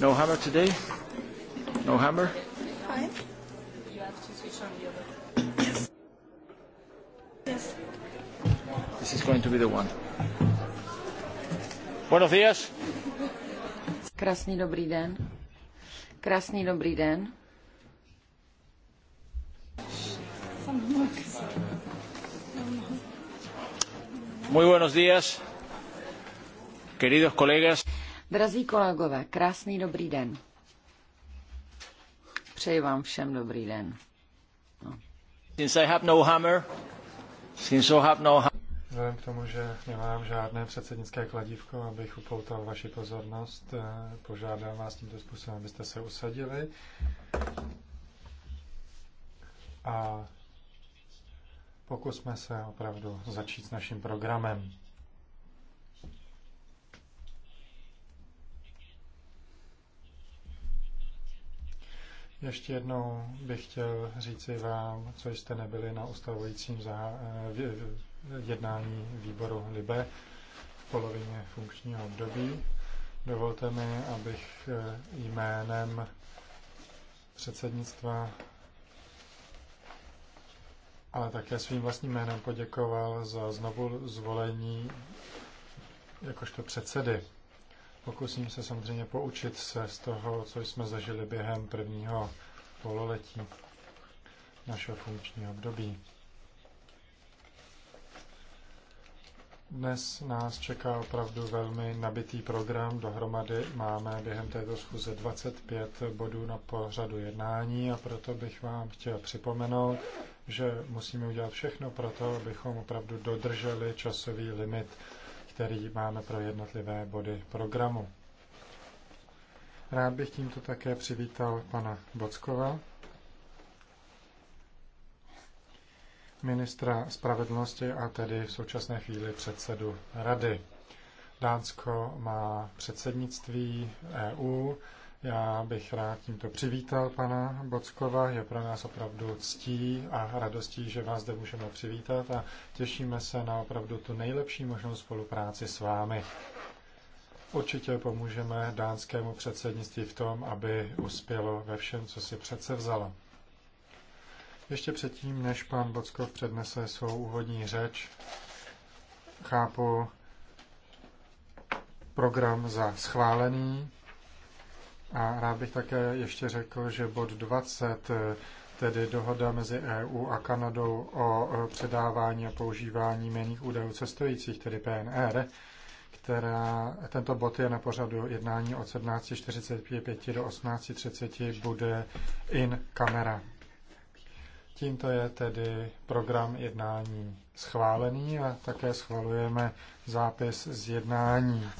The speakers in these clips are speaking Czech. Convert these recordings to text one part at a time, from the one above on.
No hammer today? No hammer? Fine. You have to switch on the other. Yes. Yes. This is going to be the one. Buenos días. Krásný dobrý den. Krásný dobrý den. Muy buenos días. Drazí kolegové, krásný dobrý den. Přeji vám všem dobrý den. No. Since I have no hammer, since I have no hammer. Vzhledem k tomu, že nemám žádné předsednické kladívko, abych upoutal vaši pozornost, eh, požádám vás tímto způsobem, abyste se usadili. A pokusme se opravdu začít s naším programem. Ještě jednou bych chtěl říci vám, co jste nebyli na ustavujícím eh, jednání výboru LIBE v polovině funkčního období. Dovolte mi, abych eh, jménem předsednictva, ale také svým vlastním jménem poděkoval za znovu zvolení jakožto předsedy. Pokusím se samozřejmě poučit se z toho, co jsme zažili během prvního pololetí našeho funkčního období. Dnes nás čeká opravdu velmi nabitý program. Dohromady máme během této schůze 25 bodů na pořadu jednání a proto bych vám chtěl připomenout, že musíme udělat všechno pro to, abychom opravdu dodrželi časový limit který máme pro jednotlivé body programu. Rád bych tímto také přivítal pana Bockova, ministra spravedlnosti a tedy v současné chvíli předsedu rady. Dánsko má předsednictví EU já bych rád tímto přivítal pana Bockova. Je pro nás opravdu ctí a radostí, že vás zde můžeme přivítat a těšíme se na opravdu tu nejlepší možnou spolupráci s vámi. Určitě pomůžeme dánskému předsednictví v tom, aby uspělo ve všem, co si přece vzalo. Ještě předtím, než pan Bockov přednese svou úvodní řeč, chápu program za schválený. A rád bych také ještě řekl, že bod 20, eh, tedy dohoda mezi EU a Kanadou o eh, předávání a používání jménných údajů cestujících, tedy PNR, která, tento bod je na pořadu jednání od 17.45 do 18.30, bude in kamera. Tímto je tedy program jednání schválený a také schvalujeme zápis z jednání.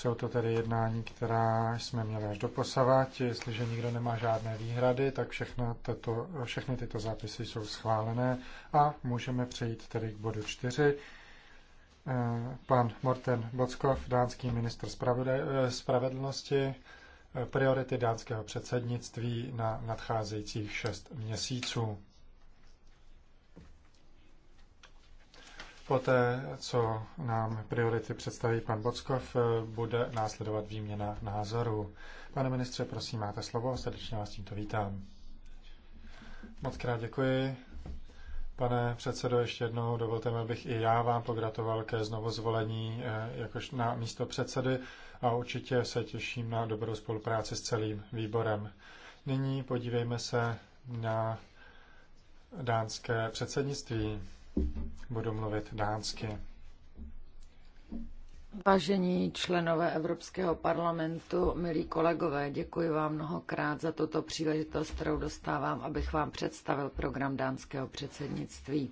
Jsou to tedy jednání, která jsme měli až do posavat. Jestliže nikdo nemá žádné výhrady, tak všechno tato, všechny tyto zápisy jsou schválené a můžeme přejít tedy k bodu 4. Eh, pan Morten Bockov, dánský ministr eh, spravedlnosti, eh, priority dánského předsednictví na nadcházejících šest měsíců. Poté, co nám priority představí pan Bockov, bude následovat výměna názorů. Pane ministře, prosím, máte slovo a srdečně vás tímto vítám. Moc krát děkuji. Pane předsedo, ještě jednou dovolte mi, abych i já vám pogratoval ke znovu zvolení eh, jakož na místo předsedy a určitě se těším na dobrou spolupráci s celým výborem. Nyní podívejme se na dánské předsednictví. Budu mluvit dánsky. Vážení členové Evropského parlamentu, milí kolegové, děkuji vám mnohokrát za tuto příležitost, kterou dostávám, abych vám představil program dánského předsednictví.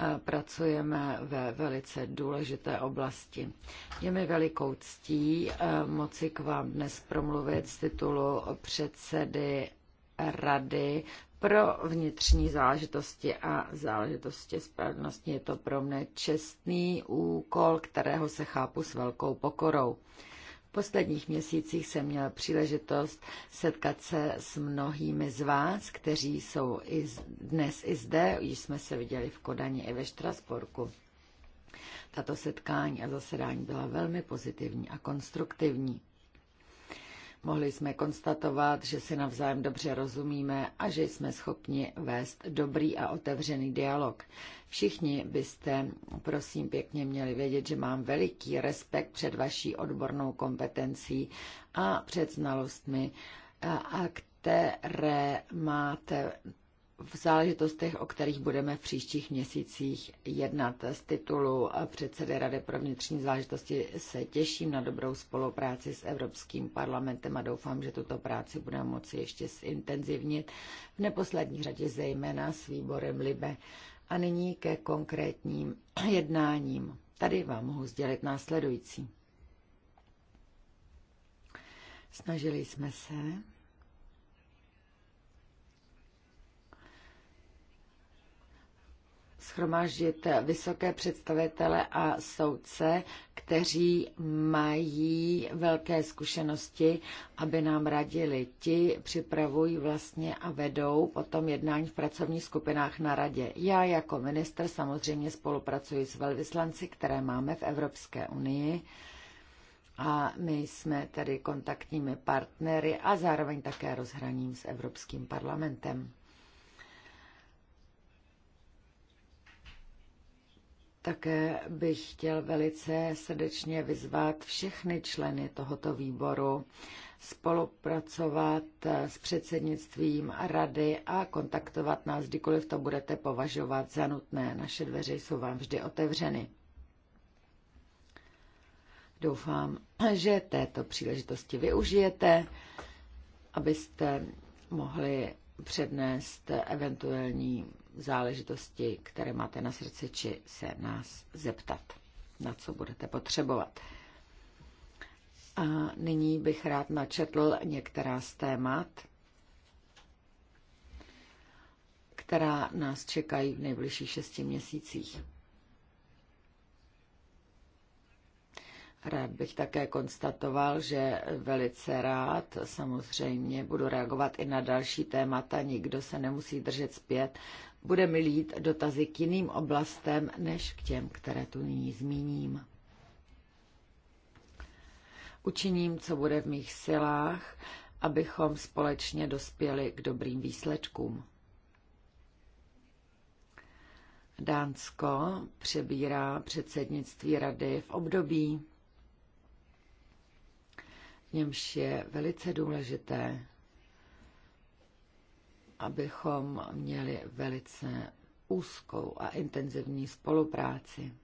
Eh, pracujeme ve velice důležité oblasti. Je mi velikou ctí eh, moci k vám dnes promluvit z titulu předsedy Rady pro vnitřní záležitosti a záležitosti spravedlnosti. Je to pro mne čestný úkol, kterého se chápu s velkou pokorou. V posledních měsících jsem měl příležitost setkat se s mnohými z vás, kteří jsou i dnes i zde, již jsme se viděli v Kodani i ve štrasporku. Tato setkání a zasedání byla velmi pozitivní a konstruktivní. Mohli jsme konstatovat, že si navzájem dobře rozumíme a že jsme schopni vést dobrý a otevřený dialog. Všichni byste, prosím pěkně, měli vědět, že mám veliký respekt před vaší odbornou kompetencí a před znalostmi, a které máte v záležitostech, o kterých budeme v příštích měsících jednat. Z titulu předsedy Rady pro vnitřní záležitosti se těším na dobrou spolupráci s Evropským parlamentem a doufám, že tuto práci budeme moci ještě zintenzivnit, v neposlední řadě zejména s výborem Libe. A nyní ke konkrétním jednáním. Tady vám mohu sdělit následující. Snažili jsme se schromáždit vysoké představitele a soudce, kteří mají velké zkušenosti, aby nám radili. Ti připravují vlastně a vedou potom jednání v pracovních skupinách na radě. Já jako minister samozřejmě spolupracuji s velvyslanci, které máme v Evropské unii. A my jsme tedy kontaktními partnery a zároveň také rozhraním s Evropským parlamentem. Také bych chtěl velice srdečně vyzvat všechny členy tohoto výboru spolupracovat s předsednictvím rady a kontaktovat nás, kdykoliv to budete považovat za nutné. Naše dveře jsou vám vždy otevřeny. Doufám, že této příležitosti využijete, abyste mohli přednést eventuální záležitosti, které máte na srdci, či se nás zeptat, na co budete potřebovat. A nyní bych rád načetl některá z témat, která nás čekají v nejbližších šesti měsících. Rád bych také konstatoval, že velice rád samozřejmě budu reagovat i na další témata. Nikdo se nemusí držet zpět. Bude mi lít dotazy k jiným oblastem, než k těm, které tu nyní zmíním. Učiním, co bude v mých silách, abychom společně dospěli k dobrým výsledkům. Dánsko přebírá předsednictví rady v období, němž je velice důležité, abychom měli velice úzkou a intenzivní spolupráci.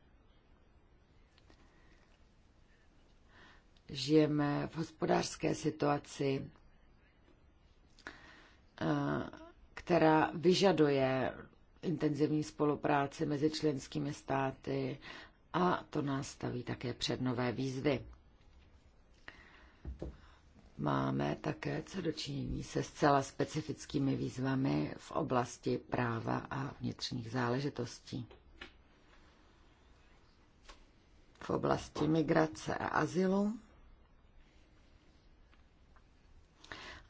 Žijeme v hospodářské situaci, eh, která vyžaduje intenzivní spolupráci mezi členskými státy a to nás staví také před nové výzvy máme také co dočinění se zcela specifickými výzvami v oblasti práva a vnitřních záležitostí. V oblasti migrace a azylu.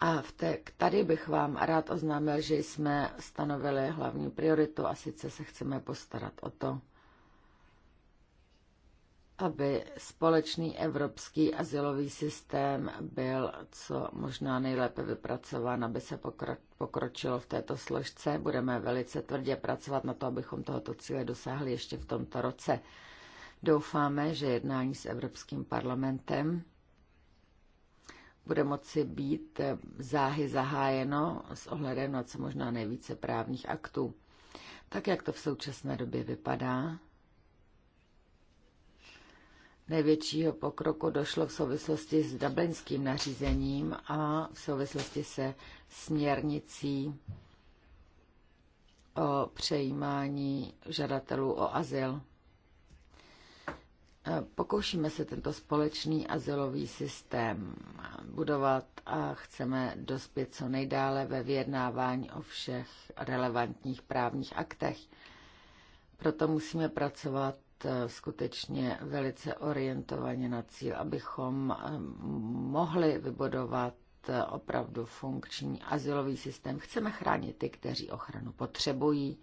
A v té, tady bych vám rád oznámil, že jsme stanovili hlavní prioritu a sice se chceme postarat o to, aby společný evropský asilový systém byl co možná nejlépe vypracován, aby se pokročilo v této složce. Budeme velice tvrdě pracovat na to, abychom tohoto cíle dosáhli ještě v tomto roce. Doufáme, že jednání s Evropským parlamentem bude moci být záhy zahájeno s ohledem na co možná nejvíce právních aktů. Tak, jak to v současné době vypadá, Největšího pokroku došlo v souvislosti s dublinským nařízením a v souvislosti se směrnicí o přejímání žadatelů o azyl. E, pokoušíme se tento společný azylový systém budovat a chceme dospět co nejdále ve vyjednávání o všech relevantních právních aktech. Proto musíme pracovat skutečně velice orientovaně na cíl, abychom ehm, mohli vybudovat eh, opravdu funkční asilový systém. Chceme chránit ty, kteří ochranu potřebují.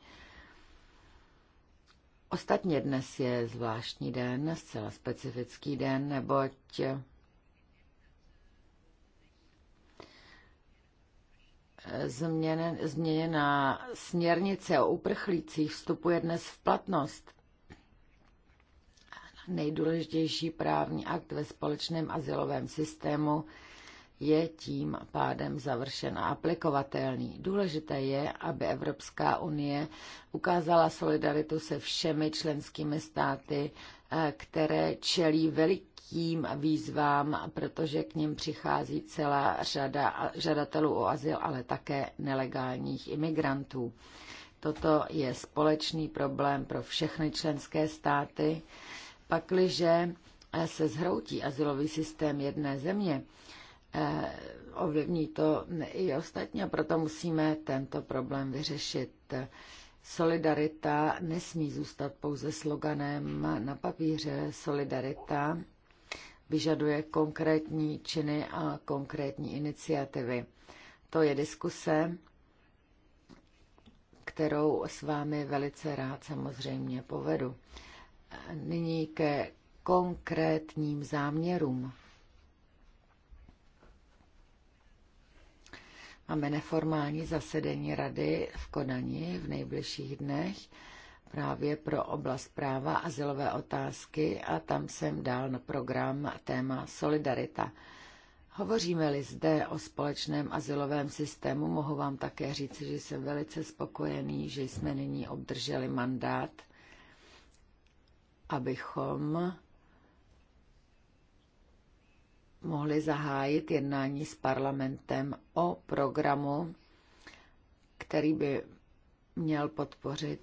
Ostatně dnes je zvláštní den, zcela specifický den, neboť eh, změněna změněná směrnice o uprchlících vstupuje dnes v platnost nejdůležitější právní akt ve společném asilovém systému, je tím pádem završen a aplikovatelný. Důležité je, aby Evropská unie ukázala solidaritu se všemi členskými státy, eh, které čelí velikým výzvám, protože k ním přichází celá řada žadatelů o azyl, ale také nelegálních imigrantů. Toto je společný problém pro všechny členské státy Pakliže eh, se zhroutí asilový systém jedné země, eh, ovlivní to i ostatní a proto musíme tento problém vyřešit. Solidarita nesmí zůstat pouze sloganem na papíře. Solidarita vyžaduje konkrétní činy a konkrétní iniciativy. To je diskuse, kterou s vámi velice rád samozřejmě povedu nyní ke konkrétním záměrům. Máme neformální zasedení rady v Kodani v nejbližších dnech právě pro oblast práva a zilové otázky a tam jsem dal na program téma Solidarita. Hovoříme-li zde o společném asilovém systému, mohu vám také říci, že jsem velice spokojený, že jsme nyní obdrželi mandát abychom mohli zahájit jednání s parlamentem o programu, který by měl podpořit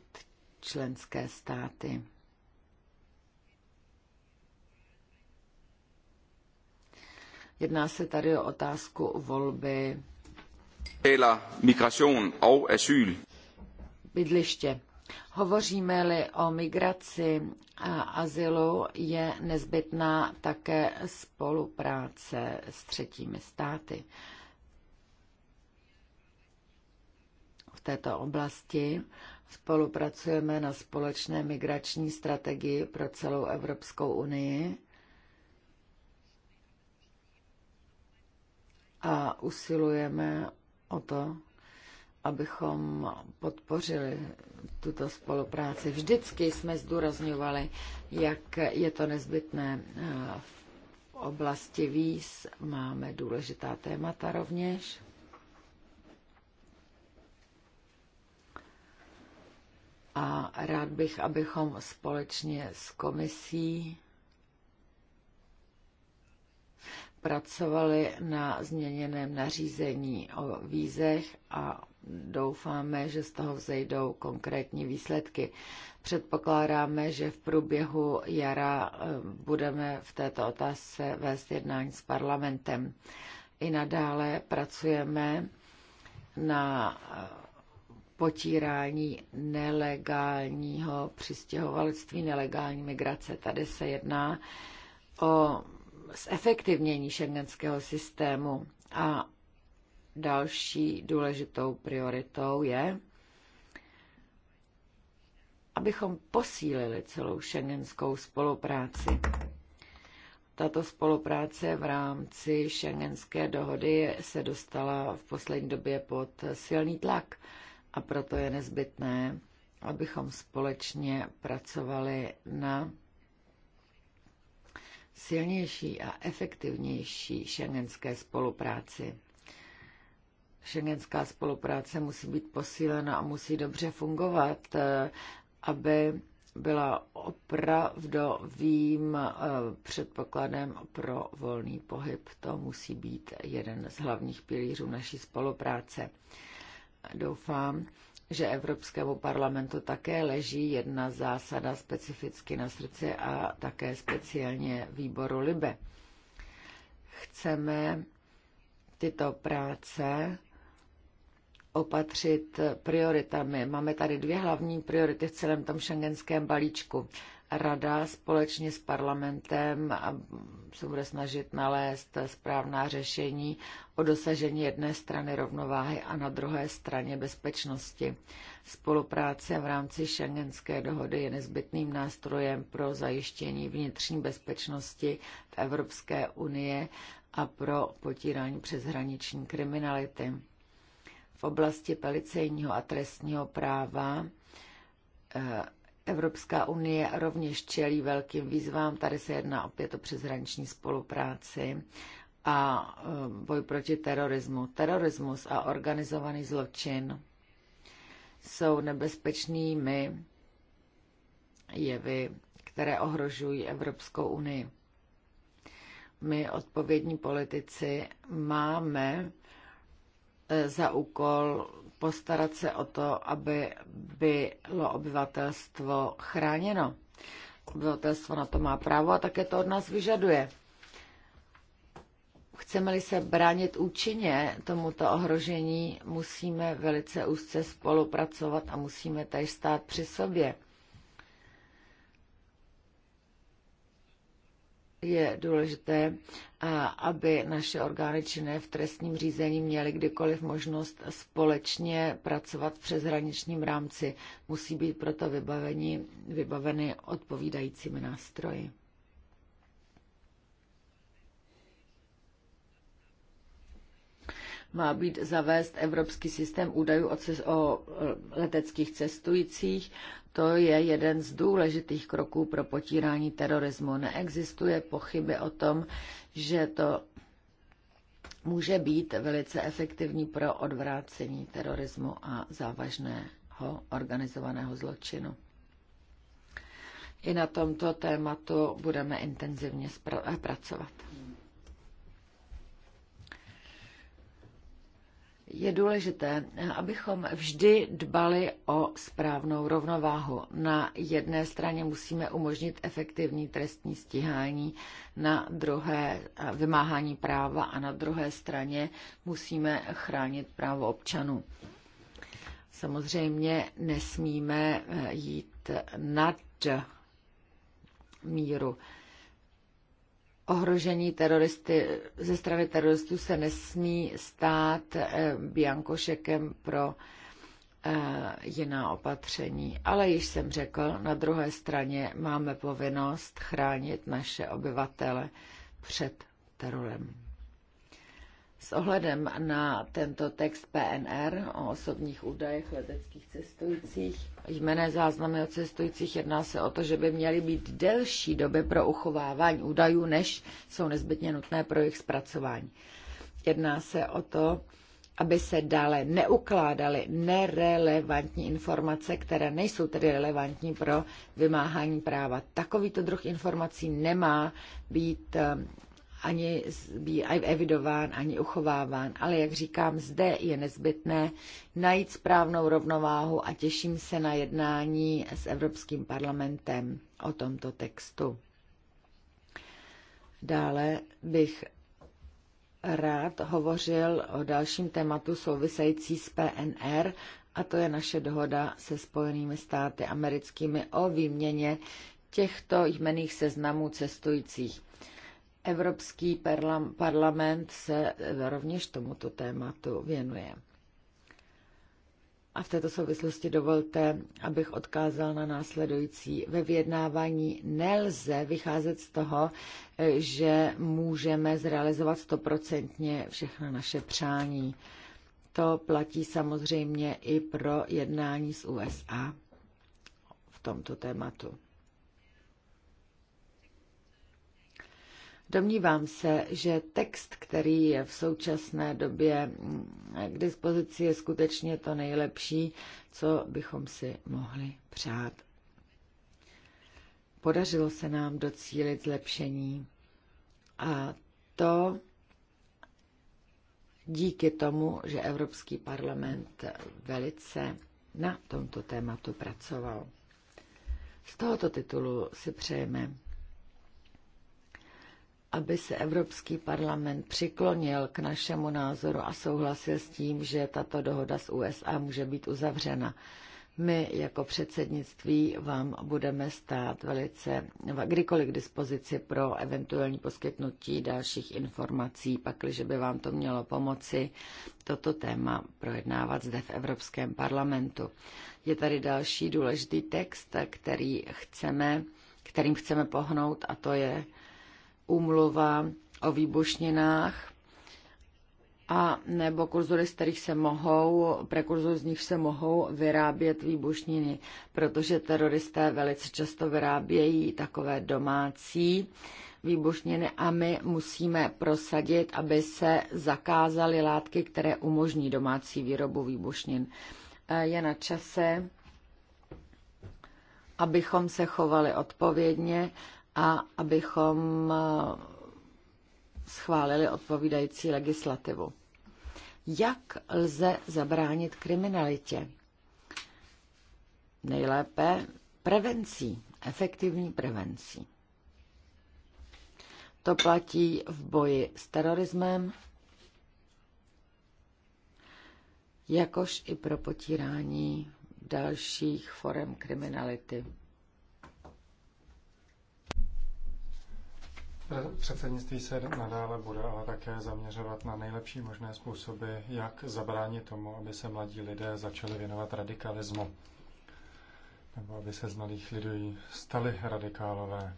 členské státy. Jedná se tady o otázku volby bydliště. Hovoříme-li o migraci a azylu, je nezbytná také spolupráce s třetími státy. V této oblasti spolupracujeme na společné migrační strategii pro celou Evropskou unii a usilujeme o to, abychom podpořili tuto spolupráci. Vždycky jsme zdůrazňovali, jak je to nezbytné eh, v oblasti víz. Máme důležitá témata rovněž. A rád bych, abychom společně s komisí pracovali na změněném nařízení o vízech a doufáme, že z toho vzejdou konkrétní výsledky. Předpokládáme, že v průběhu jara eh, budeme v této otázce vést jednání s parlamentem. I nadále pracujeme na eh, potírání nelegálního přistěhovalectví, nelegální migrace. Tady se jedná o zefektivnění šengenského systému. A další důležitou prioritou je, abychom posílili celou šengenskou spolupráci. Tato spolupráce v rámci šengenské dohody se dostala v poslední době pod silný tlak a proto je nezbytné, abychom společně pracovali na silnější a efektivnější šengenské spolupráci. Šengenská spolupráce musí být posílena a musí dobře fungovat, eh, aby byla opravdovým eh, předpokladem pro volný pohyb. To musí být jeden z hlavních pilířů naší spolupráce. Doufám, že Evropskému parlamentu také leží jedna zásada specificky na srdci a také speciálně výboru Libe. Chceme tyto práce opatřit prioritami. Máme tady dvě hlavní priority v celém tom šengenském balíčku. Rada společně s parlamentem se bude snažit nalézt správná řešení o dosažení jedné strany rovnováhy a na druhé straně bezpečnosti. Spolupráce v rámci šengenské dohody je nezbytným nástrojem pro zajištění vnitřní bezpečnosti v Evropské unie a pro potírání přeshraniční kriminality. V oblasti policejního a trestního práva eh, Evropská unie rovněž čelí velkým výzvám. Tady se jedná opět o přeshraniční spolupráci a e, boj proti terorismu. Terorismus a organizovaný zločin jsou nebezpečnými jevy, které ohrožují Evropskou unii. My, odpovědní politici, máme e, za úkol postarat se o to, aby bylo obyvatelstvo chráněno. Obyvatelstvo na to má právo a také to od nás vyžaduje. Chceme-li se bránit účinně tomuto ohrožení, musíme velice úzce spolupracovat a musíme tady stát při sobě. je důležité, aby naše orgány činné v trestním řízení měly kdykoliv možnost společně pracovat v přeshraničním rámci. Musí být proto vybaveni, vybaveny odpovídajícími nástroji. má být zavést evropský systém údajů o, cest, o eh, leteckých cestujících. To je jeden z důležitých kroků pro potírání terorismu. Neexistuje pochyby o tom, že to může být velice efektivní pro odvrácení terorismu a závažného organizovaného zločinu. I na tomto tématu budeme intenzivně pracovat. je důležité, abychom vždy dbali o správnou rovnováhu. Na jedné straně musíme umožnit efektivní trestní stíhání, na druhé eh, vymáhání práva a na druhé straně musíme chránit právo občanů. Samozřejmě nesmíme eh, jít nad míru ohrožení teroristy, ze strany teroristů se nesmí stát eh, biankošekem pro eh, jiná opatření. Ale již jsem řekl, na druhé straně máme povinnost chránit naše obyvatele před terorem. S ohledem na tento text PNR o osobních údajech leteckých cestujících jmené záznamy o cestujících. Jedná se o to, že by měly být delší doby pro uchovávání údajů, než jsou nezbytně nutné pro jejich zpracování. Jedná se o to, aby se dále neukládaly nerelevantní informace, které nejsou tedy relevantní pro vymáhání práva. Takovýto druh informací nemá být eh, ani evidován, ani uchováván. Ale jak říkám, zde je nezbytné najít správnou rovnováhu a těším se na jednání s Evropským parlamentem o tomto textu. Dále bych rád hovořil o dalším tématu související s PNR, a to je naše dohoda se Spojenými státy americkými o výměně těchto jmených seznamů cestujících. Evropský parlament se eh, rovněž tomuto tématu věnuje. A v této souvislosti dovolte, abych odkázal na následující. Ve vyjednávání nelze vycházet z toho, eh, že můžeme zrealizovat stoprocentně všechna naše přání. To platí samozřejmě i pro jednání s USA v tomto tématu. Domnívám se, že text, který je v současné době k dispozici, je skutečně to nejlepší, co bychom si mohli přát. Podařilo se nám docílit zlepšení a to díky tomu, že Evropský parlament velice na tomto tématu pracoval. Z tohoto titulu si přejeme aby se Evropský parlament přiklonil k našemu názoru a souhlasil s tím, že tato dohoda s USA může být uzavřena. My jako předsednictví vám budeme stát velice kdykoliv k dispozici pro eventuální poskytnutí dalších informací, pakliže by vám to mělo pomoci toto téma projednávat zde v Evropském parlamentu. Je tady další důležitý text, který chceme, kterým chceme pohnout a to je úmluva o výbušninách a nebo kurzory, z kterých se mohou, prekurzor z nich se mohou vyrábět výbušniny, protože teroristé velice často vyrábějí takové domácí výbušniny a my musíme prosadit, aby se zakázaly látky, které umožní domácí výrobu výbušnin. E, je na čase, abychom se chovali odpovědně a abychom eh, schválili odpovídající legislativu. Jak lze zabránit kriminalitě? Nejlépe prevencí, efektivní prevencí. To platí v boji s terorismem, jakož i pro potírání dalších forem kriminality. Eh, předsednictví se nadále bude ale také zaměřovat na nejlepší možné způsoby, jak zabránit tomu, aby se mladí lidé začali věnovat radikalismu, nebo aby se z mladých lidí stali radikálové.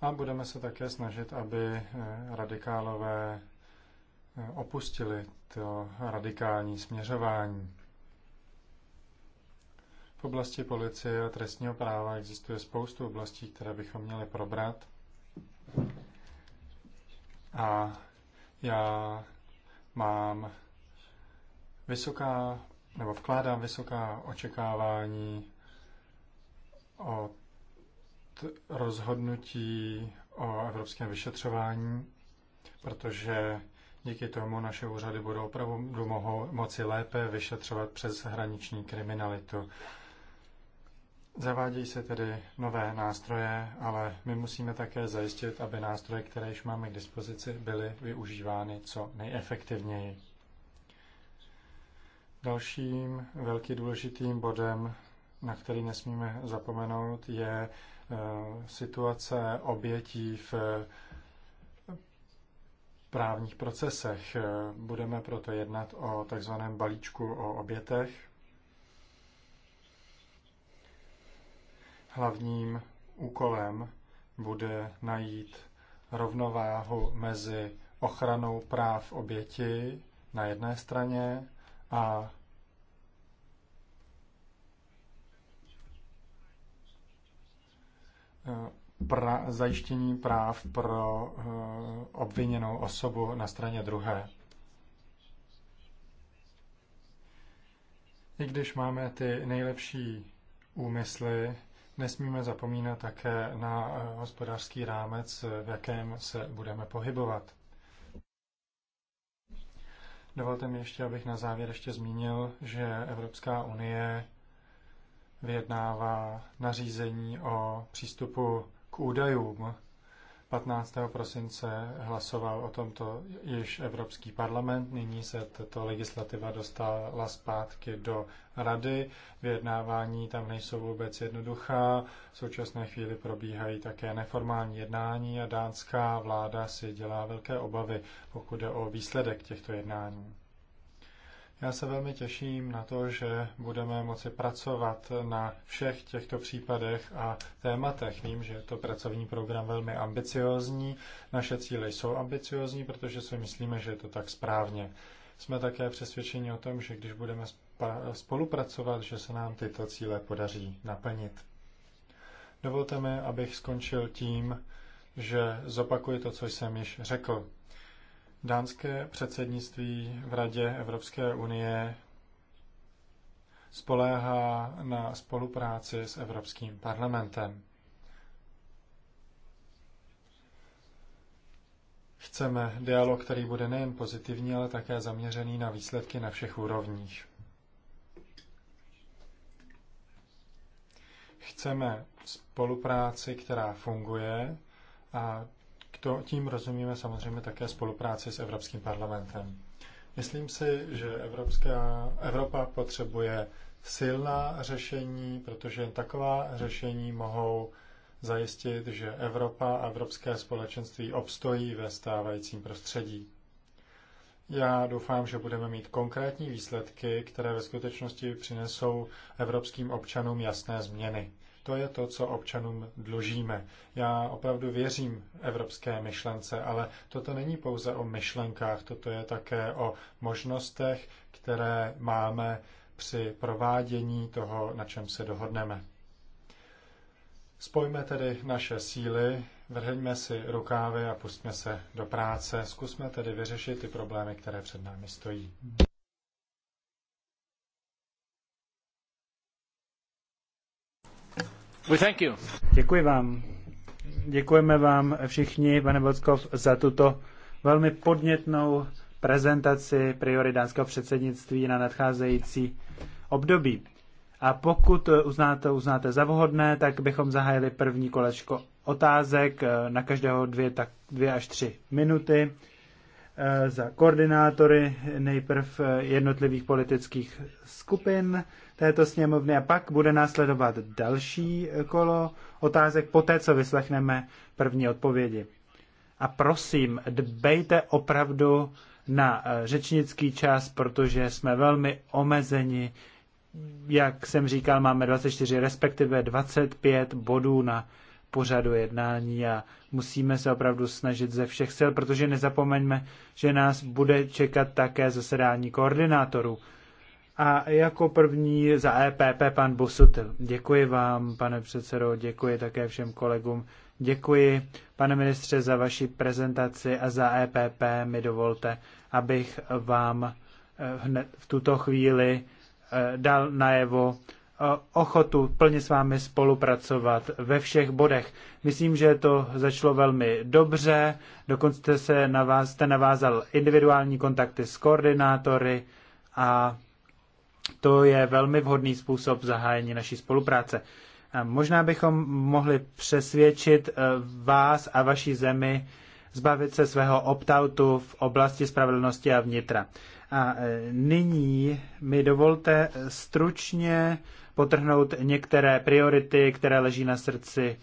A budeme se také snažit, aby eh, radikálové eh, opustili to radikální směřování. V oblasti policie a trestního práva existuje spoustu oblastí, které bychom měli probrat – a já mám vysoká, nebo vkládám vysoká očekávání od rozhodnutí o evropském vyšetřování, protože díky tomu naše úřady budou opravdu mohou, moci lépe vyšetřovat přes hraniční kriminalitu. Zavádějí se tedy nové nástroje, ale my musíme také zajistit, aby nástroje, které již máme k dispozici, byly využívány co nejefektivněji. Dalším velký důležitým bodem, na který nesmíme zapomenout, je eh, situace obětí v eh, právních procesech. Eh, budeme proto jednat o takzvaném balíčku o obětech, hlavním úkolem bude najít rovnováhu mezi ochranou práv oběti na jedné straně a pra, zajištění práv pro uh, obviněnou osobu na straně druhé. I když máme ty nejlepší úmysly, Nesmíme zapomínat také na eh, hospodářský rámec, eh, v jakém se budeme pohybovat. Dovolte mi ještě, abych na závěr ještě zmínil, že Evropská unie vyjednává nařízení o přístupu k údajům 15. prosince hlasoval o tomto již Evropský parlament, nyní se tato legislativa dostala zpátky do rady. Vyjednávání tam nejsou vůbec jednoduchá, v současné chvíli probíhají také neformální jednání a dánská vláda si dělá velké obavy, pokud jde o výsledek těchto jednání. Já se velmi těším na to, že budeme moci pracovat na všech těchto případech a tématech. Vím, že je to pracovní program velmi ambiciozní. Naše cíle jsou ambiciozní, protože si myslíme, že je to tak správně. Jsme také přesvědčeni o tom, že když budeme spolupracovat, že se nám tyto cíle podaří naplnit. Dovolte mi, abych skončil tím, že zopakuji to, co jsem již řekl. Dánské předsednictví v Radě Evropské unie spoléhá na spolupráci s Evropským parlamentem. Chceme dialog, který bude nejen pozitivní, ale také zaměřený na výsledky na všech úrovních. Chceme spolupráci, která funguje a to tím rozumíme samozřejmě také spolupráci s Evropským parlamentem. Myslím si, že Evropská, Evropa potřebuje silná řešení, protože taková řešení mohou zajistit, že Evropa a Evropské společenství obstojí ve stávajícím prostředí. Já doufám, že budeme mít konkrétní výsledky, které ve skutečnosti přinesou evropským občanům jasné změny. To je to, co občanům dlužíme. Já opravdu věřím evropské myšlence, ale toto není pouze o myšlenkách, toto je také o možnostech, které máme při provádění toho, na čem se dohodneme. Spojme tedy naše síly, vrhňme si rukávy a pustme se do práce. Zkusme tedy vyřešit ty problémy, které před námi stojí. Děkuji vám. Děkujeme vám všichni, pane Bockov, za tuto velmi podnětnou prezentaci priorit dánského předsednictví na nadcházející období. A pokud uznáte, uznáte za vhodné, tak bychom zahájili první kolečko otázek, na každého dvě, tak dvě až tři minuty. Eh, za koordinátory nejprv eh, jednotlivých politických skupin této sněmovny a pak bude následovat další eh, kolo otázek poté, co vyslechneme první odpovědi. A prosím, dbejte opravdu na řečnický čas, protože jsme velmi omezeni. Jak jsem říkal, máme 24, respektive 25 bodů na pořadu jednání a musíme se opravdu snažit ze všech sil, protože nezapomeňme, že nás bude čekat také zasedání koordinátorů. A jako první za EPP pan Bosutil. Děkuji vám, pane předsedo, děkuji také všem kolegům. Děkuji, pane ministře, za vaši prezentaci a za EPP mi dovolte, abych vám eh, hned v tuto chvíli eh, dal najevo ochotu plně s vámi spolupracovat ve všech bodech. Myslím, že to začalo velmi dobře, dokonce jste, se vás jste navázal individuální kontakty s koordinátory a to je velmi vhodný způsob zahájení naší spolupráce. Možná bychom mohli přesvědčit e, vás a vaší zemi zbavit se svého optautu v oblasti spravedlnosti a vnitra. A e, nyní mi dovolte stručně potrhnout některé priority, které leží na srdci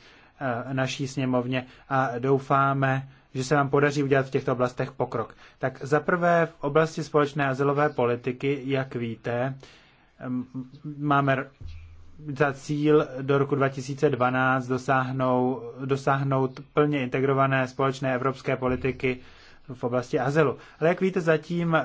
eh, naší sněmovně a doufáme, že se vám podaří udělat v těchto oblastech pokrok. Tak zaprvé v oblasti společné azylové politiky, jak víte, máme za cíl do roku 2012 dosáhnout, dosáhnout plně integrované společné evropské politiky v oblasti azylu. Ale jak víte, zatím eh,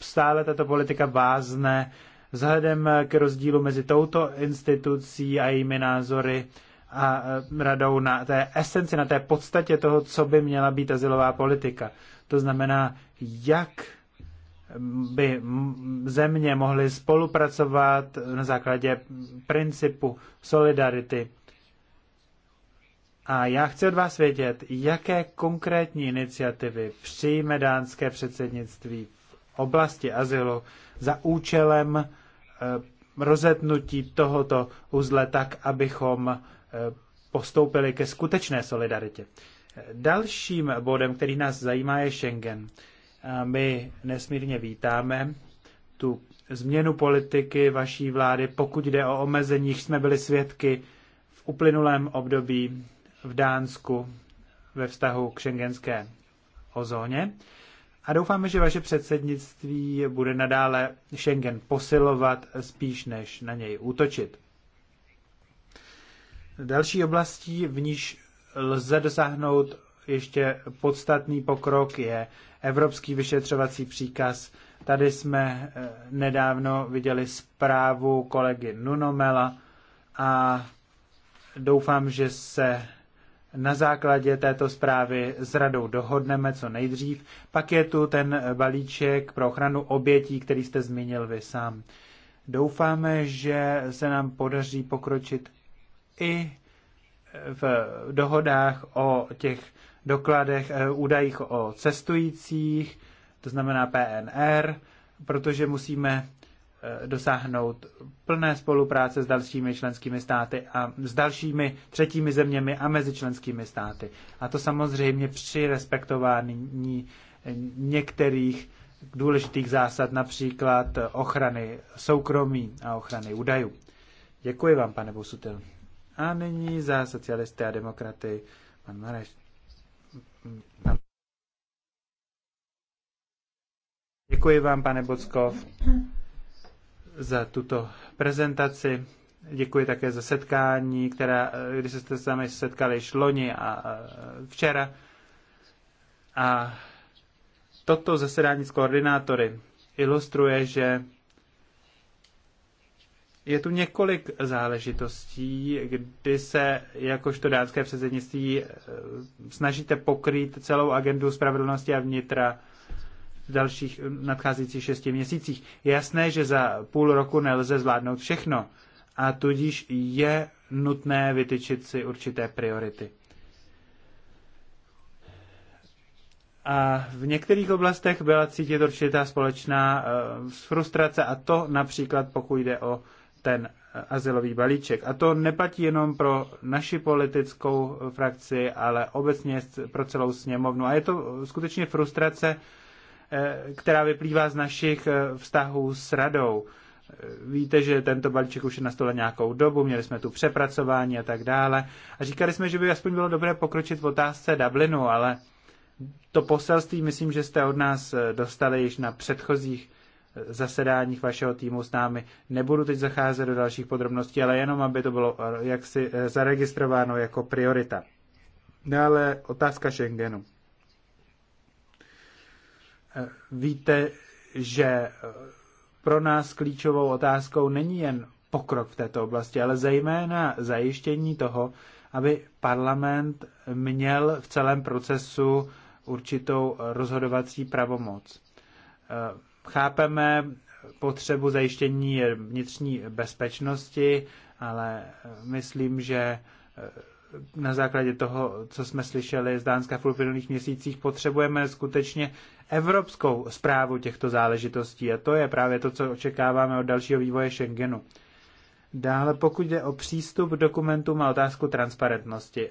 stále tato politika vázne Vzhledem k rozdílu mezi touto institucí a jejími názory a e, radou na té esenci, na té podstatě toho, co by měla být asilová politika. To znamená, jak by země mohly spolupracovat na základě principu solidarity. A já chci od vás vědět, jaké konkrétní iniciativy přijme dánské předsednictví v oblasti azylu za účelem Eh, rozetnutí tohoto uzle tak, abychom eh, postoupili ke skutečné solidaritě. Eh, dalším bodem, který nás zajímá, je Schengen. My nesmírně vítáme tu změnu politiky vaší vlády, pokud jde o omezení, jsme byli svědky v uplynulém období v Dánsku ve vztahu k šengenské ozóně a doufáme, že vaše předsednictví bude nadále Schengen posilovat spíš než na něj útočit. Další oblastí, v níž lze dosáhnout ještě podstatný pokrok, je Evropský vyšetřovací příkaz. Tady jsme eh, nedávno viděli zprávu kolegy Nunomela a doufám, že se na základě této zprávy s radou dohodneme co nejdřív. Pak je tu ten balíček pro ochranu obětí, který jste zmínil vy sám. Doufáme, že se nám podaří pokročit i v dohodách o těch dokladech, eh, údajích o cestujících, to znamená PNR, protože musíme Eh, dosáhnout plné spolupráce s dalšími členskými státy a s dalšími třetími zeměmi a mezi členskými státy. A to samozřejmě při respektování některých důležitých zásad, například ochrany soukromí a ochrany údajů. Děkuji vám, pane Bosutil. A nyní za socialisty a demokraty pan Mareš. Děkuji vám, pane Bockov za tuto prezentaci. Děkuji také za setkání, která, kdy jste se sami setkali již loni a včera. A toto zasedání s koordinátory ilustruje, že je tu několik záležitostí, kdy se jakožto dánské předsednictví eh, snažíte pokrýt celou agendu spravedlnosti a vnitra v dalších eh, nadcházejících šesti měsících. Je jasné, že za půl roku nelze zvládnout všechno a tudíž je nutné vytyčit si určité priority. A v některých oblastech byla cítit určitá společná eh, frustrace a to například pokud jde o ten eh, azylový balíček. A to neplatí jenom pro naši politickou frakci, ale obecně pro celou sněmovnu. A je to skutečně frustrace Eh, která vyplývá z našich eh, vztahů s radou. Eh, víte, že tento balíček už je na stole nějakou dobu, měli jsme tu přepracování a tak dále. A říkali jsme, že by aspoň bylo dobré pokročit v otázce Dublinu, ale to poselství myslím, že jste od nás dostali již na předchozích zasedáních vašeho týmu s námi. Nebudu teď zacházet do dalších podrobností, ale jenom, aby to bylo jaksi zaregistrováno jako priorita. Dále otázka Schengenu víte, že pro nás klíčovou otázkou není jen pokrok v této oblasti, ale zejména zajištění toho, aby parlament měl v celém procesu určitou rozhodovací pravomoc. Chápeme potřebu zajištění vnitřní bezpečnosti, ale myslím, že na základě toho, co jsme slyšeli z Dánska v uplynulých měsících, potřebujeme skutečně evropskou zprávu těchto záležitostí a to je právě to, co očekáváme od dalšího vývoje Schengenu. Dále, pokud jde o přístup k dokumentům a otázku transparentnosti.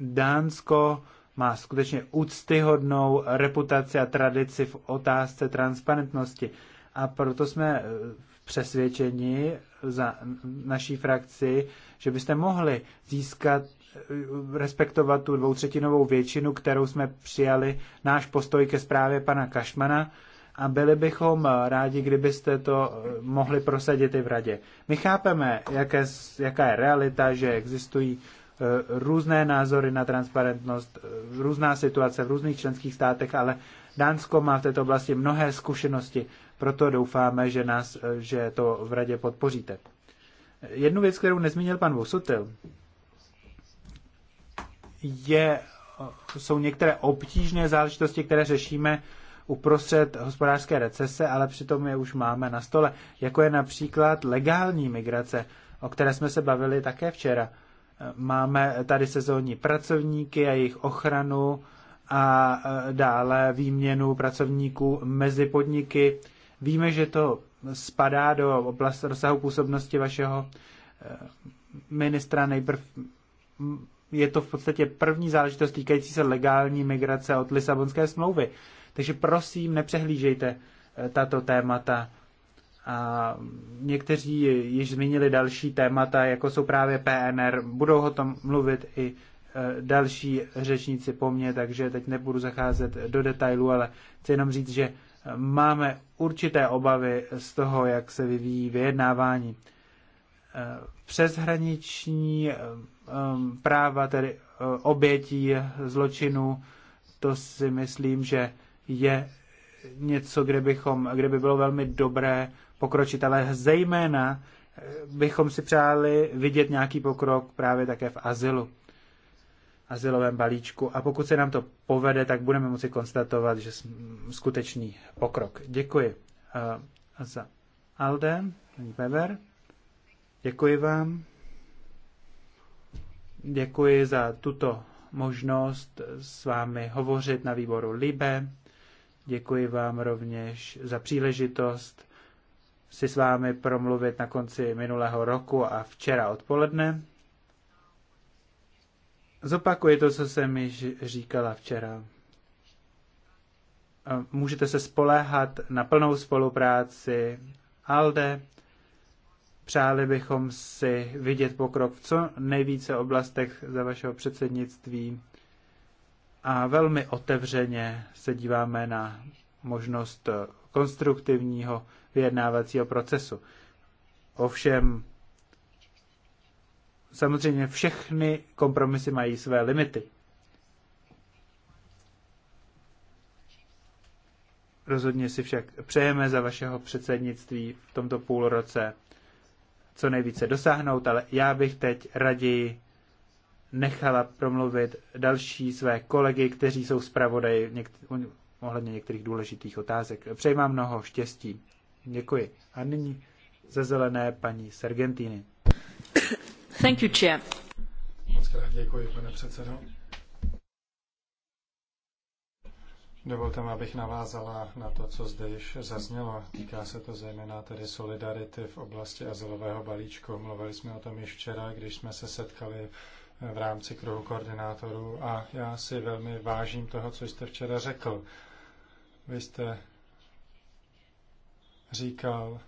Dánsko má skutečně úctyhodnou reputaci a tradici v otázce transparentnosti. A proto jsme eh, přesvědčeni za naší frakci, že byste mohli získat, eh, respektovat tu dvoutřetinovou většinu, kterou jsme přijali, náš postoj ke zprávě pana Kašmana a byli bychom eh, rádi, kdybyste to eh, mohli prosadit i v radě. My chápeme, jaké, jaká je realita, že existují různé názory na transparentnost, různá situace v různých členských státech, ale Dánsko má v této oblasti mnohé zkušenosti, proto doufáme, že, nás, že to v radě podpoříte. Jednu věc, kterou nezmínil pan Vosutil, je, jsou některé obtížné záležitosti, které řešíme uprostřed hospodářské recese, ale přitom je už máme na stole, jako je například legální migrace, o které jsme se bavili také včera. Máme tady sezónní pracovníky a jejich ochranu a e, dále výměnu pracovníků mezi podniky. Víme, že to spadá do oblast rozsahu působnosti vašeho eh, ministra. Nejprv mm, je to v podstatě první záležitost týkající se legální migrace od Lisabonské smlouvy. Takže prosím, nepřehlížejte eh, tato témata. A někteří již zmínili další témata, jako jsou právě PNR. Budou o tom mluvit i eh, další řečníci po mně, takže teď nebudu zacházet do detailů, ale chci jenom říct, že máme určité obavy z toho, jak se vyvíjí vyjednávání. Eh, přeshraniční eh, eh, práva, tedy obětí zločinu, to si myslím, že je něco, kde, bychom, kde by bylo velmi dobré pokročit, ale zejména bychom si přáli vidět nějaký pokrok právě také v azylu azylovém balíčku a pokud se nám to povede, tak budeme moci konstatovat, že jsme skutečný pokrok. Děkuji uh, za Alde, paní Weber. Děkuji vám. Děkuji za tuto možnost s vámi hovořit na výboru Libe. Děkuji vám rovněž za příležitost si s vámi promluvit na konci minulého roku a včera odpoledne. Zopakuji to, co jsem již říkala včera. Můžete se spoléhat na plnou spolupráci ALDE. Přáli bychom si vidět pokrok v co nejvíce oblastech za vašeho předsednictví a velmi otevřeně se díváme na možnost konstruktivního vyjednávacího procesu. Ovšem Samozřejmě všechny kompromisy mají své limity. Rozhodně si však přejeme za vašeho předsednictví v tomto půlroce co nejvíce dosáhnout, ale já bych teď raději nechala promluvit další své kolegy, kteří jsou zpravodaji ohledně některých důležitých otázek. Přeji vám mnoho štěstí. Děkuji. A nyní ze zelené paní Sergentiny. Thank you, Chair. děkuji, pane předsedo. Dovolte mi, abych navázala na to, co zde již zaznělo. Týká se to zejména tedy solidarity v oblasti azylového balíčku. Mluvili jsme o tom již včera, když jsme se setkali eh, v rámci kruhu koordinátorů a já si velmi vážím toho, co jste včera řekl. Vy jste říkal,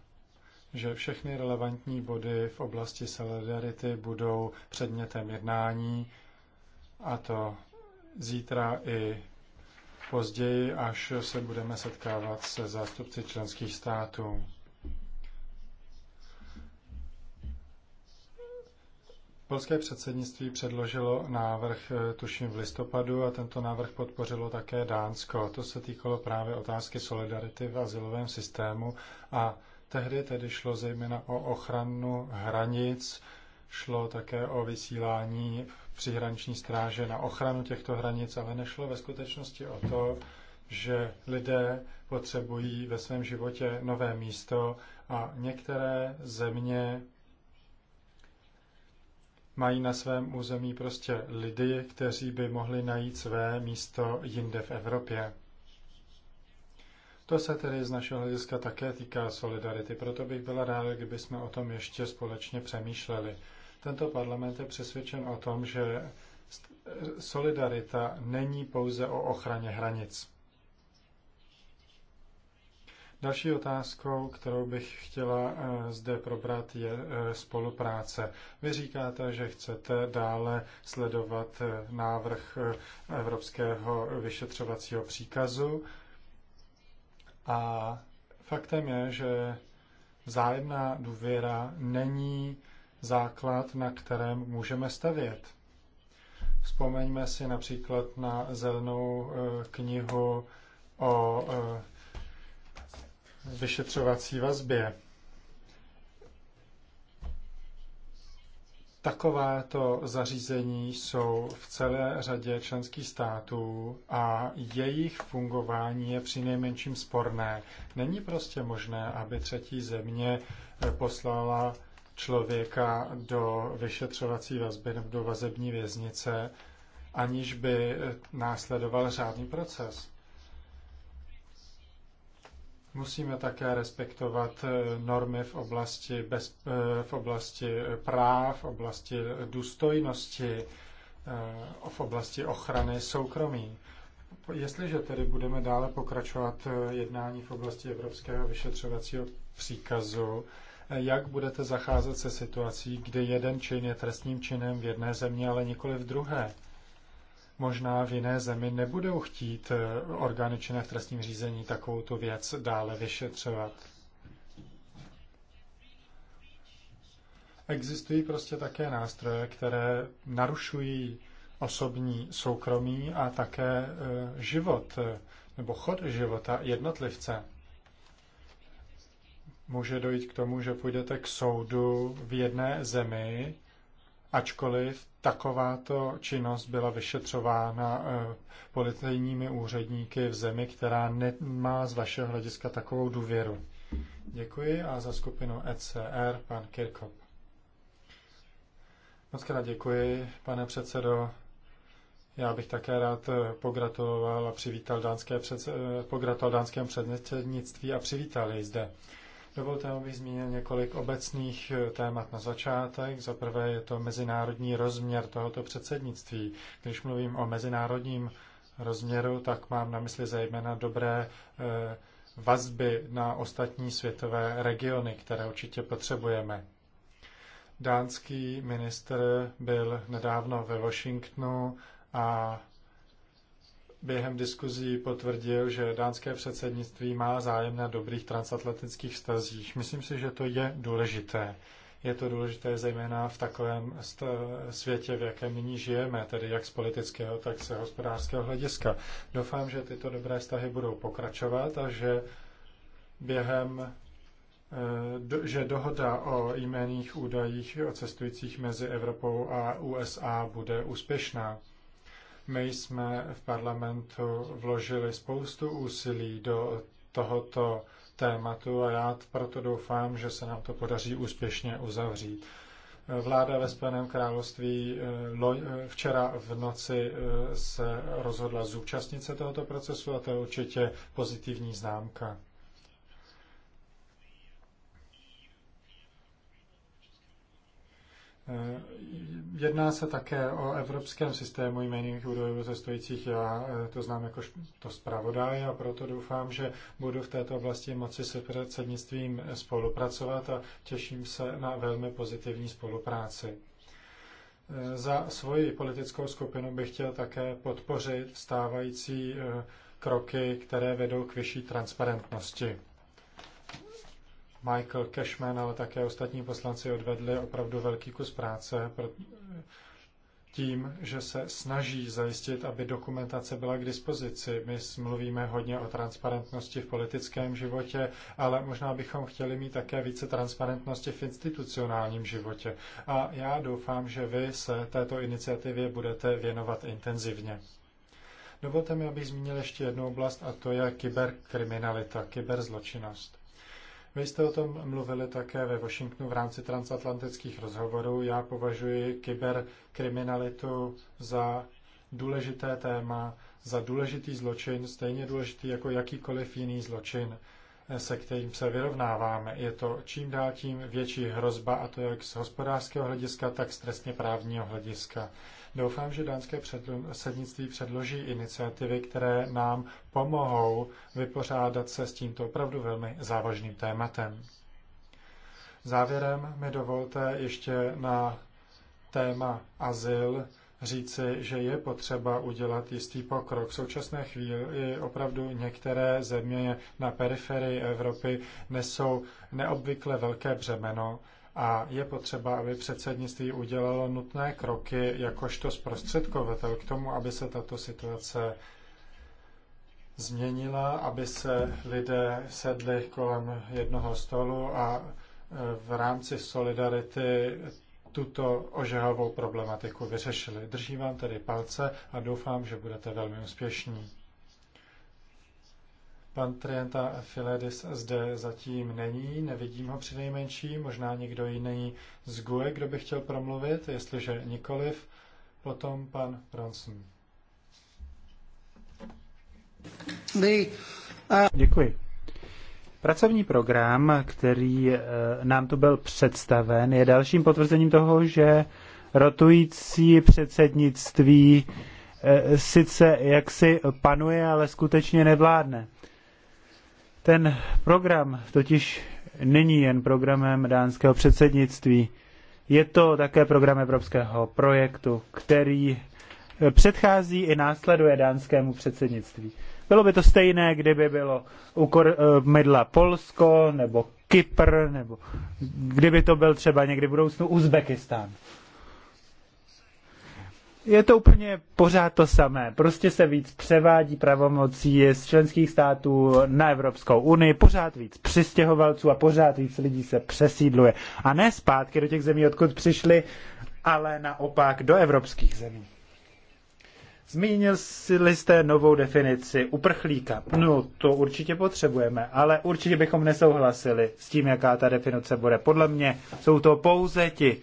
že všechny relevantní body v oblasti solidarity budou předmětem jednání, a to zítra i později, až se budeme setkávat se zástupci členských států. Polské předsednictví předložilo návrh, tuším, v listopadu a tento návrh podpořilo také Dánsko. To se týkalo právě otázky solidarity v asilovém systému a Tehdy tedy šlo zejména o ochranu hranic, šlo také o vysílání příhraniční stráže na ochranu těchto hranic, ale nešlo ve skutečnosti o to, že lidé potřebují ve svém životě nové místo a některé země mají na svém území prostě lidi, kteří by mohli najít své místo jinde v Evropě. To se tedy z našeho hlediska také týká solidarity, proto bych byla ráda, kdybychom o tom ještě společně přemýšleli. Tento parlament je přesvědčen o tom, že solidarita není pouze o ochraně hranic. Další otázkou, kterou bych chtěla eh, zde probrat, je eh, spolupráce. Vy říkáte, že chcete dále sledovat eh, návrh Evropského vyšetřovacího příkazu a faktem je, že vzájemná důvěra není základ, na kterém můžeme stavět. Vzpomeňme si například na zelenou eh, knihu o eh, vyšetřovací vazbě. Takováto zařízení jsou v celé řadě členských států a jejich fungování je přinejmenším sporné. Není prostě možné, aby třetí země eh, poslala člověka do vyšetřovací vazby nebo do vazební věznice, aniž by eh, následoval řádný proces. Musíme také respektovat eh, normy v oblasti, bez, eh, v oblasti eh, práv, v oblasti důstojnosti, v oblasti ochrany soukromí. Jestliže tedy budeme dále pokračovat jednání v oblasti evropského vyšetřovacího příkazu, jak budete zacházet se situací, kdy jeden čin je trestním činem v jedné zemi, ale nikoli v druhé? možná v jiné zemi nebudou chtít eh, orgány činné v trestním řízení takovou tu věc dále vyšetřovat. Existují prostě také nástroje, které narušují osobní soukromí a také eh, život eh, nebo chod života jednotlivce. Může dojít k tomu, že půjdete k soudu v jedné zemi, ačkoliv takováto činnost byla vyšetřována eh, policejními úředníky v zemi, která nemá z vašeho hlediska takovou důvěru. Děkuji a za skupinu ECR pan Kirkop. Moc krát děkuji, pane předsedo. Já bych také rád eh, pogratuloval a přivítal dánské předse- eh, pogratuloval dánskému předsednictví a přivítal jej zde. Dovolte, abych zmínil několik obecných eh, témat na začátek. Za prvé je to mezinárodní rozměr tohoto předsednictví. Když mluvím o mezinárodním rozměru, tak mám na mysli zejména dobré eh, vazby na ostatní světové regiony, které určitě potřebujeme. Dánský minister byl nedávno ve Washingtonu a během diskuzí potvrdil, že dánské předsednictví má zájem na dobrých transatlantických vztazích. Myslím si, že to je důležité. Je to důležité zejména v takovém světě, v jakém nyní žijeme, tedy jak z politického, tak z hospodářského hlediska. Doufám, že tyto dobré vztahy budou pokračovat a že během eh, že dohoda o jménných údajích o cestujících mezi Evropou a USA bude úspěšná. My jsme v parlamentu vložili spoustu úsilí do tohoto tématu a já proto doufám, že se nám to podaří úspěšně uzavřít. Vláda ve Spojeném království eh, eh, včera v noci eh, se rozhodla zúčastnit se tohoto procesu a to je určitě pozitivní známka. Eh, jedná se také o evropském systému jménných údajů ze stojících. Já eh, to znám jako to zpravodaj a proto doufám, že budu v této oblasti moci se předsednictvím spolupracovat a těším se na velmi pozitivní spolupráci. Eh, za svoji politickou skupinu bych chtěl také podpořit stávající kroky, které vedou k vyšší transparentnosti. Michael Cashman, ale také ostatní poslanci odvedli opravdu velký kus práce tím, že se snaží zajistit, aby dokumentace byla k dispozici. My mluvíme hodně o transparentnosti v politickém životě, ale možná bychom chtěli mít také více transparentnosti v institucionálním životě. A já doufám, že vy se této iniciativě budete věnovat intenzivně. Dovolte mi, abych zmínil ještě jednu oblast, a to je kyberkriminalita, kyberzločinnost. Vy jste o tom mluvili také ve Washingtonu v rámci transatlantických rozhovorů. Já považuji kyberkriminalitu za důležité téma, za důležitý zločin, stejně důležitý jako jakýkoliv jiný zločin, eh, se kterým se vyrovnáváme. Je to čím dál tím větší hrozba, a to jak z hospodářského hlediska, tak z trestně právního hlediska. Doufám, že dánské předsednictví předloží iniciativy, které nám pomohou vypořádat se s tímto opravdu velmi závažným tématem. Závěrem mi dovolte ještě na téma azyl říci, že je potřeba udělat jistý pokrok. V současné chvíli opravdu některé země na periferii Evropy nesou neobvykle velké břemeno a je potřeba, aby předsednictví udělalo nutné kroky jakožto zprostředkovatel k tomu, aby se tato situace změnila, aby se lidé sedli kolem jednoho stolu a e, v rámci solidarity tuto ožehavou problematiku vyřešili. Držím vám tedy palce a doufám, že budete velmi úspěšní. Pan Trienta Filedis zde zatím není, nevidím ho přinejmenší, možná někdo jiný z GUE, kdo by chtěl promluvit, jestliže nikoliv, potom pan Bronson. Uh, Děkuji. Pracovní program, který eh, nám tu byl představen, je dalším potvrzením toho, že rotující předsednictví eh, sice jaksi panuje, ale skutečně nevládne. Ten program totiž není jen programem dánského předsednictví, je to také program evropského projektu, který eh, předchází i následuje dánskému předsednictví. Bylo by to stejné, kdyby bylo u eh, mydla Polsko nebo Kypr, nebo kdyby to byl třeba někdy v budoucnu Uzbekistán je to úplně pořád to samé. Prostě se víc převádí pravomocí z členských států na Evropskou unii, pořád víc přistěhovalců a pořád víc lidí se přesídluje. A ne zpátky do těch zemí, odkud přišli, ale naopak do evropských zemí. Zmínil jste novou definici uprchlíka. No, to určitě potřebujeme, ale určitě bychom nesouhlasili s tím, jaká ta definice bude. Podle mě jsou to pouze ti,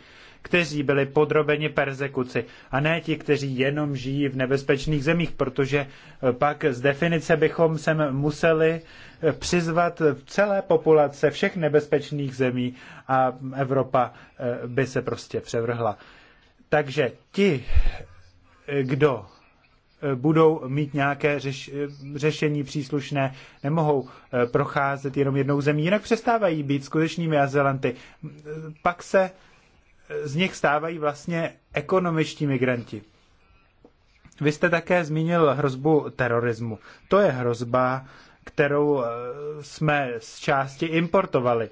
kteří byli podrobeni persekuci a ne ti, kteří jenom žijí v nebezpečných zemích, protože eh, pak z definice bychom sem museli eh, přizvat celé populace všech nebezpečných zemí a Evropa eh, by se prostě převrhla. Takže ti, kdo budou mít nějaké řeš, řešení příslušné, nemohou procházet jenom jednou zemí, jinak přestávají být skutečnými azylanty. Pak se z nich stávají vlastně ekonomičtí migranti. Vy jste také zmínil hrozbu terorismu. To je hrozba, kterou eh, jsme z části importovali.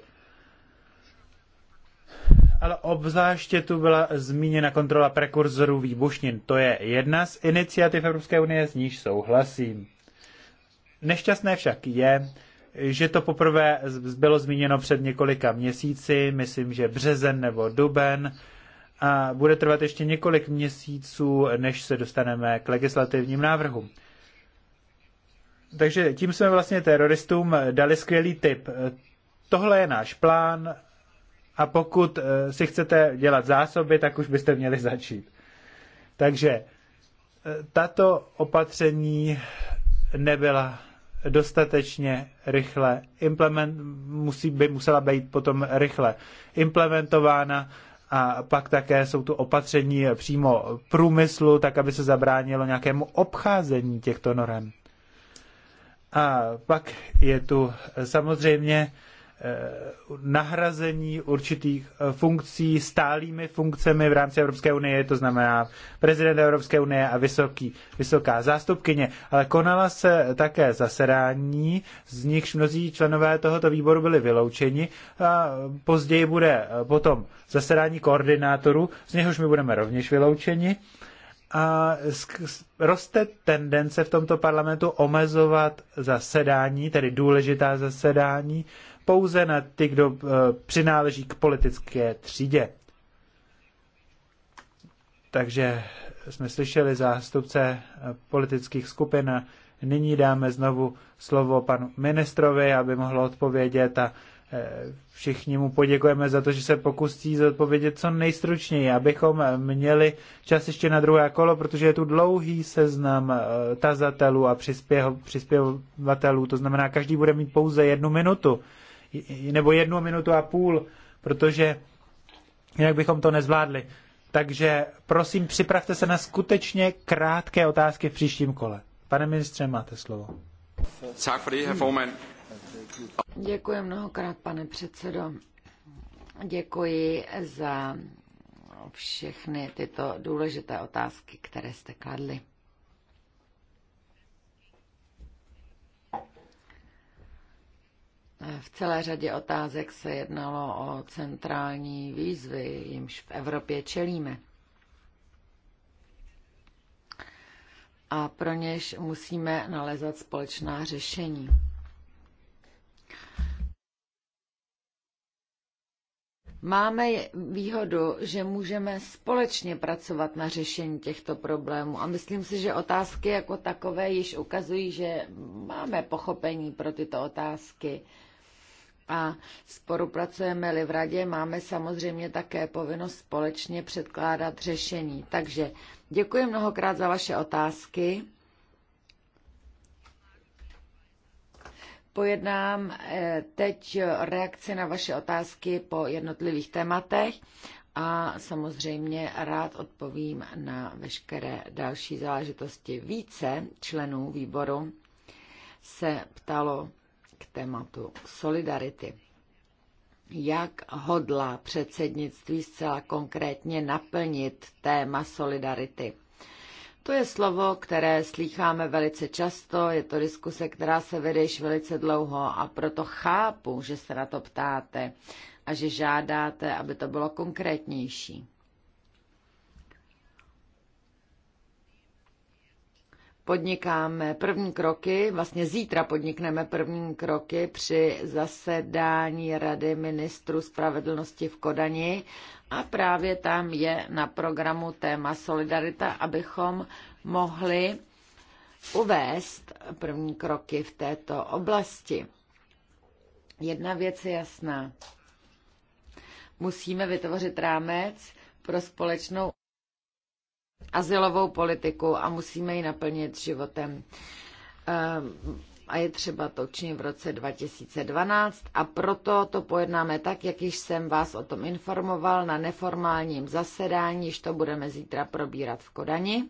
Ale obzvláště tu byla zmíněna kontrola prekurzorů výbušnin. To je jedna z iniciativ Evropské unie, s níž souhlasím. Nešťastné však je, že to poprvé bylo zmíněno před několika měsíci, myslím, že březen nebo duben, a bude trvat ještě několik měsíců, než se dostaneme k legislativním návrhům. Takže tím jsme vlastně teroristům dali skvělý tip. Tohle je náš plán a pokud eh, si chcete dělat zásoby, tak už byste měli začít. Takže eh, tato opatření nebyla dostatečně rychle implement, musí by, musela být potom rychle implementována a pak také jsou tu opatření přímo průmyslu, tak aby se zabránilo nějakému obcházení těchto norem. A pak je tu samozřejmě nahrazení určitých eh, funkcí stálými funkcemi v rámci Evropské unie, to znamená prezident Evropské unie a vysoký, vysoká zástupkyně. Ale konala se také zasedání, z nichž mnozí členové tohoto výboru byli vyloučeni a později bude eh, potom zasedání koordinátorů, z něhož my budeme rovněž vyloučeni. A roste tendence v tomto parlamentu omezovat zasedání, tedy důležitá zasedání, pouze na ty, kdo eh, přináleží k politické třídě. Takže jsme slyšeli zástupce eh, politických skupin a nyní dáme znovu slovo panu ministrovi, aby mohl odpovědět a eh, všichni mu poděkujeme za to, že se pokusí zodpovědět co nejstručněji, abychom měli čas ještě na druhé kolo, protože je tu dlouhý seznam tazatelů a přispěv, přispěvatelů, to znamená, každý bude mít pouze jednu minutu nebo jednu minutu a půl, protože jinak bychom to nezvládli. Takže prosím, připravte se na skutečně krátké otázky v příštím kole. Pane ministře, máte slovo. Děkuji mnohokrát, pane předsedo. Děkuji za všechny tyto důležité otázky, které jste kladli. V celé řadě otázek se jednalo o centrální výzvy, jimž v Evropě čelíme. A pro něž musíme nalezat společná řešení. Máme výhodu, že můžeme společně pracovat na řešení těchto problémů a myslím si, že otázky jako takové již ukazují, že máme pochopení pro tyto otázky a spolupracujeme-li v radě, máme samozřejmě také povinnost společně předkládat řešení. Takže děkuji mnohokrát za vaše otázky. Pojednám eh, teď reakci na vaše otázky po jednotlivých tématech a samozřejmě rád odpovím na veškeré další záležitosti. Více členů výboru se ptalo k tématu solidarity. Jak hodlá předsednictví zcela konkrétně naplnit téma solidarity? To je slovo, které slýcháme velice často, je to diskuse, která se vede již velice dlouho a proto chápu, že se na to ptáte a že žádáte, aby to bylo konkrétnější. podnikáme první kroky, vlastně zítra podnikneme první kroky při zasedání Rady ministrů spravedlnosti v Kodani a právě tam je na programu téma solidarita, abychom mohli uvést první kroky v této oblasti. Jedna věc je jasná. Musíme vytvořit rámec pro společnou azylovou politiku a musíme ji naplnit životem. Ehm, a je třeba to učinit v roce 2012 a proto to pojednáme tak, jak již jsem vás o tom informoval na neformálním zasedání, již to budeme zítra probírat v Kodani.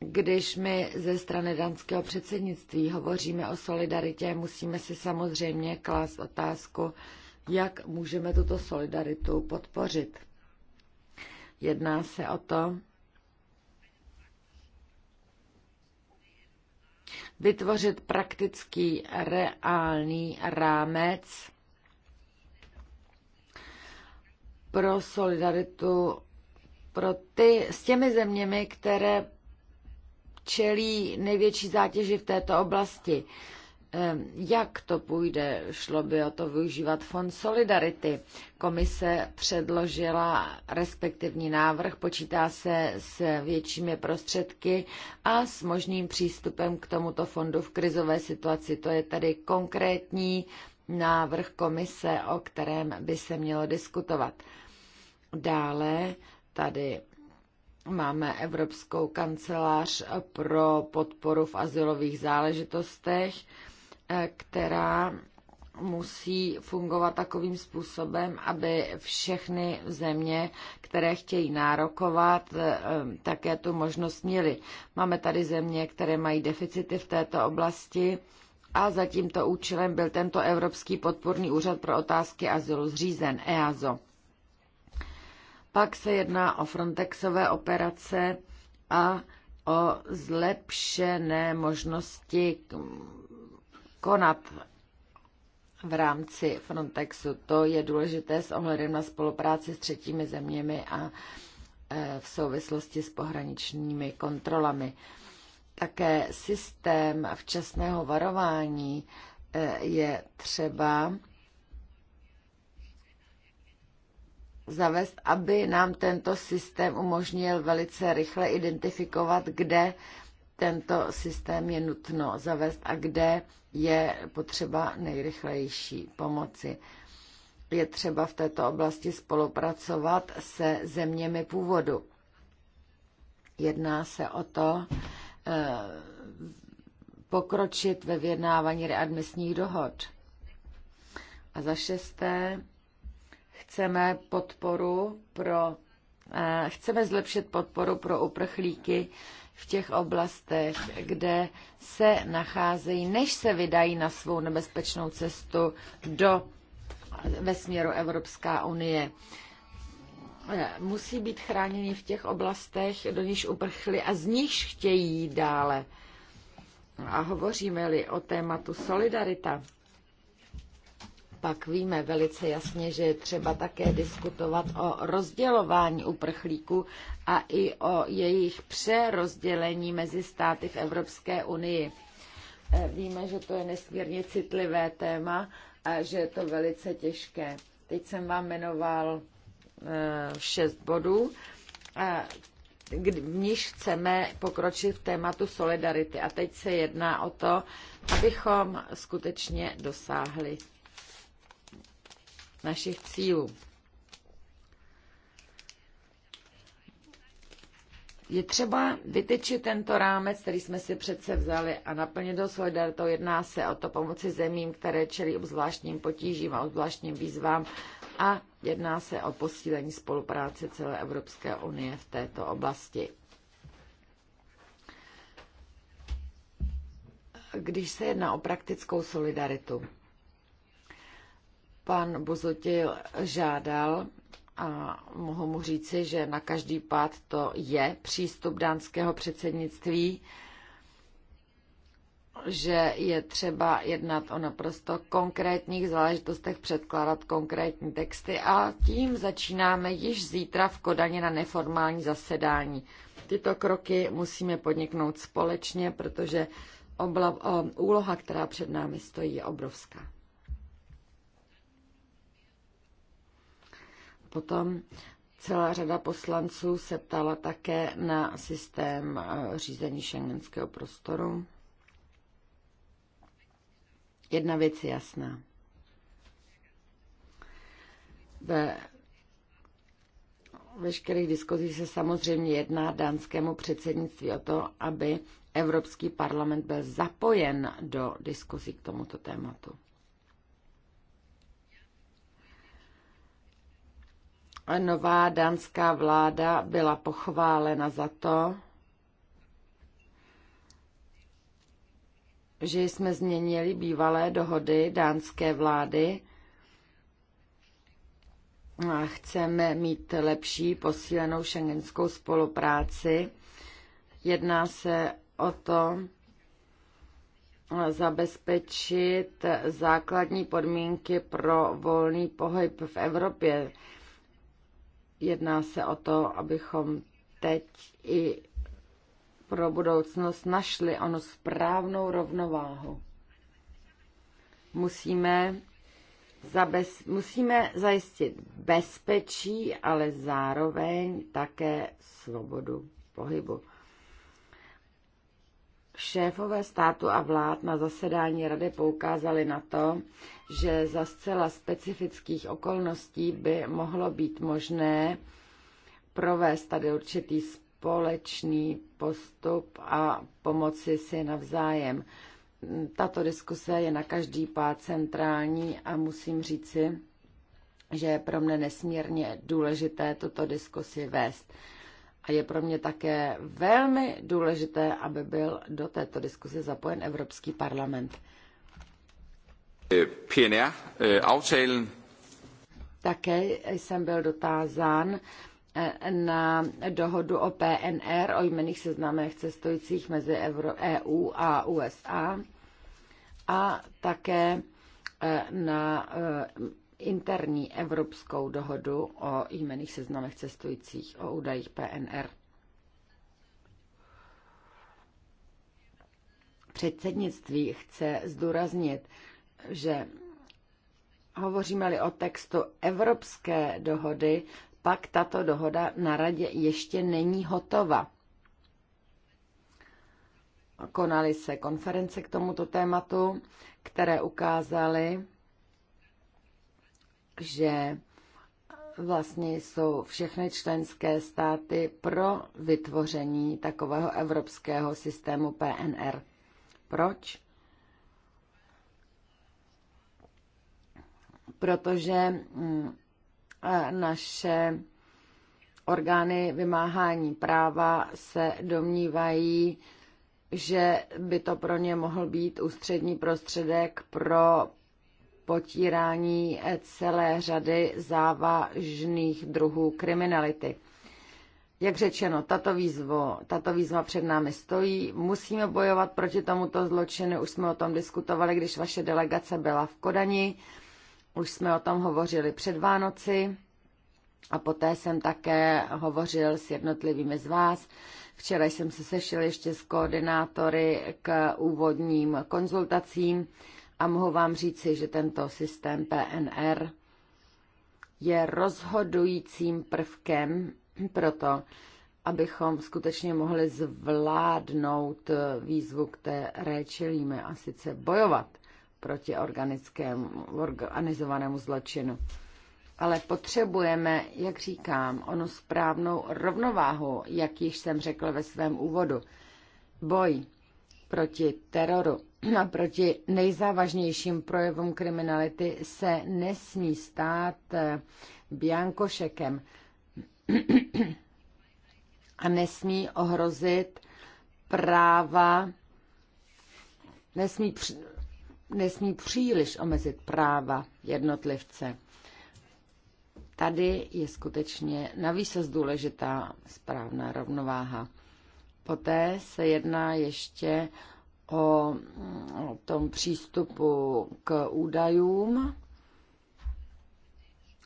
Když my ze strany danského předsednictví hovoříme o solidaritě, musíme si samozřejmě klást otázku, jak můžeme tuto solidaritu podpořit. Jedná se o to, vytvořit praktický reálný rámec pro solidaritu pro ty, s těmi zeměmi, které čelí největší zátěži v této oblasti jak to půjde, šlo by o to využívat fond Solidarity. Komise předložila respektivní návrh, počítá se s většími prostředky a s možným přístupem k tomuto fondu v krizové situaci. To je tady konkrétní návrh komise, o kterém by se mělo diskutovat. Dále tady Máme Evropskou kancelář pro podporu v asilových záležitostech Eh, která musí fungovat takovým způsobem, aby všechny země, které chtějí nárokovat, eh, také tu možnost měly. Máme tady země, které mají deficity v této oblasti a za tímto účelem byl tento Evropský podporný úřad pro otázky azylu zřízen EASO. Pak se jedná o Frontexové operace a o zlepšené možnosti konat v rámci Frontexu. To je důležité s ohledem na spolupráci s třetími zeměmi a e, v souvislosti s pohraničními kontrolami. Také systém včasného varování e, je třeba zavést, aby nám tento systém umožnil velice rychle identifikovat, kde tento systém je nutno zavést a kde je potřeba nejrychlejší pomoci. Je třeba v této oblasti spolupracovat se zeměmi původu. Jedná se o to eh, pokročit ve vyjednávání readmisních dohod. A za šesté chceme podporu pro, eh, chceme zlepšit podporu pro uprchlíky, v těch oblastech, kde se nacházejí, než se vydají na svou nebezpečnou cestu do, ve směru Evropská unie. Musí být chráněni v těch oblastech, do níž uprchli a z níž chtějí jít dále. A hovoříme-li o tématu solidarita, pak víme velice jasně, že je třeba také diskutovat o rozdělování uprchlíků a i o jejich přerozdělení mezi státy v Evropské unii. Eh, víme, že to je nesmírně citlivé téma a že je to velice těžké. Teď jsem vám jmenoval eh, šest bodů, v níž chceme pokročit v tématu solidarity. A teď se jedná o to, abychom skutečně dosáhli našich cílů. Je třeba vytyčit tento rámec, který jsme si přece vzali a naplnit do solidarity Jedná se o to pomoci zemím, které čelí obzvláštním potížím a obzvláštním výzvám a jedná se o posílení spolupráce celé Evropské unie v této oblasti. Když se jedná o praktickou solidaritu, Pan Buzotil žádal a mohu mu říci, že na každý pád to je přístup dánského předsednictví, že je třeba jednat o naprosto konkrétních záležitostech, předkládat konkrétní texty a tím začínáme již zítra v Kodaně na neformální zasedání. Tyto kroky musíme podniknout společně, protože obla, o, úloha, která před námi stojí, je obrovská. Potom celá řada poslanců se ptala také na systém eh, řízení šengenského prostoru. Jedna věc je jasná. Ve veškerých diskuzích se samozřejmě jedná dánskému předsednictví o to, aby Evropský parlament byl zapojen do diskuzí k tomuto tématu. nová dánská vláda byla pochválena za to, že jsme změnili bývalé dohody dánské vlády a chceme mít lepší posílenou šengenskou spolupráci. Jedná se o to, zabezpečit základní podmínky pro volný pohyb v Evropě. Jedná se o to, abychom teď i pro budoucnost našli ono správnou rovnováhu. Musíme, zabez, musíme zajistit bezpečí, ale zároveň také svobodu pohybu. Šéfové státu a vlád na zasedání rady poukázali na to, že za zcela specifických okolností by mohlo být možné provést tady určitý společný postup a pomoci si navzájem. Tato diskuse je na každý pád centrální a musím říci, že je pro mne nesmírně důležité tuto diskusi vést. A je pro mě také velmi důležité, aby byl do této diskuse zapojen Evropský parlament. Eh, PNR, eh, aftalen. Také jsem byl dotázán eh, na dohodu o PNR, o jmených seznamech cestujících mezi EU e a USA a také na interní evropskou dohodu o jmených seznamech cestujících, o údajích PNR. Předsednictví chce zdůraznit, že hovoříme-li o textu evropské dohody, pak tato dohoda na radě ještě není hotova. Konaly se konference k tomuto tématu, které ukázaly, že vlastně jsou všechny členské státy pro vytvoření takového evropského systému PNR. Proč? Protože mm, naše orgány vymáhání práva se domnívají, že by to pro ně mohl být ústřední prostředek pro potírání eh, celé řady závažných druhů kriminality. Jak řečeno, tato, výzvo, tato výzva před námi stojí. Musíme bojovat proti tomuto zločinu. Už jsme o tom diskutovali, když vaše delegace byla v Kodani. Už jsme o tom hovořili před Vánoci. A poté jsem také hovořil s jednotlivými z vás. Včera jsem se sešel ještě s koordinátory k úvodním konzultacím. A mohu vám říci, že tento systém PNR je rozhodujícím prvkem pro to, abychom skutečně mohli zvládnout výzvu, které čelíme, a sice bojovat proti organickému, organizovanému zločinu. Ale potřebujeme, jak říkám, onu správnou rovnováhu, jak již jsem řekl ve svém úvodu. Boj proti teroru a proti nejzávažnějším projevům kriminality se nesmí stát eh, biankošekem a nesmí ohrozit práva, nesmí, nesmí příliš omezit práva jednotlivce. Tady je skutečně navíc důležitá správná rovnováha. Poté se jedná ještě o tom přístupu k údajům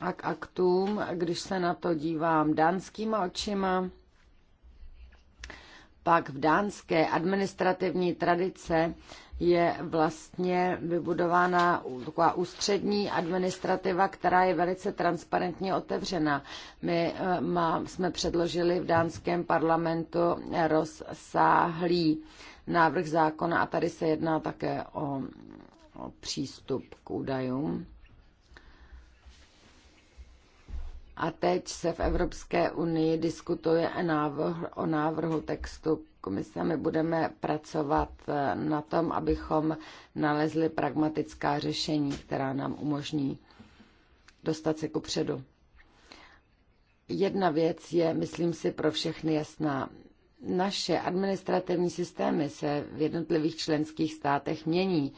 a k aktům, když se na to dívám dánskýma očima, pak v dánské administrativní tradice je vlastně vybudována taková ústřední administrativa, která je velice transparentně otevřena. My eh, má, jsme předložili v dánském parlamentu rozsáhlý návrh zákona a tady se jedná také o, o přístup k údajům. A teď se v Evropské unii diskutuje návrh, o návrhu textu komise. My budeme pracovat eh, na tom, abychom nalezli pragmatická řešení, která nám umožní dostat se ku předu. Jedna věc je, myslím si, pro všechny jasná. Naše administrativní systémy se v jednotlivých členských státech mění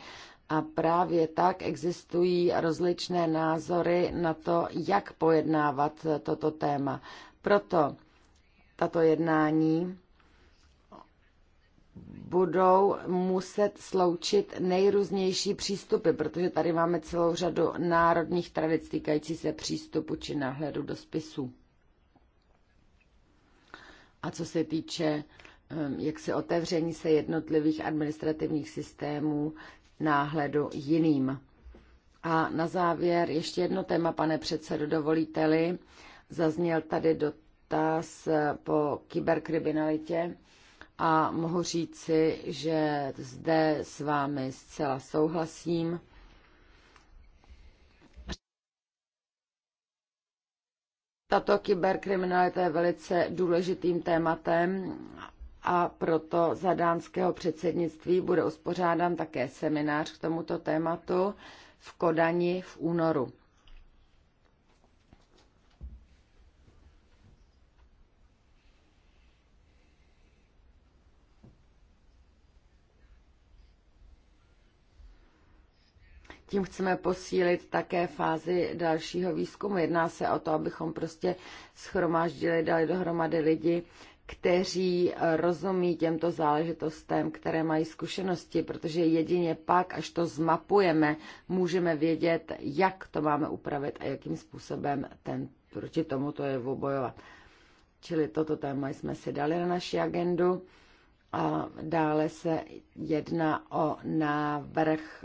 a právě tak existují rozličné názory na to, jak pojednávat toto téma. Proto tato jednání budou muset sloučit nejrůznější přístupy, protože tady máme celou řadu národních tradic týkající se přístupu či náhledu do spisů. A co se týče jak se otevření se jednotlivých administrativních systémů náhledu jiným. A na závěr ještě jedno téma, pane předsedo, dovolíte-li. Zazněl tady dotaz eh, po kyberkriminalitě a mohu říci, že zde s vámi zcela souhlasím. Tato kyberkriminalita je velice důležitým tématem a proto za dánského předsednictví bude uspořádán také seminář k tomuto tématu v Kodani v únoru. Tím chceme posílit také fázi dalšího výzkumu. Jedná se o to, abychom prostě schromáždili, dali dohromady lidi, kteří eh, rozumí těmto záležitostem, které mají zkušenosti, protože jedině pak, až to zmapujeme, můžeme vědět, jak to máme upravit a jakým způsobem ten, proti tomu to je obojovat. Čili toto téma jsme si dali na naši agendu. A dále se jedná o návrh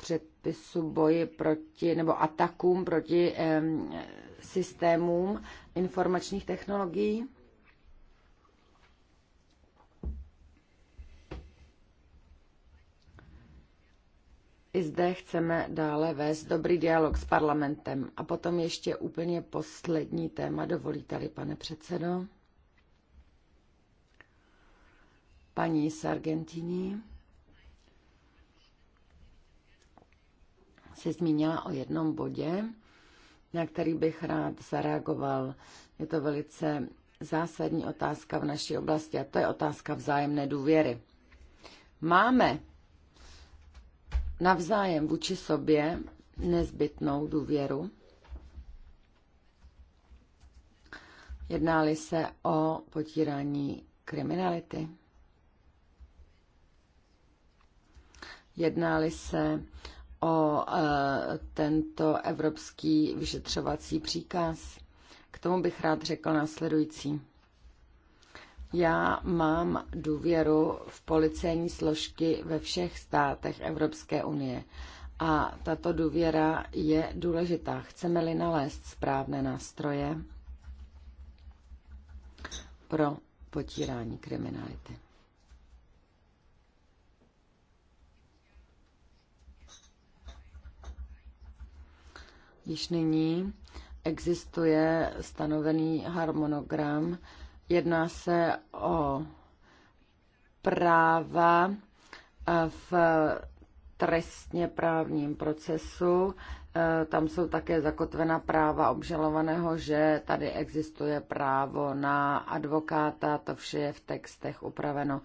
předpisu boji proti nebo atakům proti systémům informačních technologií? I zde chceme dále vést dobrý dialog s parlamentem. A potom ještě úplně poslední téma, dovolíte-li, pane předsedo? Paní z Argentiny. se zmínila o jednom bodě, na který bych rád zareagoval. Je to velice zásadní otázka v naší oblasti a to je otázka vzájemné důvěry. Máme navzájem vůči sobě nezbytnou důvěru. Jednáli se o potírání kriminality. Jednáli se o e, tento evropský vyšetřovací příkaz. K tomu bych rád řekl následující. Já mám důvěru v policejní složky ve všech státech Evropské unie. A tato důvěra je důležitá. Chceme-li nalézt správné nástroje pro potírání kriminality. Již nyní existuje stanovený harmonogram. Jedná se o práva eh, v trestně právním procesu. Eh, tam jsou také zakotvena práva obžalovaného, že tady existuje právo na advokáta, to vše je v textech upraveno.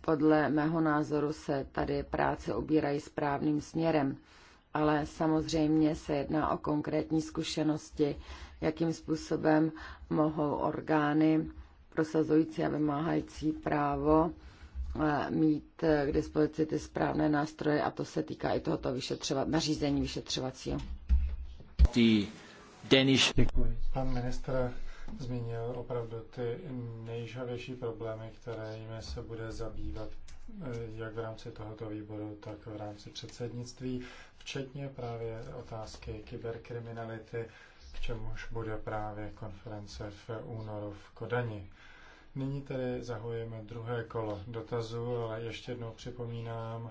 Podle mého názoru se tady práce ubírají správným směrem ale samozřejmě se jedná o konkrétní zkušenosti, jakým způsobem mohou orgány prosazující a vymáhající právo eh, mít eh, k dispozici ty správné nástroje a to se týká i tohoto vyšetřeva- nařízení vyšetřovacího. Děkuji. Pan ministr zmínil opravdu ty nejžavější problémy, kterými se bude zabývat Eh, jak v rámci tohoto výboru, tak v rámci předsednictví, včetně právě otázky kyberkriminality, k čemuž bude právě konference v únoru v Kodani. Nyní tedy zahujeme druhé kolo dotazů, ale ještě jednou připomínám,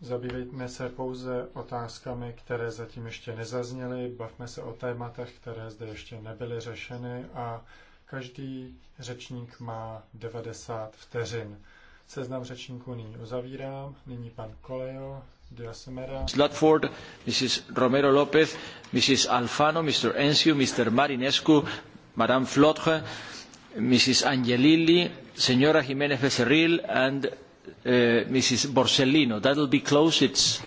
Zabývejme se pouze otázkami, které zatím ještě nezazněly, bavme se o tématech, které zde ještě nebyly řešeny a Každý řečník má 90 vteřin. Seznam řečníků nyní uzavírám. Nyní pan Kolejo, Diasemera. Ludford, Mrs. Romero López, Mrs. Alfano, Mr. Enciu, Mr. Marinescu, Madame Flotre, Mrs. Angelilli, Senora Jiménez Becerril and uh, eh, Mrs. Borsellino. will be close. It's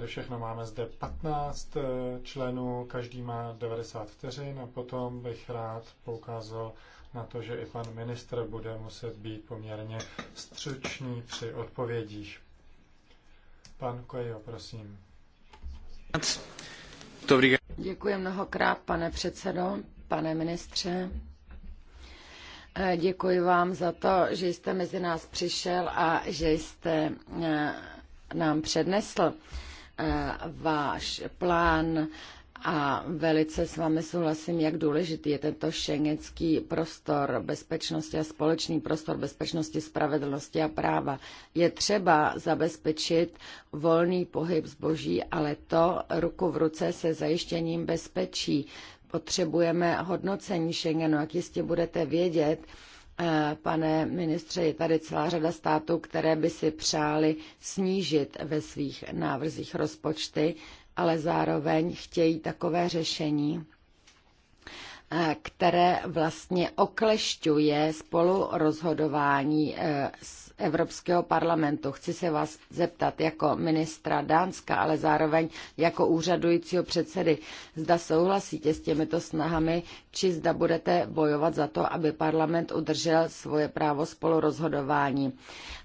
tedy všechno. Máme zde 15 eh, členů, každý má 90 vteřin a potom bych rád poukázal na to, že i pan ministr bude muset být poměrně stručný při odpovědích. Pan Kojo, prosím. Dobrý. Děkuji mnohokrát, pane předsedo, pane ministře. Eh, děkuji vám za to, že jste mezi nás přišel a že jste eh, nám přednesl Eh, váš plán a velice s vámi souhlasím, jak důležitý je tento šengenský prostor bezpečnosti a společný prostor bezpečnosti, spravedlnosti a práva. Je třeba zabezpečit volný pohyb zboží, ale to ruku v ruce se zajištěním bezpečí. Potřebujeme hodnocení Schengenu, jak jistě budete vědět, Eh, pane ministře, je tady celá řada států, které by si přáli snížit ve svých návrzích rozpočty, ale zároveň chtějí takové řešení, eh, které vlastně oklešťuje spolurozhodování eh, Evropského parlamentu. Chci se vás zeptat jako ministra Dánska, ale zároveň jako úřadujícího předsedy, zda souhlasíte s těmito snahami, či zda budete bojovat za to, aby parlament udržel svoje právo spolurozhodování.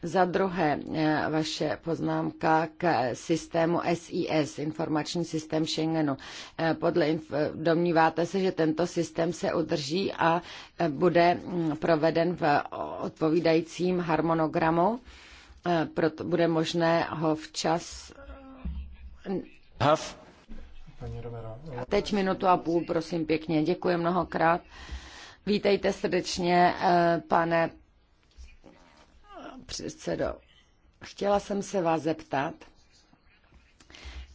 Za druhé, eh, vaše poznámka k systému SIS, informační systém Schengenu. Eh, podle domníváte se, že tento systém se udrží a eh, bude mm, proveden v odpovídajícím harmonogramu programu, eh, proto bude možné ho včas... A teď minutu a půl, prosím pěkně. Děkuji mnohokrát. Vítejte srdečně, eh, pane předsedo. Chtěla jsem se vás zeptat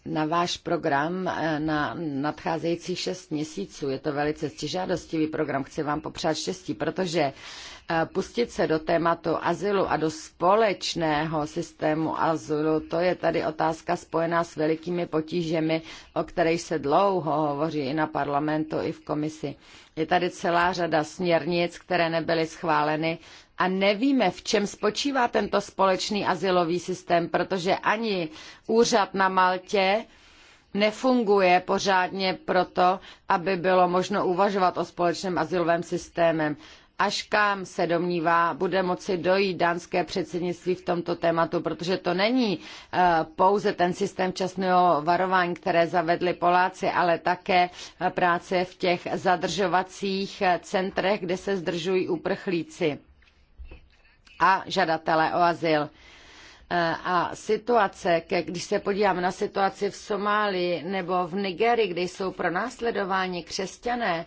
na váš program eh, na nadcházejících šest měsíců. Je to velice stěžádostivý program. Chci vám popřát štěstí, protože Eh, pustit se do tématu azylu a do společného systému azylu, to je tady otázka spojená s velikými potížemi, o kterých se dlouho hovoří i na parlamentu, i v komisi. Je tady celá řada směrnic, které nebyly schváleny a nevíme, v čem spočívá tento společný azylový systém, protože ani úřad na Maltě, nefunguje pořádně proto, aby bylo možno uvažovat o společném azylovém systému až kam se domnívá, bude moci dojít dánské předsednictví v tomto tématu, protože to není eh, pouze ten systém časného varování, které zavedli Poláci, ale také eh, práce v těch zadržovacích eh, centrech, kde se zdržují uprchlíci a žadatelé o azyl. A situace, když se podíváme na situaci v Somálii nebo v Nigerii, kde jsou pronásledováni křesťané,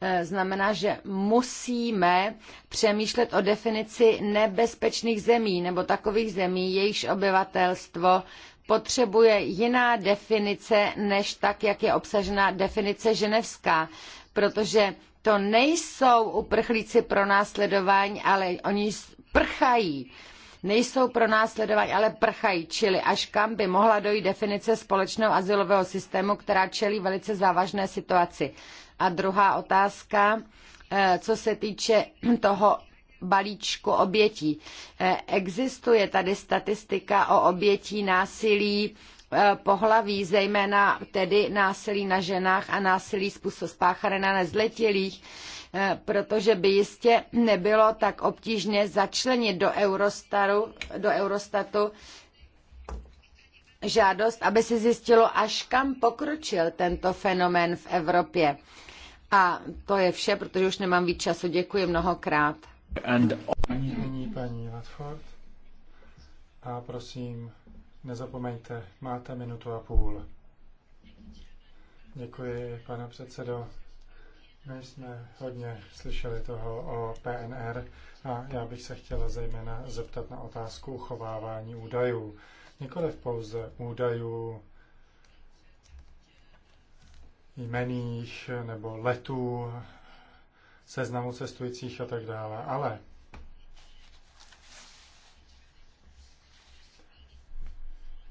Eh, znamená, že musíme přemýšlet o definici nebezpečných zemí nebo takových zemí, jejichž obyvatelstvo potřebuje jiná definice než tak, jak je obsažena definice ženevská, protože to nejsou uprchlíci pro následování, ale oni prchají nejsou pro následování, ale prchají, čili až kam by mohla dojít definice společného azylového systému, která čelí velice závažné situaci. A druhá otázka, eh, co se týče toho balíčku obětí. Eh, existuje tady statistika o obětí násilí eh, pohlaví, zejména tedy násilí na ženách a násilí způsob spáchané na nezletilých, protože by jistě nebylo tak obtížně začlenit do, Eurostaru, do Eurostatu žádost, aby se zjistilo, až kam pokročil tento fenomén v Evropě. A to je vše, protože už nemám víc času. Děkuji mnohokrát. And... Nyní paní Latford. A prosím, nezapomeňte, máte minutu a půl. Děkuji, pane předsedo. My jsme hodně slyšeli toho o PNR a já bych se chtěla zejména zeptat na otázku chovávání údajů. Nikoliv pouze údajů jmených nebo letů, seznamu cestujících a tak dále. Ale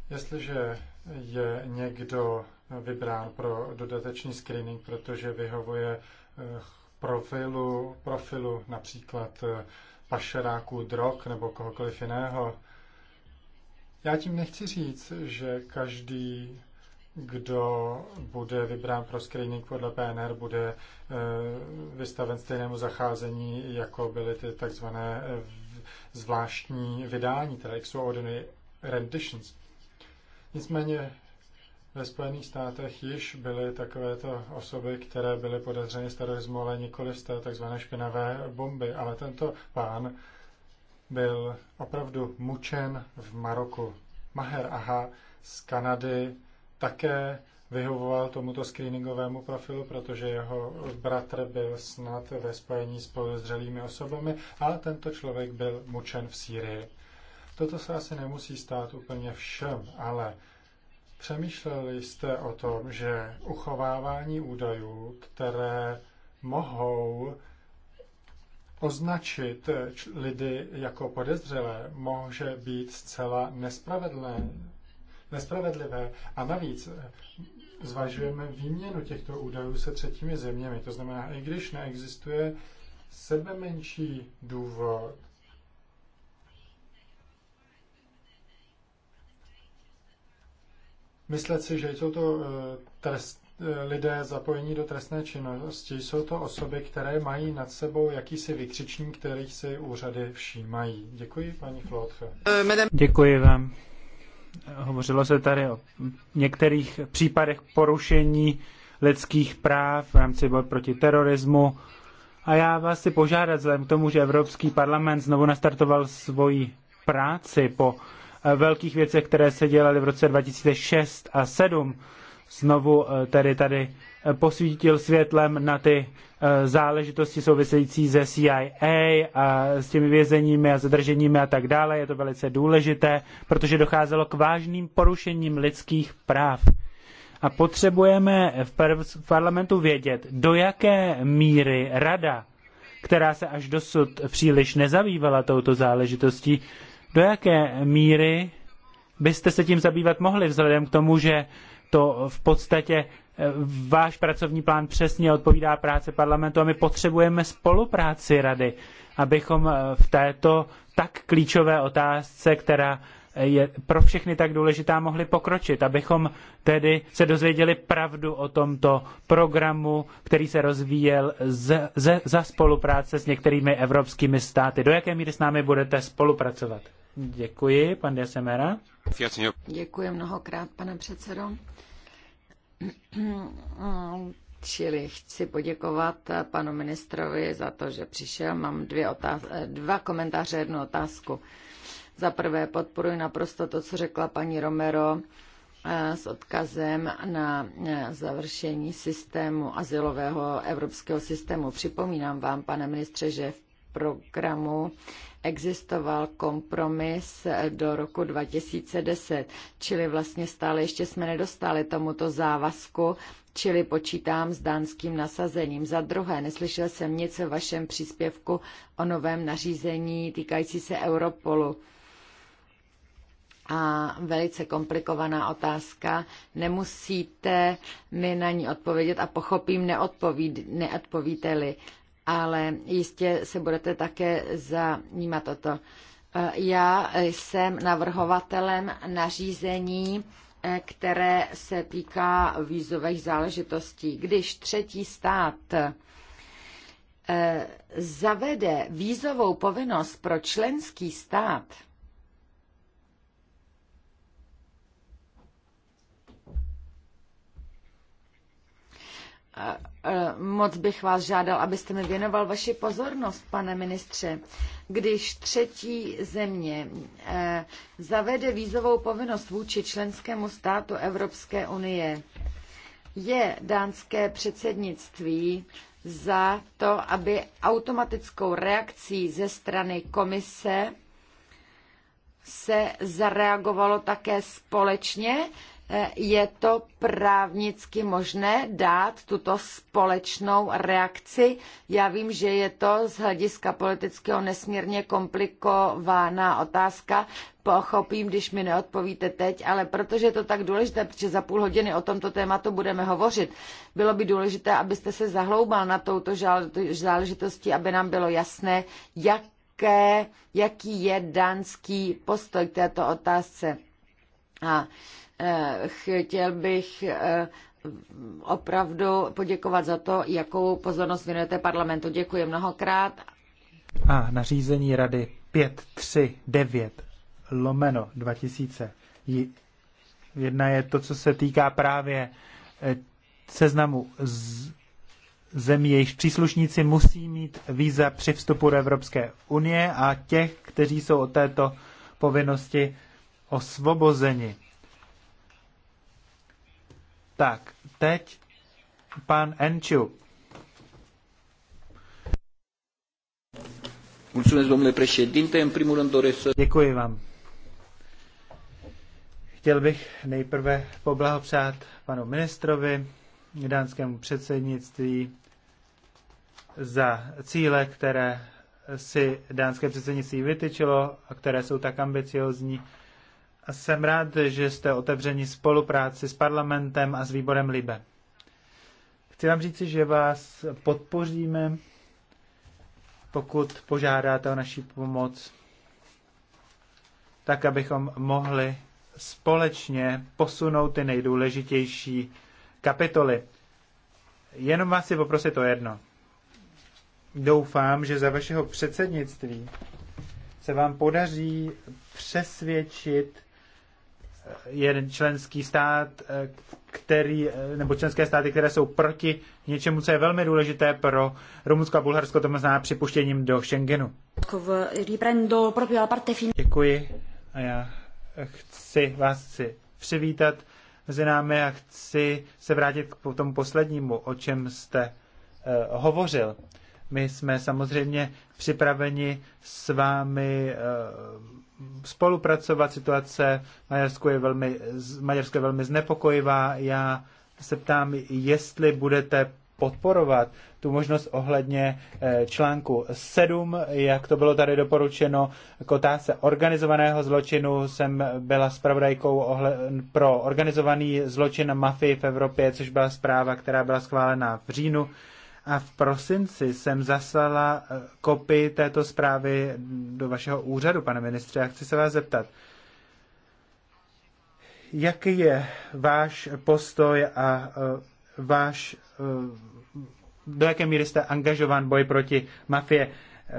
jestliže je někdo vybrán pro dodatečný screening, protože vyhovuje eh, profilu, profilu například eh, pašeráků drog nebo kohokoliv jiného. Já tím nechci říct, že každý kdo bude vybrán pro screening podle PNR, bude eh, vystaven stejnému zacházení, jako byly ty takzvané eh, zvláštní vydání, tedy extraordinary renditions. Nicméně ve Spojených státech již byly takovéto osoby, které byly podezřeny z terorismu, ale nikoli z té tzv. špinavé bomby. Ale tento pán byl opravdu mučen v Maroku. Maher Aha z Kanady také vyhovoval tomuto screeningovému profilu, protože jeho bratr byl snad ve spojení s podezřelými osobami a tento člověk byl mučen v Sýrii. Toto se asi nemusí stát úplně všem, ale přemýšleli jste o tom, že uchovávání údajů, které mohou označit lidi jako podezřelé, může být zcela nespravedlné nespravedlivé. A navíc eh, zvažujeme výměnu těchto údajů se třetími zeměmi. To znamená, i když neexistuje sebe menší důvod, myslet si, že jsou to eh, trest, eh, lidé zapojení do trestné činnosti, jsou to osoby, které mají nad sebou jakýsi vykřičník, kterých si úřady všímají. Děkuji, paní Flotche. Děkuji vám. Hovořilo se tady o některých případech porušení lidských práv v rámci boje proti terorismu. A já vás si požádat, vzhledem k tomu, že Evropský parlament znovu nastartoval svoji práci po eh, velkých věcech, které se dělaly v roce 2006 a 2007, znovu eh, tedy tady posvítil světlem na ty eh, záležitosti související ze CIA a s těmi vězeními a zadrženími a tak dále. Je to velice důležité, protože docházelo k vážným porušením lidských práv. A potřebujeme v parlamentu vědět, do jaké míry rada, která se až dosud příliš nezabývala touto záležitostí, do jaké míry byste se tím zabývat mohli, vzhledem k tomu, že to v podstatě váš pracovní plán přesně odpovídá práci parlamentu a my potřebujeme spolupráci rady, abychom eh, v této tak klíčové otázce, která je pro všechny tak důležitá, mohli pokročit, abychom tedy se dozvěděli pravdu o tomto programu, který se rozvíjel za spolupráce s některými evropskými státy. Do jaké míry s námi budete spolupracovat? Děkuji, pan Diasemera. Děkuji mnohokrát, pane předsedo. Čili chci poděkovat panu ministrovi za to, že přišel. Mám dvě otáz- dva komentáře, jednu otázku. Za prvé podporuji naprosto to, co řekla paní Romero eh, s odkazem na eh, završení systému asilového evropského systému. Připomínám vám, pane ministře, že v programu existoval kompromis do roku 2010, čili vlastně stále ještě jsme nedostali tomuto závazku, čili počítám s dánským nasazením. Za druhé, neslyšel jsem nic o vašem příspěvku o novém nařízení týkající se Europolu. A velice komplikovaná otázka. Nemusíte mi na ní odpovědět a pochopím, neodpovíte-li ale jistě se budete také zajímat o to. E, já jsem navrhovatelem nařízení, e, které se týká vízových záležitostí. Když třetí stát e, zavede vízovou povinnost pro členský stát, Moc bych vás žádal, abyste mi věnoval vaši pozornost, pane ministře. Když třetí země e, zavede vízovou povinnost vůči členskému státu Evropské unie, je dánské předsednictví za to, aby automatickou reakcí ze strany komise se zareagovalo také společně je to právnicky možné dát tuto společnou reakci? Já vím, že je to z hlediska politického nesmírně komplikovaná otázka. Pochopím, když mi neodpovíte teď, ale protože je to tak důležité, protože za půl hodiny o tomto tématu budeme hovořit, bylo by důležité, abyste se zahloubal na touto záležitosti, aby nám bylo jasné, jaké, jaký je dánský postoj k této otázce. A Eh, chtěl bych eh, opravdu poděkovat za to, jakou pozornost věnujete parlamentu. Děkuji mnohokrát. A nařízení rady 539 lomeno 2000. Jedna je to, co se týká právě eh, seznamu z zemí, jejichž příslušníci musí mít víza při vstupu do Evropské unie a těch, kteří jsou od této povinnosti osvobozeni. Tak, teď pan Enču. Mulțumesc, domnule președinte. În primul rând doresc să... Děkuji vám. Chtěl bych nejprve poblahopřát panu ministrovi, dánskému předsednictví za cíle, které si dánské předsednictví vytyčilo a které jsou tak ambiciozní, jsem rád, že jste otevřeni spolupráci s parlamentem a s výborem LIBE. Chci vám říci, že vás podpoříme, pokud požádáte o naši pomoc, tak abychom mohli společně posunout ty nejdůležitější kapitoly. Jenom vás si poprosit o jedno. Doufám, že za vašeho předsednictví se vám podaří přesvědčit jeden členský stát, eh, který, eh, nebo členské státy, které jsou proti něčemu, co je velmi důležité pro Rumunsko a Bulharsko, to znamená připuštěním do Schengenu. Děkuji a já chci vás si přivítat mezi námi a chci se vrátit k tomu poslednímu, o čem jste uh, hovořil. My jsme samozřejmě připraveni s vámi uh, spolupracovat. Situace v Maďarsku je velmi, Maďarsko je velmi znepokojivá. Já se ptám, jestli budete podporovat tu možnost ohledně eh, článku 7, jak to bylo tady doporučeno, kotá se organizovaného zločinu. Jsem byla spravodajkou pro organizovaný zločin a mafii v Evropě, což byla zpráva, která byla schválena v říjnu a v prosinci jsem zaslala eh, kopii této zprávy do vašeho úřadu, pane ministře, a chci se vás zeptat, jaký je váš postoj a eh, váš, eh, do jaké míry jste angažován boj proti mafie?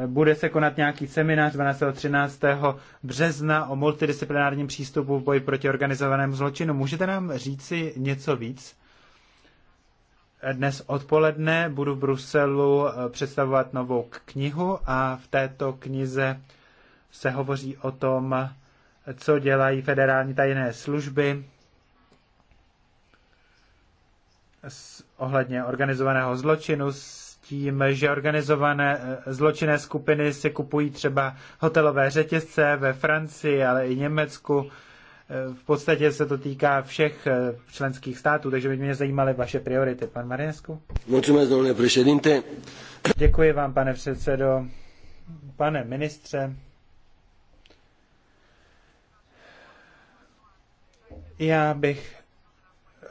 Bude se konat nějaký seminář 12. 13. března o multidisciplinárním přístupu v boji proti organizovanému zločinu. Můžete nám říci něco víc? Dnes odpoledne budu v Bruselu eh, představovat novou knihu a v této knize se hovoří o tom, co dělají federální tajné služby ohledně organizovaného zločinu s tím, že organizované eh, zločinné skupiny si kupují třeba hotelové řetězce ve Francii, ale i Německu, v podstatě se to týká všech eh, členských států, takže by mě zajímaly vaše priority. Pan Marinescu? Děkuji vám, pane předsedo. Pane ministře, já bych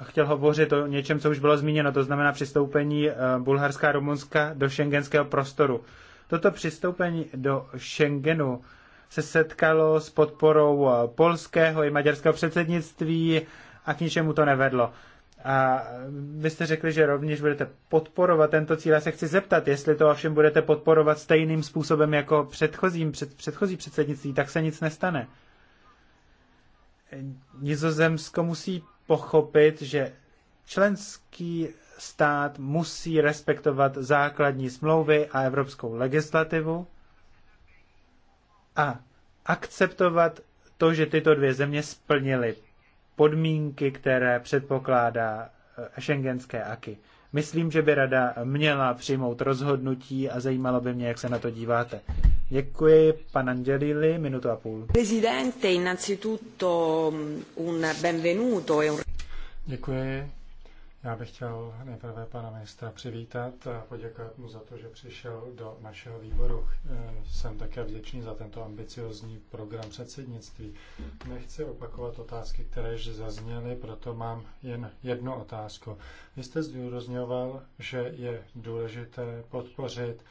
chtěl hovořit o něčem, co už bylo zmíněno, to znamená přistoupení eh, Bulharska a Rumunska do šengenského prostoru. Toto přistoupení do Schengenu se setkalo s podporou eh, polského i maďarského předsednictví a k ničemu to nevedlo. A eh, vy jste řekli, že rovněž budete podporovat tento cíl. Já se chci zeptat, jestli to ovšem budete podporovat stejným způsobem jako předchozím, před, předchozí předsednictví, tak se nic nestane. Nizozemsko musí pochopit, že členský stát musí respektovat základní smlouvy a evropskou legislativu a akceptovat to, že tyto dvě země splnily podmínky, které předpokládá eh, šengenské aky. Myslím, že by rada měla přijmout rozhodnutí a zajímalo by mě, jak se na to díváte. Děkuji, pan Angelili, minutu a půl. Presidente, innanzitutto mm, un benvenuto e un... Děkuji. Já bych chtěl nejprve pana ministra přivítat a poděkat mu za to, že přišel do našeho výboru. Jsem také vděčný za tento ambiciozní program předsednictví. Nechci opakovat otázky, které již zazněly, proto mám jen jednu otázku. Vy jste zdůrazňoval, že je důležité podpořit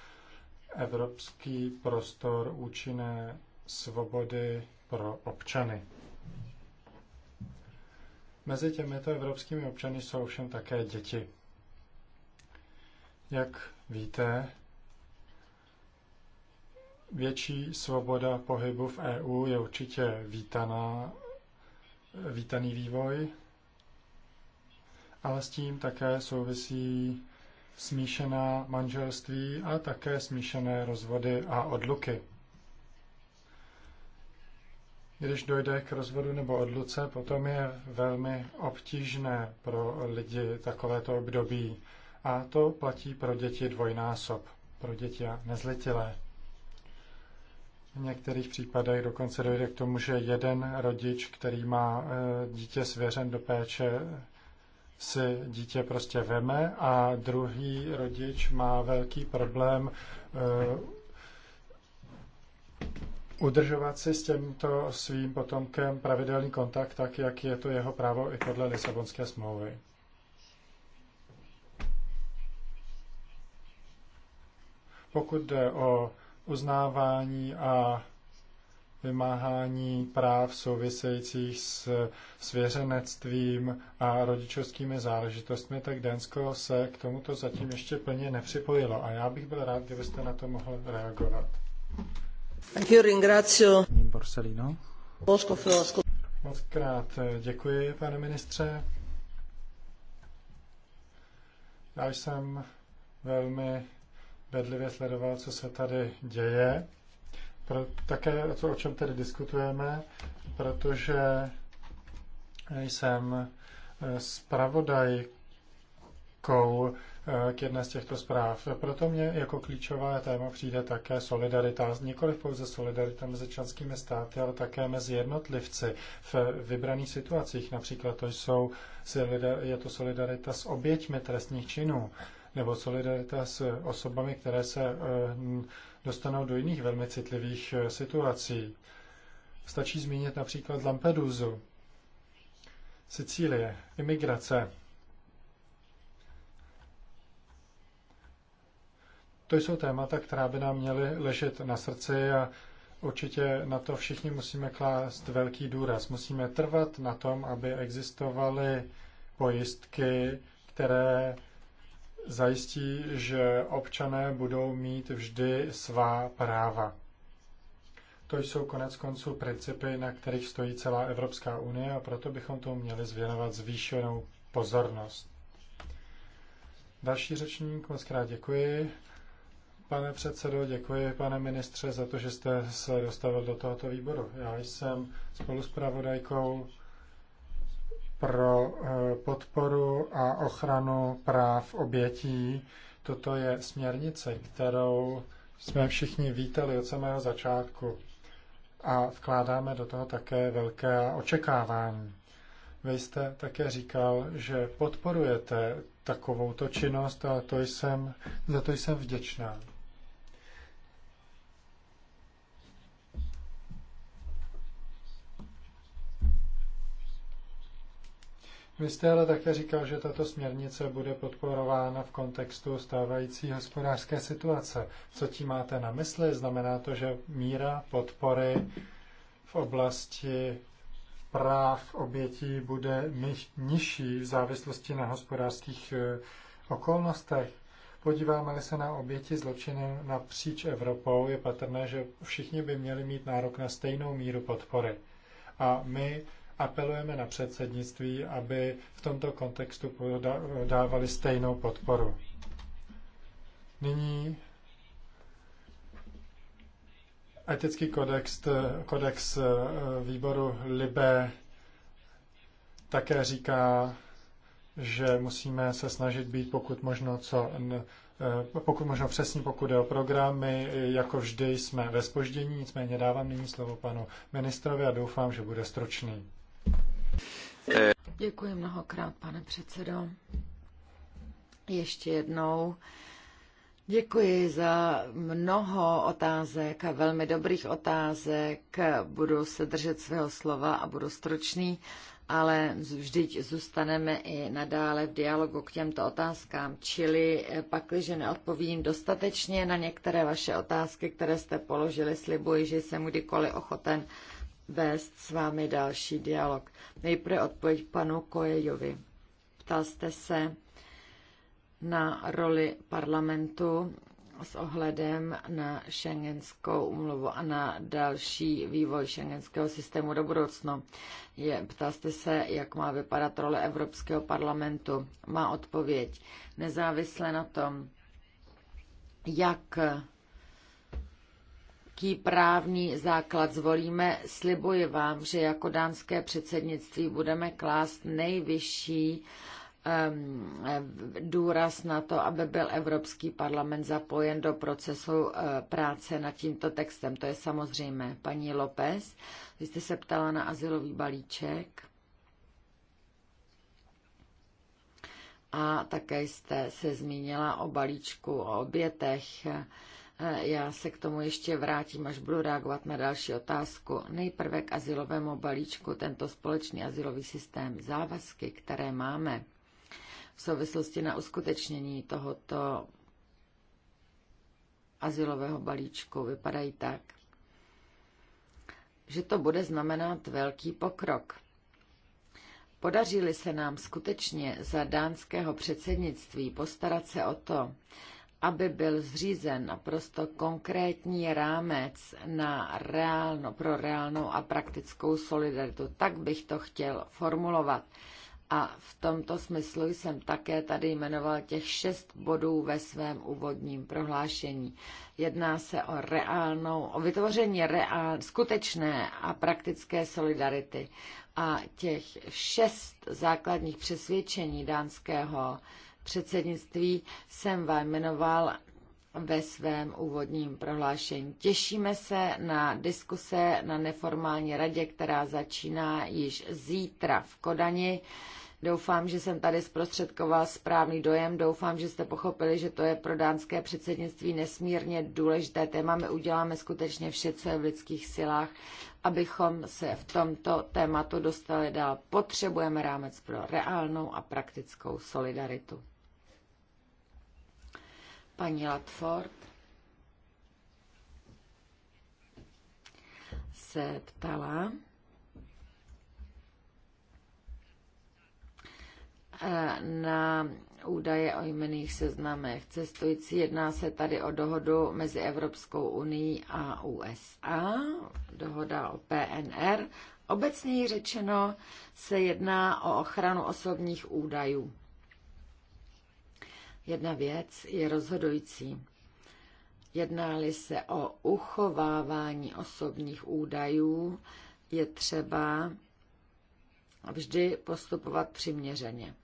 evropský prostor účinné svobody pro občany. Mezi těmito evropskými občany jsou ovšem také děti. Jak víte, větší svoboda pohybu v EU je určitě vítaná, vítaný vývoj, ale s tím také souvisí smíšená manželství a také smíšené rozvody a odluky. Když dojde k rozvodu nebo odluce, potom je velmi obtížné pro lidi takovéto období. A to platí pro děti dvojnásob, pro děti a nezletilé. V některých případech dokonce dojde k tomu, že jeden rodič, který má e, dítě svěřen do péče, si dítě prostě veme a druhý rodič má velký problém e, udržovat si s tímto svým potomkem pravidelný kontakt, tak jak je to jeho právo i podle Lisabonské smlouvy. Pokud jde o uznávání a vymáhání práv souvisejících s svěřenectvím a rodičovskými záležitostmi, tak Dánsko se k tomuto zatím ještě plně nepřipojilo. A já bych byl rád, kdybyste na to mohl reagovat. Borsellino. Moc krát eh, děkuji, pane ministře. Já jsem velmi bedlivě sledoval, co se tady děje. Pro, také to, o čem tady diskutujeme, protože jsem spravodajkou eh, Eh, k jedné z těchto zpráv. Proto mě jako klíčové téma přijde také solidarita. Nikoli pouze solidarita mezi členskými státy, ale také mezi jednotlivci v vybraných situacích. Například to jsou, je to solidarita s oběťmi trestních činů nebo solidarita s osobami, které se eh, dostanou do jiných velmi citlivých eh, situací. Stačí zmínit například Lampedusu, Sicílie, imigrace, To jsou témata, která by nám měly ležet na srdci a určitě na to všichni musíme klást velký důraz. Musíme trvat na tom, aby existovaly pojistky, které zajistí, že občané budou mít vždy svá práva. To jsou konec konců principy, na kterých stojí celá Evropská unie a proto bychom tomu měli zvěnovat zvýšenou pozornost. Další řečník, moc krát děkuji. Pane předsedo, děkuji pane ministře za to, že jste se dostavil do tohoto výboru. Já jsem spolu s pravodajkou pro eh, podporu a ochranu práv obětí. Toto je směrnice, kterou jsme všichni vítali od samého začátku a vkládáme do toho také velké očekávání. Vy jste také říkal, že podporujete takovouto činnost a to jsem, za to jsem vděčná. Vy jste ale také říkal, že tato směrnice bude podporována v kontextu stávající hospodářské situace. Co tím máte na mysli? Znamená to, že míra podpory v oblasti práv obětí bude nižší v závislosti na hospodářských eh, okolnostech. Podíváme-li se na oběti zločiny napříč Evropou, je patrné, že všichni by měli mít nárok na stejnou míru podpory. A my apelujeme na předsednictví, aby v tomto kontextu dávali stejnou podporu. Nyní etický kodex, kodex eh, výboru Libe také říká, že musíme se snažit být pokud možno co eh, pokud možno přesně, pokud je o programy, jako vždy jsme ve spoždění, nicméně dávám nyní slovo panu ministrovi a doufám, že bude stručný. Děkuji mnohokrát, pane předsedo. Ještě jednou. Děkuji za mnoho otázek a velmi dobrých otázek. Budu se držet svého slova a budu stručný, ale vždyť zůstaneme i nadále v dialogu k těmto otázkám. Čili eh, když neodpovím dostatečně na některé vaše otázky, které jste položili, slibuji, že jsem kdykoliv ochoten vést s vámi další dialog. Nejprve odpověď panu Kojejovi. Ptal jste se na roli parlamentu s ohledem na šengenskou umluvu a na další vývoj šengenského systému do budoucna. Je, ptal jste se, jak má vypadat role Evropského parlamentu. Má odpověď. Nezávisle na tom, jak jaký právní základ zvolíme, slibuji vám, že jako dánské předsednictví budeme klást nejvyšší důraz na to, aby byl Evropský parlament zapojen do procesu e, práce nad tímto textem. To je samozřejmé. Paní López, vy jste se ptala na asilový balíček a také jste se zmínila o balíčku, o obětech. Já se k tomu ještě vrátím, až budu reagovat na další otázku. Nejprve k asilovému balíčku. Tento společný asilový systém závazky, které máme v souvislosti na uskutečnění tohoto asilového balíčku, vypadají tak, že to bude znamenat velký pokrok. Podařili se nám skutečně za dánského předsednictví postarat se o to, aby byl zřízen naprosto konkrétní rámec na reálno, pro reálnou a praktickou solidaritu. Tak bych to chtěl formulovat. A v tomto smyslu jsem také tady jmenoval těch šest bodů ve svém úvodním prohlášení. Jedná se o reálnou, o vytvoření reál, skutečné a praktické solidarity. A těch šest základních přesvědčení dánského předsednictví jsem vám jmenoval ve svém úvodním prohlášení. Těšíme se na diskuse na neformální radě, která začíná již zítra v Kodani. Doufám, že jsem tady zprostředkoval správný dojem. Doufám, že jste pochopili, že to je pro dánské předsednictví nesmírně důležité téma. My uděláme skutečně vše, co je v lidských silách, abychom se v tomto tématu dostali dál. Potřebujeme rámec pro reálnou a praktickou solidaritu paní Latford se ptala, eh, na údaje o jmených seznamech cestující. Jedná se tady o dohodu mezi Evropskou unii a USA, dohoda o PNR. Obecněji řečeno se jedná o ochranu osobních údajů. Jedna věc je rozhodující. Jednáli se o uchovávání osobních údajů, je třeba vždy postupovat přiměřeně.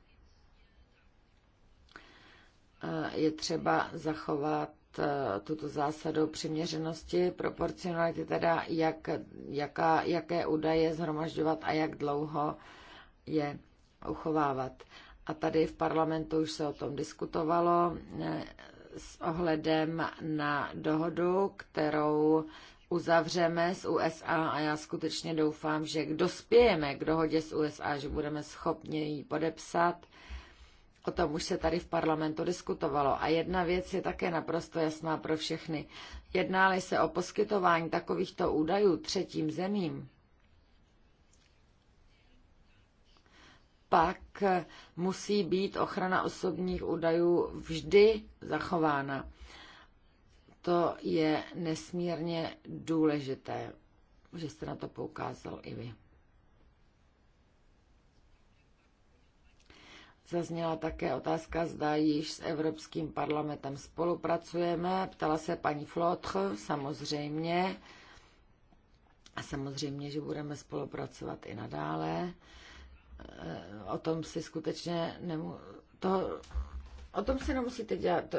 Je třeba zachovat eh, tuto zásadu přiměřenosti, proporcionality, teda jak, jaká, jaké údaje zhromažďovat a jak dlouho je uchovávat a tady v parlamentu už se o tom diskutovalo eh, s ohledem na dohodu, kterou uzavřeme s USA a já skutečně doufám, že kdo dospějeme k dohodě s USA, že budeme schopni ji podepsat. O tom už se tady v parlamentu diskutovalo. A jedna věc je také naprosto jasná pro všechny. Jednáli se o poskytování takovýchto údajů třetím zemím, pak musí být ochrana osobních údajů vždy zachována. To je nesmírně důležité, že jste na to poukázal i vy. Zazněla také otázka, zda již s Evropským parlamentem spolupracujeme. Ptala se paní Flotch, samozřejmě. A samozřejmě, že budeme spolupracovat i nadále o tom si skutečně nemu, to, o tom si nemusíte dělat. To,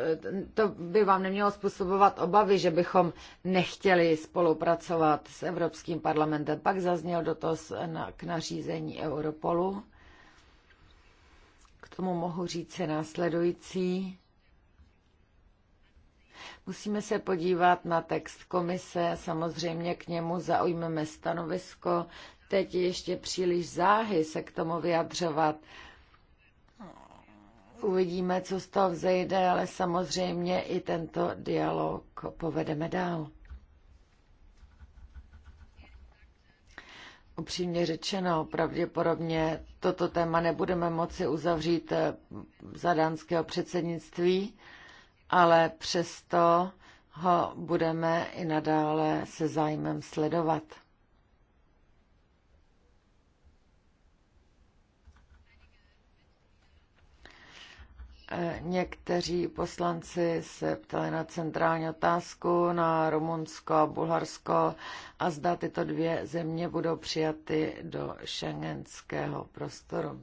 to by vám nemělo způsobovat obavy, že bychom nechtěli spolupracovat s Evropským parlamentem. Pak zazněl dotaz na, k nařízení Europolu. K tomu mohu říct se následující. Musíme se podívat na text komise, samozřejmě k němu zaujmeme stanovisko, teď ještě příliš záhy se k tomu vyjadřovat. Uvidíme, co z toho vzejde, ale samozřejmě i tento dialog povedeme dál. Upřímně řečeno, pravděpodobně toto téma nebudeme moci uzavřít eh, za dánského předsednictví, ale přesto ho budeme i nadále se zájmem sledovat. Někteří poslanci se ptali na centrální otázku, na Rumunsko a Bulharsko a zda tyto dvě země budou přijaty do šengenského prostoru.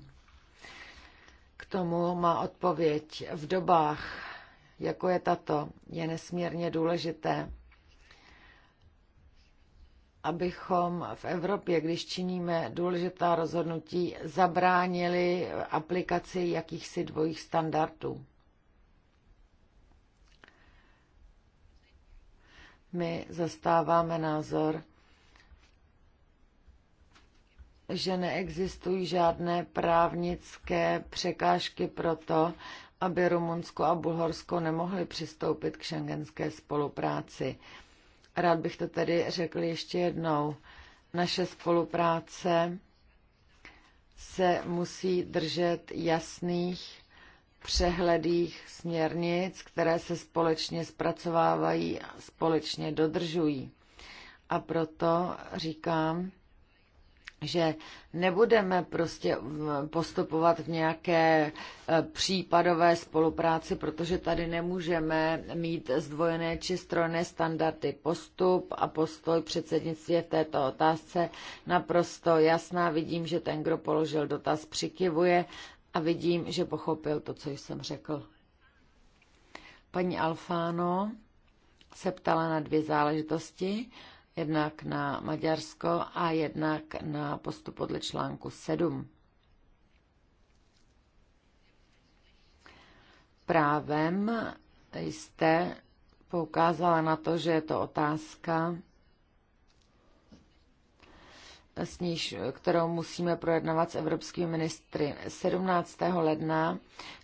K tomu má odpověď. V dobách, jako je tato, je nesmírně důležité, abychom v Evropě, když činíme důležitá rozhodnutí, zabránili aplikaci jakýchsi dvojích standardů. My zastáváme názor, že neexistují žádné právnické překážky pro to, aby Rumunsko a Bulharsko nemohly přistoupit k šengenské spolupráci. Rád bych to tedy řekl ještě jednou. Naše spolupráce se musí držet jasných přehledých směrnic, které se společně zpracovávají a společně dodržují. A proto říkám, že nebudeme prostě postupovat v nějaké e, případové spolupráci, protože tady nemůžeme mít zdvojené či strojné standardy. Postup a postoj předsednictví je v této otázce naprosto jasná. Vidím, že ten, kdo položil dotaz, přikivuje a vidím, že pochopil to, co jsem řekl. Paní Alfáno se ptala na dvě záležitosti jednak na Maďarsko a jednak na postup podle článku 7. Právem jste poukázala na to, že je to otázka s níž, kterou musíme projednávat s evropskými ministry. 17. ledna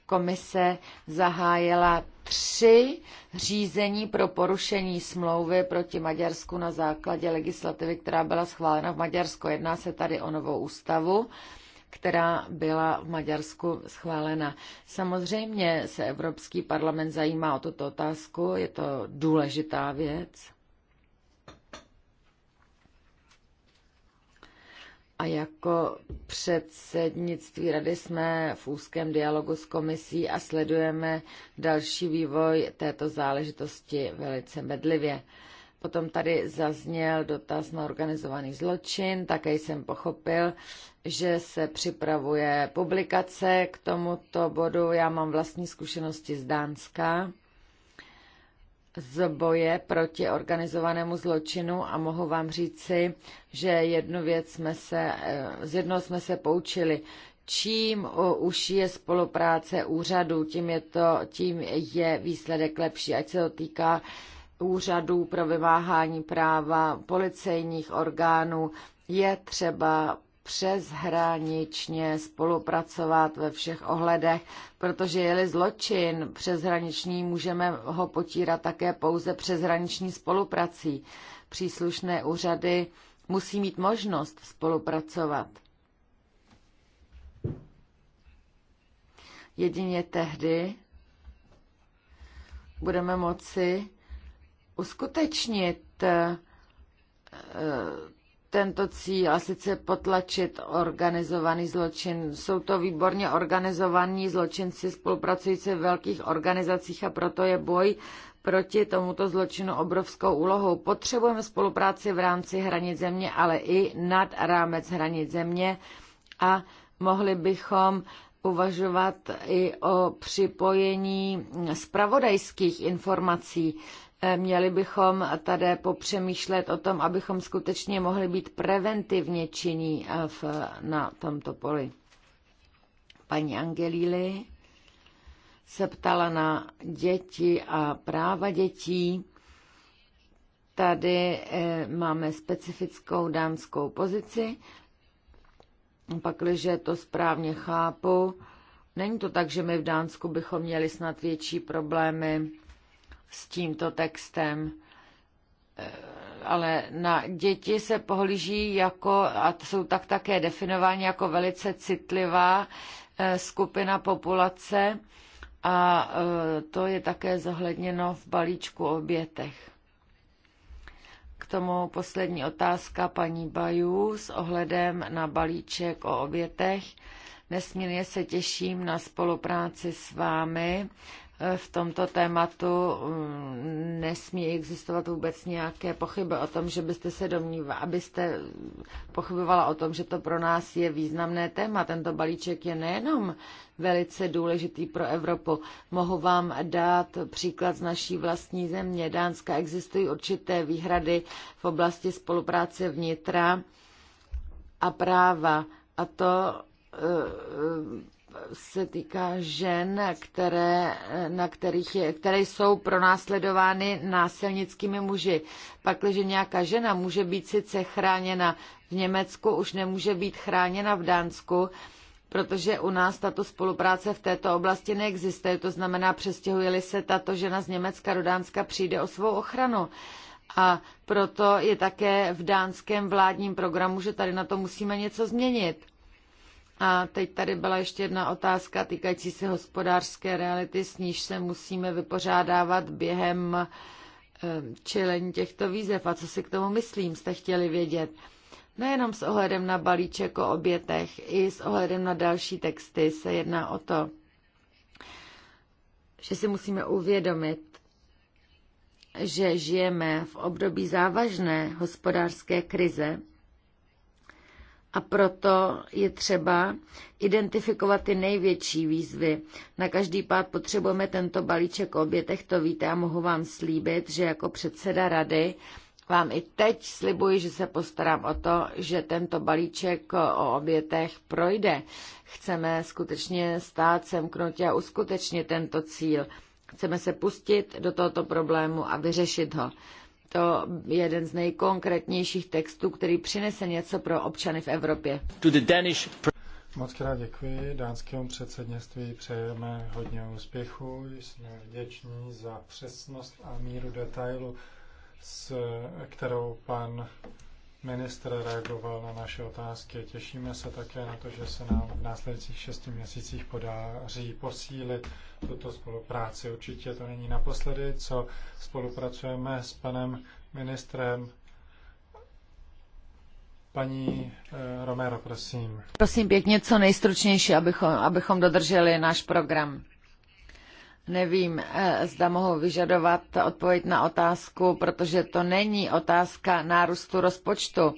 komise zahájila tři řízení pro porušení smlouvy proti Maďarsku na základě legislativy, která byla schválena v Maďarsku. Jedná se tady o novou ústavu která byla v Maďarsku schválena. Samozřejmě se Evropský parlament zajímá o tuto otázku, je to důležitá věc. A jako předsednictví rady jsme v úzkém dialogu s komisí a sledujeme další vývoj této záležitosti velice bedlivě. Potom tady zazněl dotaz na organizovaný zločin, také jsem pochopil, že se připravuje publikace k tomuto bodu. Já mám vlastní zkušenosti z Dánska z boje proti organizovanému zločinu a mohu vám říci, že jednu věc jsme se, eh, z jednoho jsme se poučili. Čím eh, užší je spolupráce úřadů, tím je, to, tím je výsledek lepší, ať se to týká úřadů pro vymáhání práva, policejních orgánů, je třeba přeshraničně spolupracovat ve všech ohledech, protože je-li zločin přeshraniční, můžeme ho potírat také pouze přeshraniční spoluprací. Příslušné úřady musí mít možnost spolupracovat. Jedině tehdy budeme moci uskutečnit eh, tento cíl, a sice potlačit organizovaný zločin. Jsou to výborně organizovaní zločinci spolupracující v velkých organizacích a proto je boj proti tomuto zločinu obrovskou úlohou. Potřebujeme spolupráci v rámci hranic země, ale i nad rámec hranic země a mohli bychom uvažovat i o připojení spravodajských informací Měli bychom tady popřemýšlet o tom, abychom skutečně mohli být preventivně činní eh, v, na tomto poli. Paní Angelíli se ptala na děti a práva dětí. Tady eh, máme specifickou dánskou pozici. Pakliže to správně chápu, není to tak, že my v Dánsku bychom měli snad větší problémy s tímto textem eh, ale na děti se pohlíží jako, a jsou tak také definováni jako velice citlivá eh, skupina populace a eh, to je také zohledněno v balíčku obětech. K tomu poslední otázka paní Bajů s ohledem na balíček o obětech. Nesmírně se těším na spolupráci s vámi v tomto tématu mm, nesmí existovat vůbec nějaké pochyby o tom, že byste se domnívala, abyste pochybovala o tom, že to pro nás je významné téma. Tento balíček je nejenom velice důležitý pro Evropu. Mohu vám dát příklad z naší vlastní země. Dánska existují určité výhrady v oblasti spolupráce vnitra a práva. A to e, se týká žen, které, na kterých je, které jsou pronásledovány násilnickými muži. Pakliže nějaká žena může být sice chráněna v Německu, už nemůže být chráněna v Dánsku, protože u nás tato spolupráce v této oblasti neexistuje. To znamená, přestěhuje-li se tato žena z Německa do Dánska, přijde o svou ochranu. A proto je také v dánském vládním programu, že tady na to musíme něco změnit a teď tady byla ještě jedna otázka týkající se hospodářské reality, s níž se musíme vypořádávat během eh, čelení těchto výzev. A co si k tomu myslím, jste chtěli vědět. Nejenom s ohledem na balíček o obětech, i s ohledem na další texty se jedná o to, že si musíme uvědomit, že žijeme v období závažné hospodářské krize, a proto je třeba identifikovat ty největší výzvy. Na každý pád potřebujeme tento balíček o obětech, to víte a mohu vám slíbit, že jako předseda rady vám i teď slibuji, že se postarám o to, že tento balíček o obětech projde. Chceme skutečně stát semknutě a uskutečnit tento cíl. Chceme se pustit do tohoto problému a vyřešit ho to jeden z nejkonkrétnějších textů, který přinese něco pro občany v Evropě. To the Danish... Moc krát děkuji. Dánskému předsednictví přejeme hodně úspěchu. Jsme vděční za přesnost a míru detailu, s kterou pan ministr reagoval na naše otázky. Těšíme se také na to, že se nám v následujících šesti měsících podaří posílit tuto spolupráci. Určitě to není naposledy, co spolupracujeme s panem ministrem. Paní eh, Romero, prosím. Prosím pěkně, co nejstručnější, abychom, abychom dodrželi náš program. Nevím, eh, zda mohu vyžadovat odpověď na otázku, protože to není otázka nárůstu rozpočtu.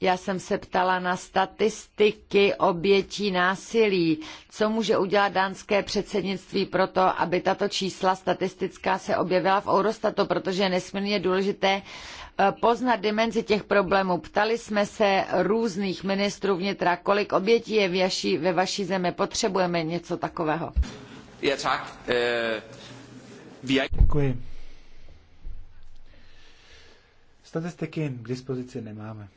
Já jsem se ptala na statistiky obětí násilí. Co může udělat dánské předsednictví pro to, aby tato čísla statistická se objevila v Eurostatu, protože je nesmírně důležité eh, poznat dimenzi těch problémů. Ptali jsme se různých ministrů vnitra, kolik obětí je ve vaší, vaší zemi. Potřebujeme něco takového. Ja, tak. Eh, er Děkuji. Statistiky k dispozici nemáme.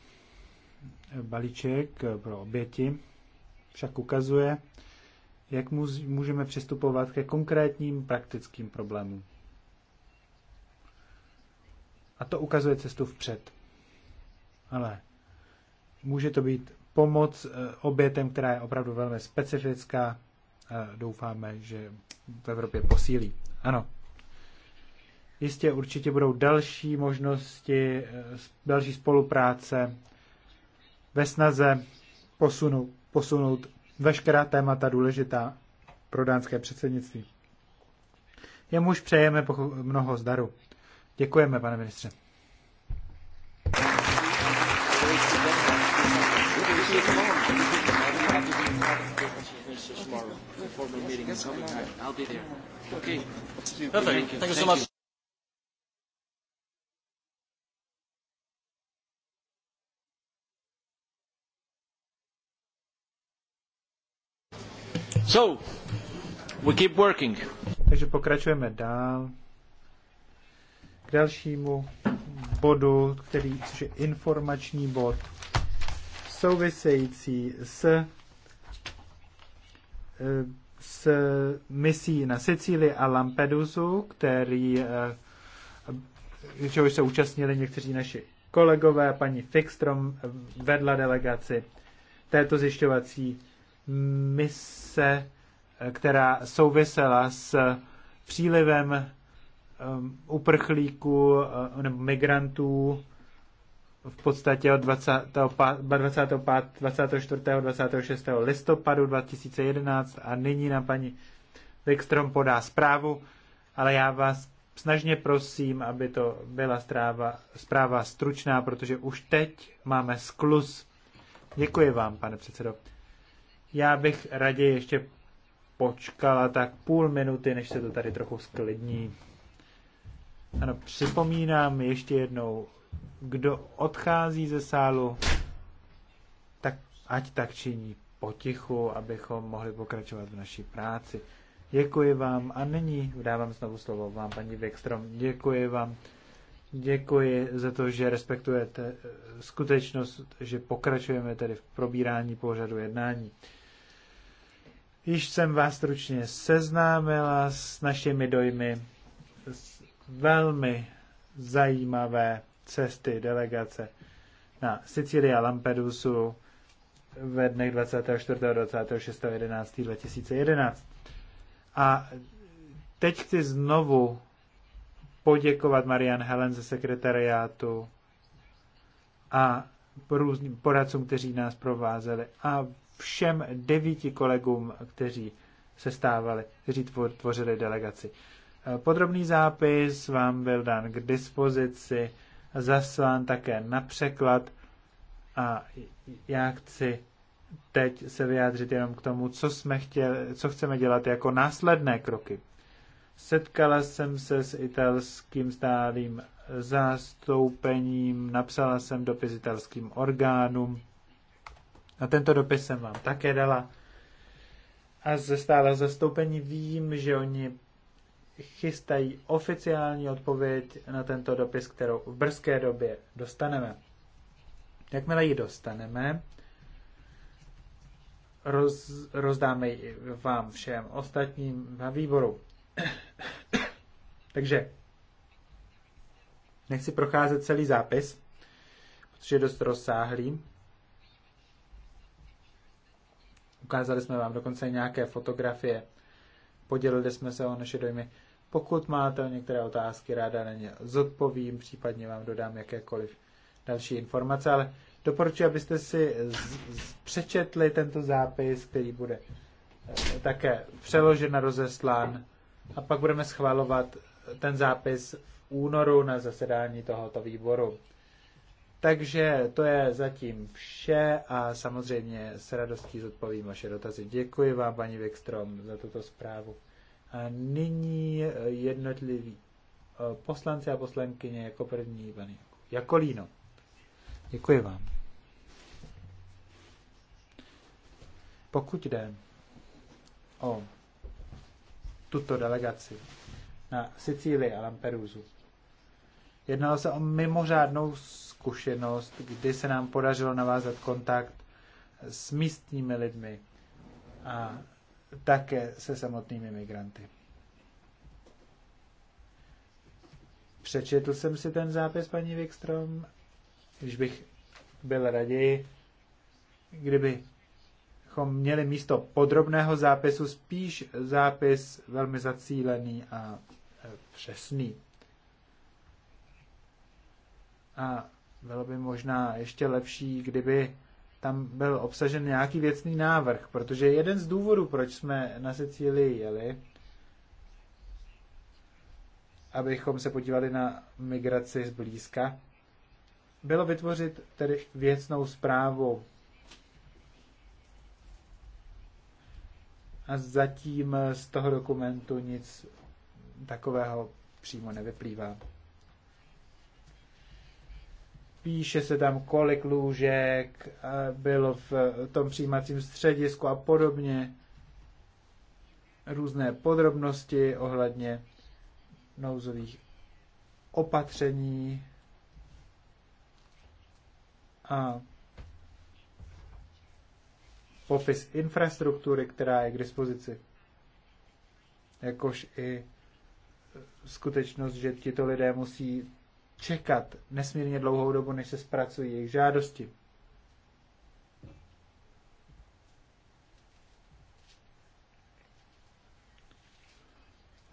Balíček pro oběti však ukazuje, jak můžeme přistupovat ke konkrétním praktickým problémům. A to ukazuje cestu vpřed. Ale může to být pomoc eh, obětem, která je opravdu velmi specifická, doufáme, že v Evropě posílí. Ano. Jistě určitě budou další možnosti, eh, další spolupráce ve snaze posunout, posunout veškerá témata důležitá pro dánské předsednictví. už přejeme mnoho zdaru. Děkujeme, pane ministře. Thank you informal meeting is coming. I'll be there. Okay. Perfect. Thank you so much. So, we keep working. Takže pokračujeme dál k dalšímu bodu, který, což je informační bod související s s misí na Sicílii a Lampedusu, který, eh, čeho se účastnili někteří naši kolegové, paní Fixstrom vedla delegaci této zjišťovací mise, eh, která souvisela s přílivem eh, uprchlíků nebo migrantů v podstatě od 20. 25, 24. 26. listopadu 2011 a nyní na paní Wikstrom podá zprávu, ale já vás snažně prosím, aby to byla zpráva, zpráva stručná, protože už teď máme sklus. Děkuji vám, pane předsedo. Já bych raději ještě počkala tak půl minuty, než se to tady trochu sklidní. Ano, připomínám ještě jednou kdo odchází ze sálu, tak ať tak činí potichu, abychom mohli pokračovat v naší práci. Děkuji vám a nyní dávám znovu slovo vám, paní Vekstrom. Děkuji vám. Děkuji za to, že respektujete eh, skutečnost, že pokračujeme tedy v probírání pořadu jednání. Již jsem vás stručně seznámila s našimi dojmy velmi zajímavé cesty delegace na Sicílii a Lampedusu ve dnech 24. a 26. 11. 2011. A teď chci znovu poděkovat Marian Helen ze sekretariátu a různým poradcům, kteří nás provázeli a všem devíti kolegům, kteří se stávali, kteří tvořili delegaci. Podrobný zápis vám byl dán k dispozici zaslán také na překlad a já chci teď se vyjádřit jenom k tomu, co, jsme chtěli, co chceme dělat jako následné kroky. Setkala jsem se s italským stálým zastoupením, napsala jsem dopis italským orgánům a tento dopis jsem vám také dala. A ze stále zastoupení vím, že oni chystají oficiální odpověď na tento dopis, kterou v brzké době dostaneme. Jakmile ji dostaneme, roz, rozdáme ji vám všem ostatním na výboru. Takže nechci procházet celý zápis, protože je dost rozsáhlý. Ukázali jsme vám dokonce nějaké fotografie, podělili jsme se o naše dojmy. Pokud máte některé otázky, ráda na ně zodpovím, případně vám dodám jakékoliv další informace, ale doporučuji, abyste si přečetli tento zápis, který bude eh, také přeložen a rozeslán a pak budeme schvalovat ten zápis v únoru na zasedání tohoto výboru. Takže to je zatím vše a samozřejmě s radostí zodpovím vaše dotazy. Děkuji vám, paní Vikstrom, za tuto zprávu nyní jednotliví eh, poslanci a poslankyně jako první pan Jakolíno. Děkuji vám. Pokud jde o tuto delegaci na Sicílii a Lamperuzu, jednalo se o mimořádnou zkušenost, kdy se nám podařilo navázat kontakt s místními lidmi a také se samotnými migranty. Přečetl jsem si ten zápis, paní Wikstrom, když bych byl raději, kdybychom měli místo podrobného zápisu spíš zápis velmi zacílený a e, přesný. A bylo by možná ještě lepší, kdyby tam byl obsažen nějaký věcný návrh, protože jeden z důvodů, proč jsme na Sicílii jeli, abychom se podívali na migraci zblízka, bylo vytvořit tedy věcnou zprávu. A zatím z toho dokumentu nic takového přímo nevyplývá píše se tam, kolik lůžek eh, bylo v tom přijímacím středisku a podobně. Různé podrobnosti ohledně nouzových opatření. A popis infrastruktury, která je k dispozici. Jakož i skutečnost, že tito lidé musí čekat nesmírně dlouhou dobu, než se zpracují jejich žádosti.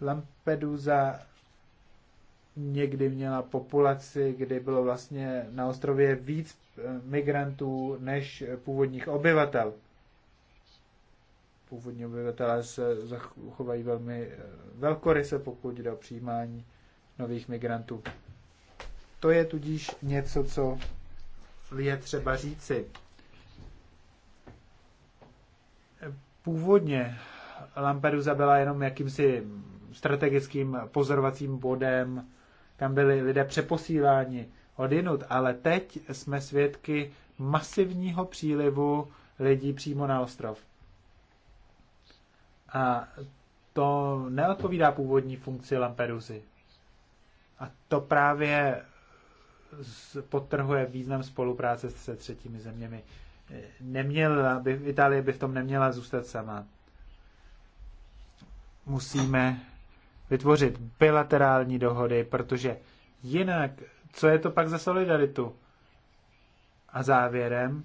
Lampedusa někdy měla populaci, kdy bylo vlastně na ostrově víc eh, migrantů než původních obyvatel. Původní obyvatelé se zachovají velmi eh, velkoryse, pokud jde o přijímání nových migrantů. To je tudíž něco, co je třeba říci. Původně Lampedusa byla jenom jakýmsi strategickým pozorovacím bodem, kam byli lidé přeposíláni jinut, ale teď jsme svědky masivního přílivu lidí přímo na ostrov. A to neodpovídá původní funkci Lampedusy. A to právě podtrhuje význam spolupráce se třetími zeměmi. Neměla by, Itálie by v tom neměla zůstat sama. Musíme vytvořit bilaterální dohody, protože jinak, co je to pak za solidaritu? A závěrem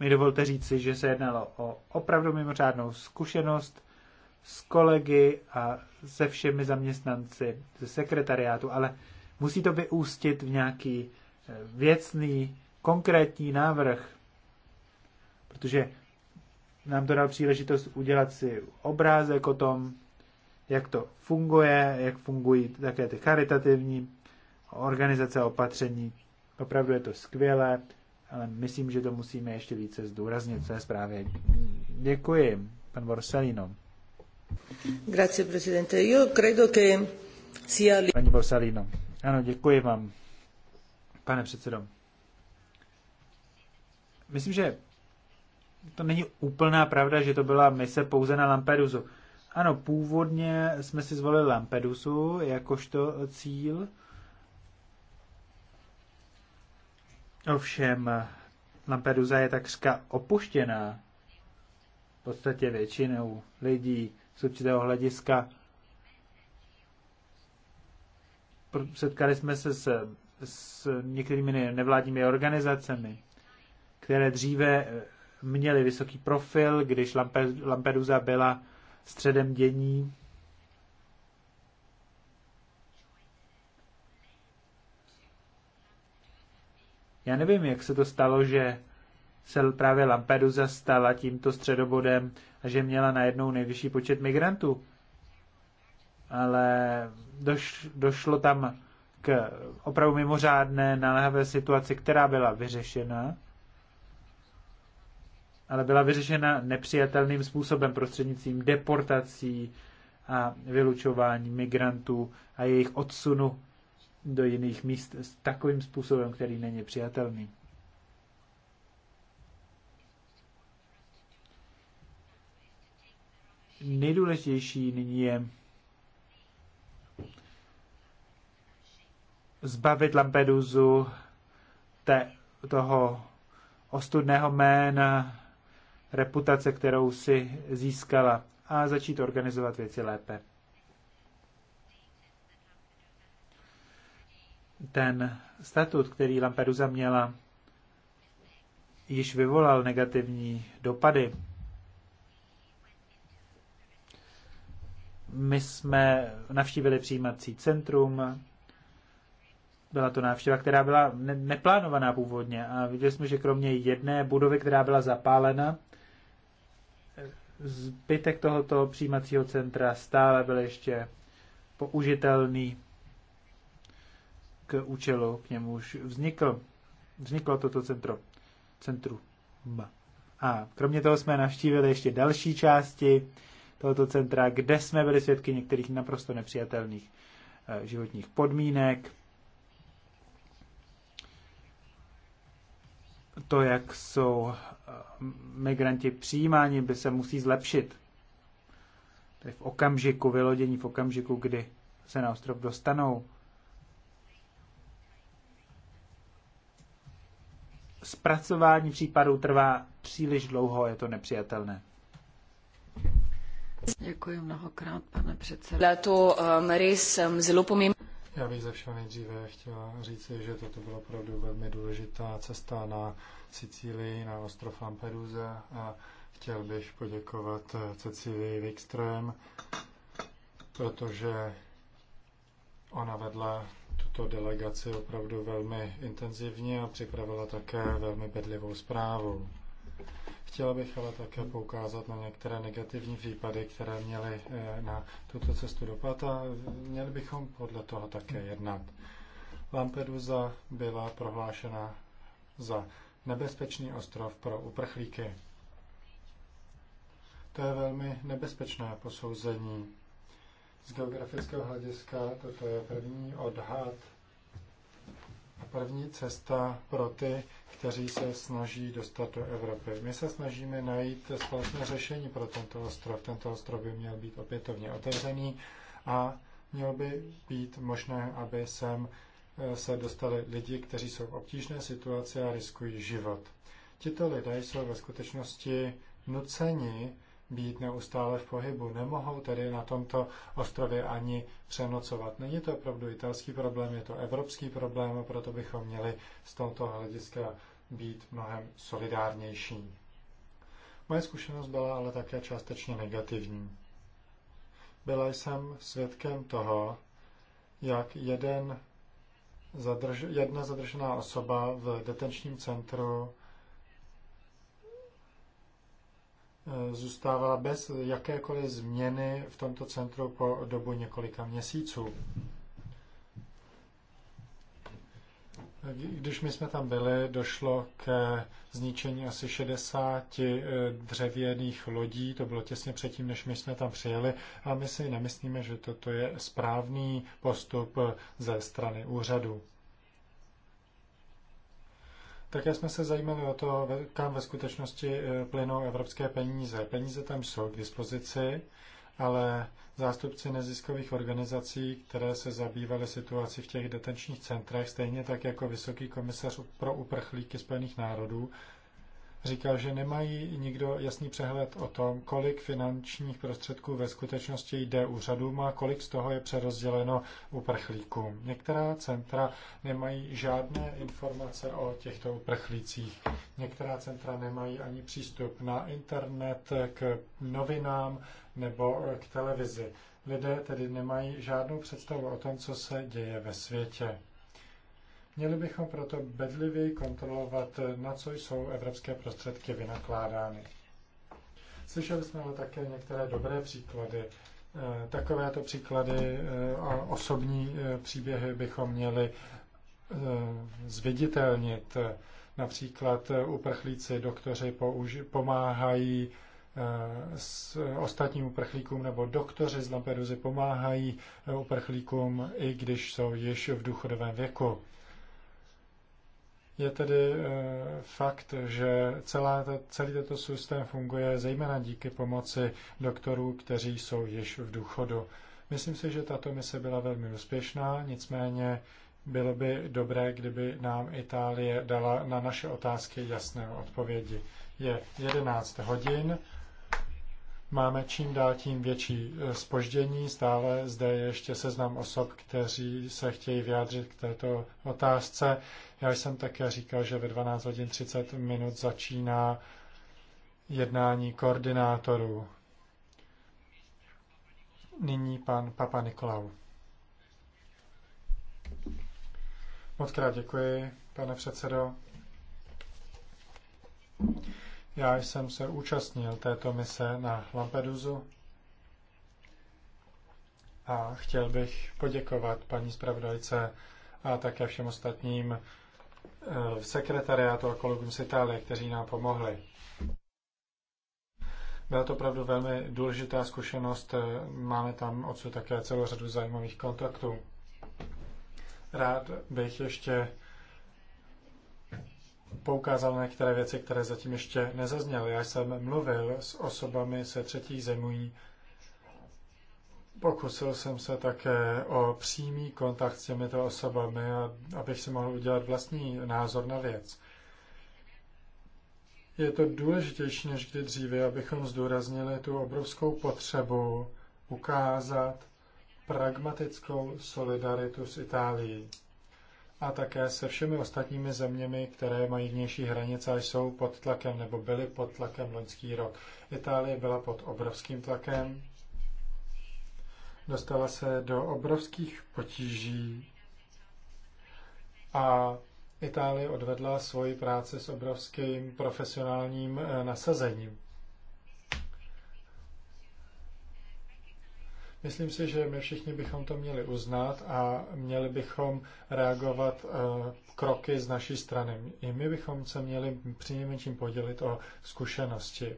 mi dovolte říci, že se jednalo o opravdu mimořádnou zkušenost s kolegy a se všemi zaměstnanci ze sekretariátu, ale Musí to vyústit v nějaký eh, věcný, konkrétní návrh, protože nám to dal příležitost udělat si obrázek o tom, jak to funguje, jak fungují také ty charitativní organizace a opatření. Opravdu je to skvělé, ale myslím, že to musíme ještě více zdůraznit v té zprávě. Děkuji, pan Borsalino. Grazie, presidente. Io credo che sia... Pani Borsalino. Ano, děkuji vám, pane předsedo. Myslím, že to není úplná pravda, že to byla mise pouze na Lampedusu. Ano, původně jsme si zvolili Lampedusu jakožto cíl. Ovšem, Lampedusa je takřka opuštěná v podstatě většinou lidí z určitého hlediska setkali jsme se s, s některými nevládními organizacemi, které dříve eh, měly vysoký profil, když Lampedusa byla středem dění. Já nevím, jak se to stalo, že se právě Lampedusa stala tímto středobodem a že měla najednou nejvyšší počet migrantů. Ale doš, došlo tam k opravdu mimořádné naléhavé situaci, která byla vyřešena, ale byla vyřešena nepřijatelným způsobem prostřednictvím deportací a vylučování migrantů a jejich odsunu do jiných míst s takovým způsobem, který není přijatelný. Nejdůležitější nyní je zbavit Lampeduzu te, toho ostudného jména, reputace, kterou si získala a začít organizovat věci lépe. Ten statut, který Lampeduza měla, již vyvolal negativní dopady. My jsme navštívili přijímací centrum, byla to návštěva, která byla ne- neplánovaná původně a viděli jsme, že kromě jedné budovy, která byla zapálena, zbytek tohoto přijímacího centra stále byl ještě použitelný k účelu, k němu už vznikl, vzniklo toto centro, centru. A kromě toho jsme navštívili ještě další části tohoto centra, kde jsme byli svědky některých naprosto nepřijatelných eh, životních podmínek, to, jak jsou eh, migranti přijímáni, by se musí zlepšit. Tedy v okamžiku vylodění, v okamžiku, kdy se na ostrov dostanou. Zpracování případů trvá příliš dlouho, je to nepřijatelné. Děkuji mnohokrát, pane předsedo. Leto um, res um, zelo já bych ze všeho nejdříve chtěl říci, že toto byla opravdu velmi důležitá cesta na Sicílii, na ostrov Lampedusa a chtěl bych poděkovat Cecílii Wikström, protože ona vedla tuto delegaci opravdu velmi intenzivně a připravila také velmi bedlivou zprávu. Chtěla bych ale také poukázat na některé negativní výpady, které měly eh, na tuto cestu dopad a měli bychom podle toho také jednat. Lampedusa byla prohlášena za nebezpečný ostrov pro uprchlíky. To je velmi nebezpečné posouzení. Z geografického hlediska toto je první odhad první cesta pro ty, kteří se snaží dostat do Evropy. My se snažíme najít společné řešení pro tento ostrov. Tento ostrov by měl být opětovně otevřený a mělo by být možné, aby sem eh, se dostali lidi, kteří jsou v obtížné situaci a riskují život. Tito lidé jsou ve skutečnosti nuceni být neustále v pohybu. Nemohou tedy na tomto ostrově ani přenocovat. Není to opravdu italský problém, je to evropský problém, a proto bychom měli z tohoto hlediska být mnohem solidárnější. Moje zkušenost byla ale také částečně negativní. Byla jsem svědkem toho, jak jeden zadrž, jedna zadržená osoba v detenčním centru Eh, zůstávala bez jakékoliv změny v tomto centru po dobu několika měsíců. Když my jsme tam byli, došlo k zničení asi 60 eh, dřevěných lodí. To bylo těsně předtím, než my jsme tam přijeli. A my si nemyslíme, že toto je správný postup eh, ze strany úřadu. Také jsme se zajímali o to, kam ve skutečnosti eh, plynou evropské peníze. Peníze tam jsou k dispozici, ale zástupci neziskových organizací, které se zabývaly situací v těch detenčních centrech, stejně tak jako Vysoký komisař pro uprchlíky Spojených národů, říkal, že nemají nikdo jasný přehled o tom, kolik finančních prostředků ve skutečnosti jde úřadům a kolik z toho je přerozděleno uprchlíkům. Některá centra nemají žádné informace o těchto uprchlících. Některá centra nemají ani přístup na internet, k novinám nebo k televizi. Lidé tedy nemají žádnou představu o tom, co se děje ve světě. Měli bychom proto bedlivě kontrolovat, na co jsou evropské prostředky vynakládány. Slyšeli jsme ale také některé dobré příklady. Eh, takovéto příklady eh, a osobní eh, příběhy bychom měli zviditelnit. Například uprchlíci, doktoři použi- pomáhají s ostatním uprchlíkům nebo doktoři z Lampeduzy pomáhají uprchlíkům, i když jsou již v důchodovém věku. Je tedy eh, fakt, že celá, celý tento systém funguje zejména díky pomoci doktorů, kteří jsou již v důchodu. Myslím si, že tato mise byla velmi úspěšná, nicméně bylo by dobré, kdyby nám Itálie dala na naše otázky jasné odpovědi. Je 11 hodin Máme čím dál tím větší spoždění, eh, stále zde je ještě seznam osob, kteří se chtějí vyjádřit k této otázce. Já jsem také říkal, že ve 12 hodin 30 minut začíná jednání koordinátorů. Nyní pan Papa Nikolau. Moc krát děkuji, pane předsedo. Já jsem se účastnil této mise na Lampedusu a chtěl bych poděkovat paní zpravodajce a také všem ostatním eh, v sekretariátu a kolegům z Itálie, kteří nám pomohli. Byla to opravdu velmi důležitá zkušenost, eh, máme tam odsud také celou řadu zajímavých kontaktů. Rád bych ještě poukázal na některé věci, které zatím ještě nezazněly. Já jsem mluvil s osobami se třetí zemí. Pokusil jsem se také o přímý kontakt s těmito osobami, abych si mohl udělat vlastní názor na věc. Je to důležitější než kdy dříve, abychom zdůraznili tu obrovskou potřebu ukázat pragmatickou solidaritu s Itálií a také se všemi ostatními zeměmi, které mají vnější hranice a jsou pod tlakem nebo byly pod tlakem loňský rok. Itálie byla pod obrovským tlakem, dostala se do obrovských potíží a Itálie odvedla svoji práci s obrovským profesionálním eh, nasazením. Myslím si, že my všichni bychom to měli uznat a měli bychom reagovat eh, kroky z naší strany. I my bychom se měli přinejmenším podělit o zkušenosti.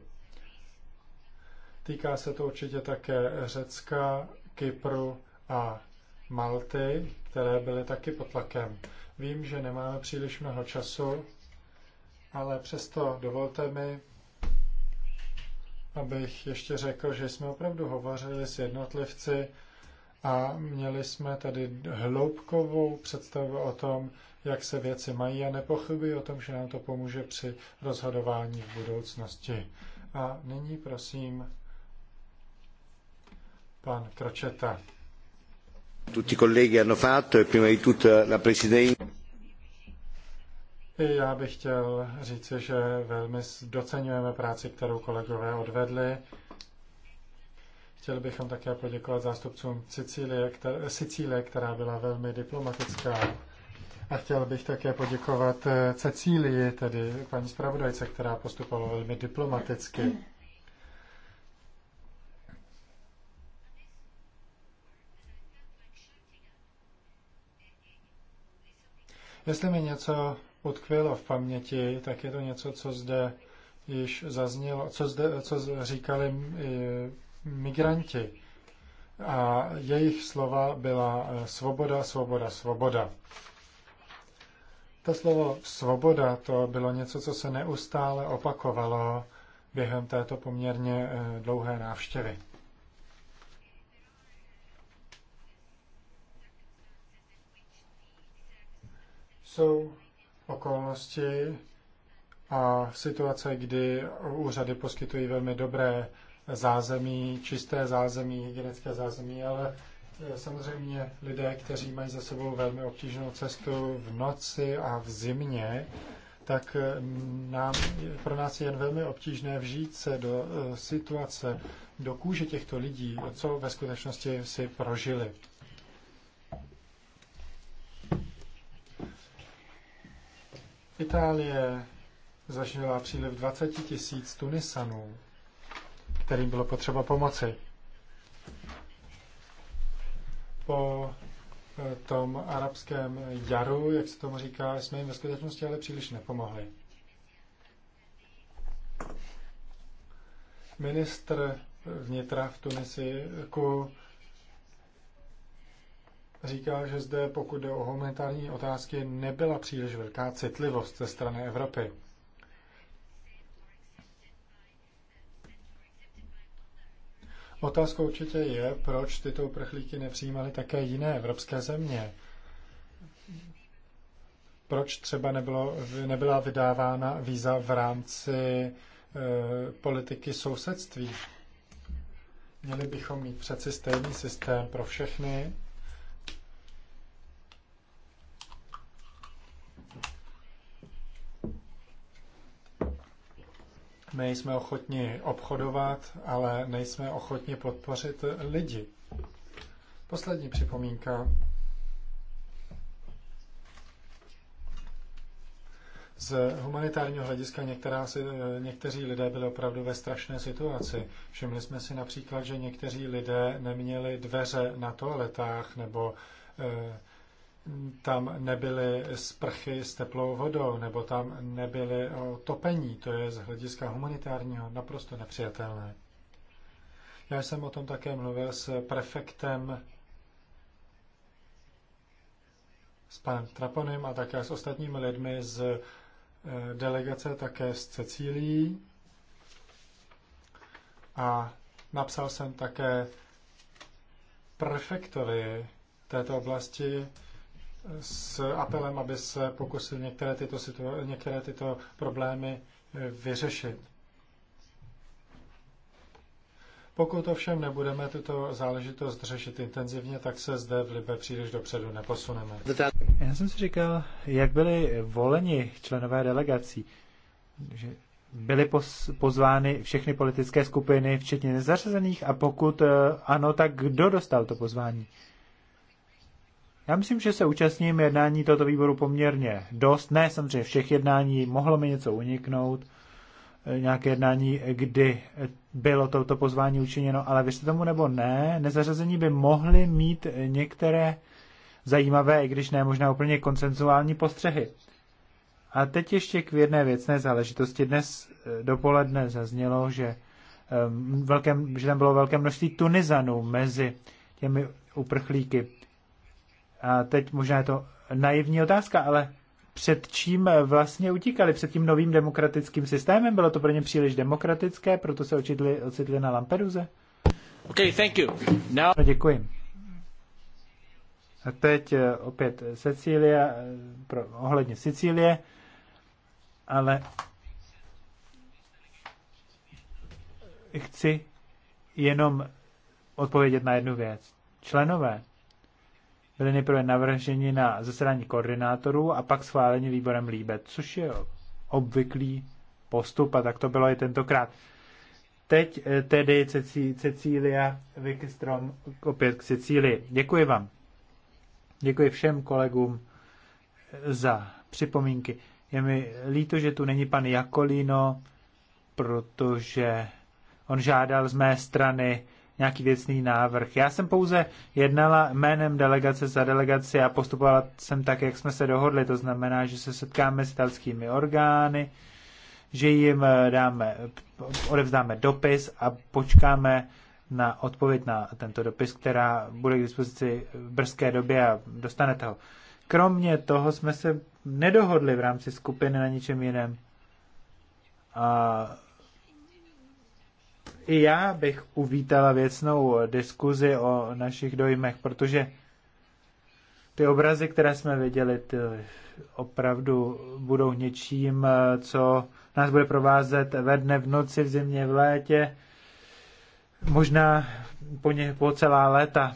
Týká se to určitě také Řecka, Kypru a Malty, které byly taky pod tlakem. Vím, že nemáme příliš mnoho času, ale přesto dovolte mi abych ještě řekl, že jsme opravdu hovořili s jednotlivci a měli jsme tady hloubkovou představu o tom, jak se věci mají a nepochybuji o tom, že nám to pomůže při rozhodování v budoucnosti. A nyní prosím pan Kročeta. Tutti colleghi hanno fatto e prima di tutto la Presidente. Já bych chtěl říci, že velmi docenujeme práci, kterou kolegové odvedli. Chtěli bychom také poděkovat zástupcům Sicílie, které, Sicílie, která byla velmi diplomatická. A chtěl bych také poděkovat eh, Cecílii, tedy paní zpravodajce, která postupovala velmi diplomaticky. Jestli mi něco utkvělo v paměti, tak je to něco, co zde již zaznělo, co, zde, co říkali migranti. A jejich slova byla eh, svoboda, svoboda, svoboda. To slovo svoboda to bylo něco, co se neustále opakovalo během této poměrně eh, dlouhé návštěvy. Jsou okolnosti a situace, kdy úřady poskytují velmi dobré zázemí, čisté zázemí, hygienické zázemí, ale eh, samozřejmě lidé, kteří mají za sebou velmi obtížnou cestu v noci a v zimě, tak eh, nám, pro nás je jen velmi obtížné vžít se do eh, situace, do kůže těchto lidí, co ve skutečnosti si prožili. Itálie zažila příliv 20 tisíc Tunisanů, kterým bylo potřeba pomoci. Po eh, tom arabském jaru, jak se tomu říká, jsme jim ve skutečnosti ale příliš nepomohli. Ministr vnitra v Tunisiku říká, že zde, pokud jde o humanitární otázky, nebyla příliš velká citlivost ze strany Evropy. Otázkou určitě je, proč tyto uprchlíky nepřijímaly také jiné evropské země. Proč třeba nebylo, nebyla vydávána víza v rámci e, politiky sousedství? Měli bychom mít přeci stejný systém pro všechny My jsme ochotni obchodovat, ale nejsme ochotni podpořit lidi. Poslední připomínka. Z humanitárního hlediska některá někteří lidé byli opravdu ve strašné situaci. Všimli jsme si například, že někteří lidé neměli dveře na toaletách nebo eh, tam nebyly sprchy s teplou vodou, nebo tam nebyly topení. To je z hlediska humanitárního naprosto nepřijatelné. Já jsem o tom také mluvil s prefektem, s panem Traponem a také s ostatními lidmi z e, delegace, také s Cecílií. A napsal jsem také prefektovi této oblasti, s apelem, aby se pokusil některé tyto, situa- některé tyto problémy eh, vyřešit. Pokud ovšem nebudeme tuto záležitost řešit intenzivně, tak se zde v Libe příliš dopředu neposuneme. Já jsem si říkal, jak byli voleni členové delegací, že byly pozvány všechny politické skupiny, včetně nezařazených, a pokud eh, ano, tak kdo dostal to pozvání? Já myslím, že se účastním jednání tohoto výboru poměrně dost. Ne, samozřejmě všech jednání, mohlo mi něco uniknout, eh, nějaké jednání, kdy bylo toto pozvání učiněno, ale věřte tomu nebo ne, nezařazení by mohli mít některé zajímavé, i když ne možná úplně konsenzuální postřehy. A teď ještě k jedné věcné záležitosti. Dnes eh, dopoledne zaznělo, že, eh, velké, že tam bylo velké množství Tunizanů mezi těmi uprchlíky. A teď možná je to naivní otázka, ale před čím vlastně utíkali? Před tím novým demokratickým systémem? Bylo to pro ně příliš demokratické, proto se ocitli, ocitli na Lampeduze? Okay, thank you. Now... No, děkuji. A teď eh, opět Cecília, eh, pro, ohledně Sicílie, ale chci jenom odpovědět na jednu věc. Členové byli nejprve navrženi na zasedání koordinátorů a pak schváleni výborem Líbet, což je obvyklý postup a tak to bylo i tentokrát. Teď eh, tedy Cecília Wikstrom opět k Cecílii. Děkuji vám. Děkuji všem kolegům eh, za připomínky. Je mi líto, že tu není pan Jakolino, protože on žádal z mé strany nějaký věcný návrh. Já jsem pouze jednala jménem delegace za delegaci a postupovala jsem tak, jak jsme se dohodli. To znamená, že se setkáme s italskými orgány, že jim eh, dáme, odevzdáme dopis a počkáme na odpověď na tento dopis, která bude k dispozici v brzké době a dostanete ho. Kromě toho jsme se nedohodli v rámci skupiny na ničem jiném. A i já bych uvítala věcnou diskuzi o našich dojmech, protože ty obrazy, které jsme viděli, ty opravdu budou něčím, co nás bude provázet ve dne, v noci, v zimě, v létě, možná po, ně, po celá léta.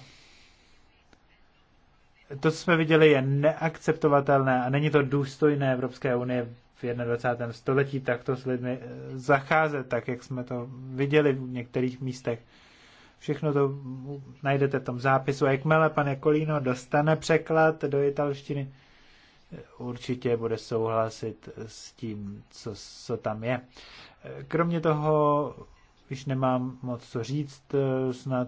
To, co jsme viděli, je neakceptovatelné a není to důstojné Evropské unie v 21. století takto s lidmi eh, zacházet, tak jak jsme to viděli v některých místech. Všechno to najdete v tom zápisu. A jakmile pan Kolíno dostane překlad do italštiny, eh, určitě bude souhlasit s tím, co, co tam je. Eh, kromě toho, když nemám moc co říct, snad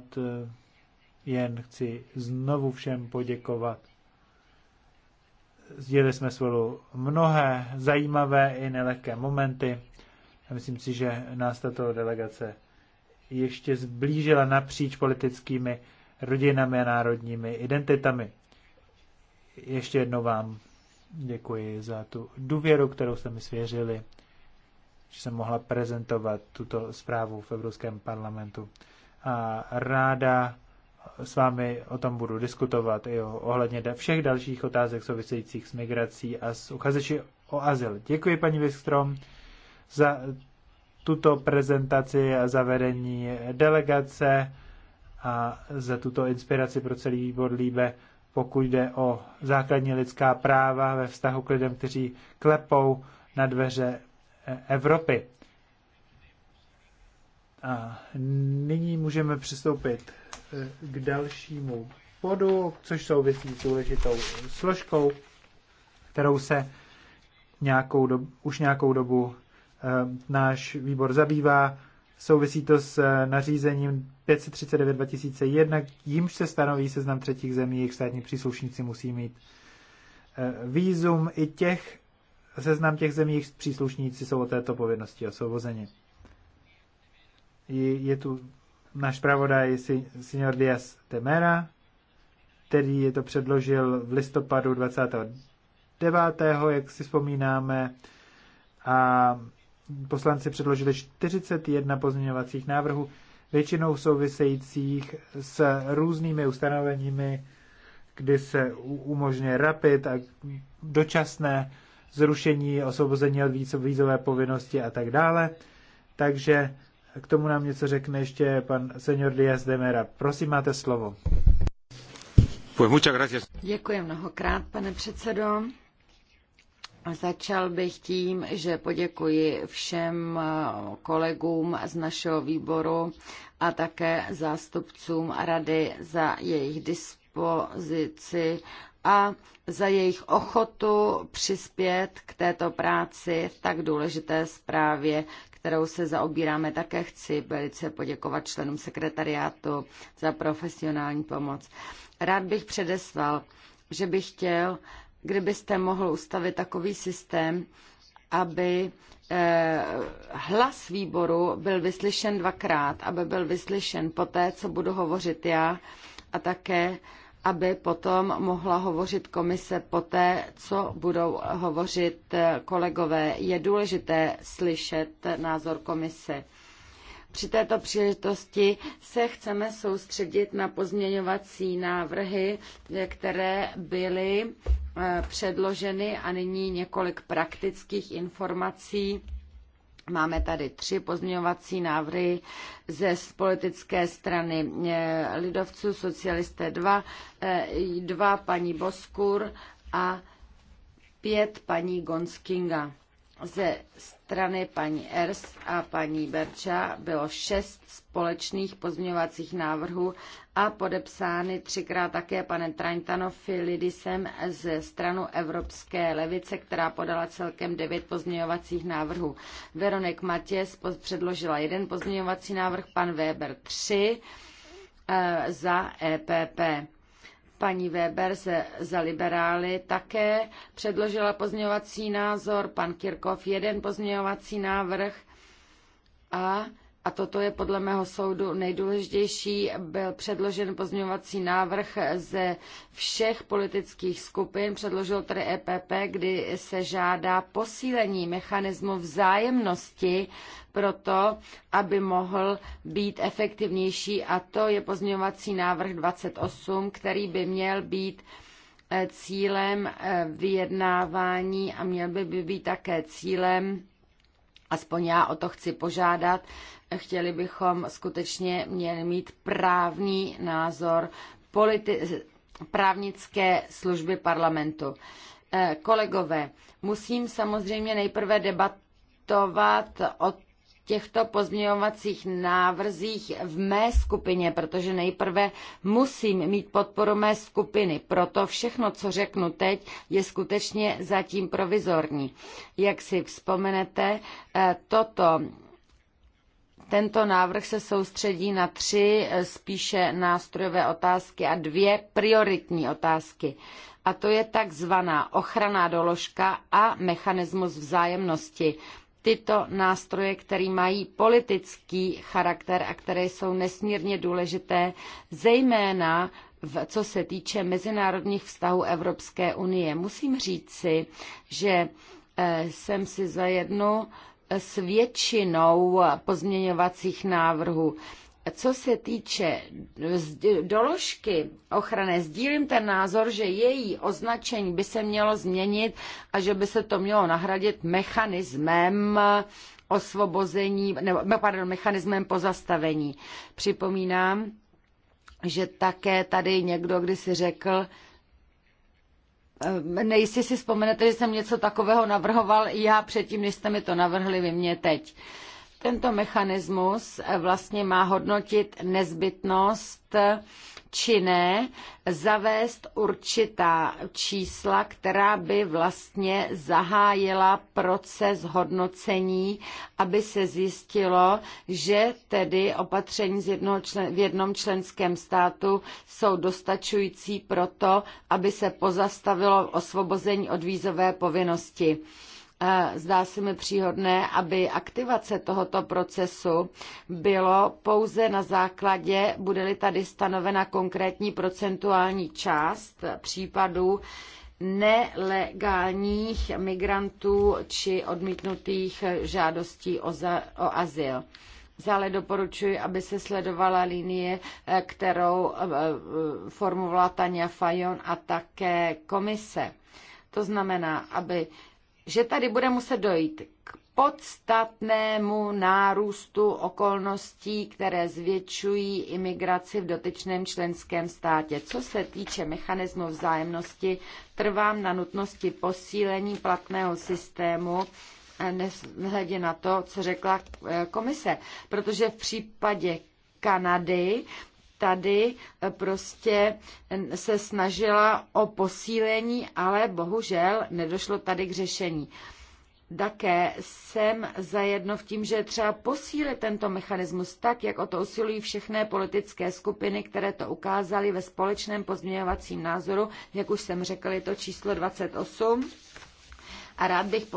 jen chci znovu všem poděkovat Sdělili jsme spolu mnohé zajímavé i nelehké momenty. A myslím si, že nás tato delegace ještě zblížila napříč politickými rodinami a národními identitami. Ještě jednou vám děkuji za tu důvěru, kterou jste mi svěřili, že jsem mohla prezentovat tuto zprávu v Evropském parlamentu. A ráda s vámi o tom budu diskutovat i ohledně všech dalších otázek souvisejících s migrací a s uchazeči o azyl. Děkuji paní Vistrom, za tuto prezentaci a zavedení delegace a za tuto inspiraci pro celý výbor Líbe, pokud jde o základní lidská práva ve vztahu k lidem, kteří klepou na dveře Evropy. A nyní můžeme přistoupit eh, k dalšímu bodu, což souvisí s důležitou složkou, kterou se nějakou dobu, už nějakou dobu eh, náš výbor zabývá. Souvisí to s eh, nařízením 539-2001, jímž se stanoví seznam třetích zemí, jejich státní příslušníci musí mít výzum i těch, seznam těch zemí, jejich příslušníci jsou o této povinnosti osvobozeni je tu náš pravodaj senior Diaz Temera, který je to předložil v listopadu 29. jak si vzpomínáme. A poslanci předložili 41 pozměňovacích návrhů, většinou souvisejících s různými ustanoveními, kdy se umožňuje rapid a dočasné zrušení, osvobození od vízové povinnosti a tak dále. Takže k tomu nám něco řekne ještě pan senior Díaz de Mera. Prosím, máte slovo. Děkuji mnohokrát, pane předsedo. Začal bych tím, že poděkuji všem kolegům z našeho výboru a také zástupcům rady za jejich dispozici a za jejich ochotu přispět k této práci v tak důležité zprávě, kterou se zaobíráme, také chci velice poděkovat členům sekretariátu za profesionální pomoc. Rád bych předeslal, že bych chtěl, kdybyste mohl ustavit takový systém, aby eh, hlas výboru byl vyslyšen dvakrát, aby byl vyslyšen poté, co budu hovořit já a také aby potom mohla hovořit komise poté, co budou hovořit kolegové. Je důležité slyšet názor komise. Při této příležitosti se chceme soustředit na pozměňovací návrhy, které byly eh, předloženy a nyní několik praktických informací Máme tady tři pozměňovací návrhy ze politické strany eh, lidovců, socialisté dva, eh, dva paní Boskur a pět paní Gonskinga ze strany paní Ers a paní Berča bylo šest společných pozměňovacích návrhů a podepsány třikrát také panem Traintanofilidisem ze stranu Evropské levice, která podala celkem devět pozměňovacích návrhů. Veronik Matěs předložila jeden pozměňovací návrh, pan Weber tři eh, za EPP. Paní Weber ze, za liberály také předložila pozměňovací názor, pan Kirkov jeden pozměňovací návrh a a toto je podle mého soudu nejdůležitější, byl předložen pozměňovací návrh ze všech politických skupin, předložil tedy EPP, kdy se žádá posílení mechanismu vzájemnosti proto, aby mohl být efektivnější a to je pozměňovací návrh 28, který by měl být eh, cílem eh, vyjednávání a měl by být také cílem, aspoň já o to chci požádat, chtěli bychom skutečně měli mít právní názor politi- právnické služby parlamentu. Eh, kolegové, musím samozřejmě nejprve debatovat o těchto pozměňovacích návrzích v mé skupině, protože nejprve musím mít podporu mé skupiny. Proto všechno, co řeknu teď, je skutečně zatím provizorní. Jak si vzpomenete, eh, toto tento návrh se soustředí na tři eh, spíše nástrojové otázky a dvě prioritní otázky. A to je takzvaná ochranná doložka a mechanismus vzájemnosti tyto nástroje, které mají politický charakter a které jsou nesmírně důležité, zejména v, co se týče mezinárodních vztahů Evropské unie. Musím říci, že eh, jsem si za jednu eh, s většinou pozměňovacích návrhů co se týče doložky ochrany, sdílím ten názor, že její označení by se mělo změnit a že by se to mělo nahradit mechanismem osvobození, nebo, no, pardon, mechanismem pozastavení. Připomínám, že také tady někdo kdysi řekl, ehm, nejsi si vzpomenete, že jsem něco takového navrhoval já předtím, než jste mi to navrhli vy mě teď. Uh, tento mechanismus eh, vlastně má hodnotit nezbytnost eh, či ne zavést určitá čísla, která by vlastně zahájila proces hodnocení, aby se zjistilo, že tedy opatření z člen, v jednom členském státu jsou dostačující proto, aby se pozastavilo osvobození od vízové povinnosti. Zdá se mi příhodné, aby aktivace tohoto procesu bylo pouze na základě, bude-li tady stanovena konkrétní procentuální část případů, nelegálních migrantů či odmítnutých žádostí o, za, o azyl. Zále doporučuji, aby se sledovala linie, eh, kterou eh, eh, formulovala Tania Fajon a také komise. To znamená, aby že tady bude muset dojít k podstatnému nárůstu okolností, které zvětšují imigraci v dotyčném členském státě. Co se týče mechanismu vzájemnosti, trvám na nutnosti posílení platného systému, eh, nehledě na to, co řekla eh, komise, protože v případě Kanady tady eh, prostě eh, se snažila o posílení, ale bohužel nedošlo tady k řešení. Také jsem zajedno v tím, že třeba posílit tento mechanismus tak, jak o to usilují všechny politické skupiny, které to ukázaly ve společném pozměňovacím názoru, jak už jsem řekl, je to číslo 28 a rád bych,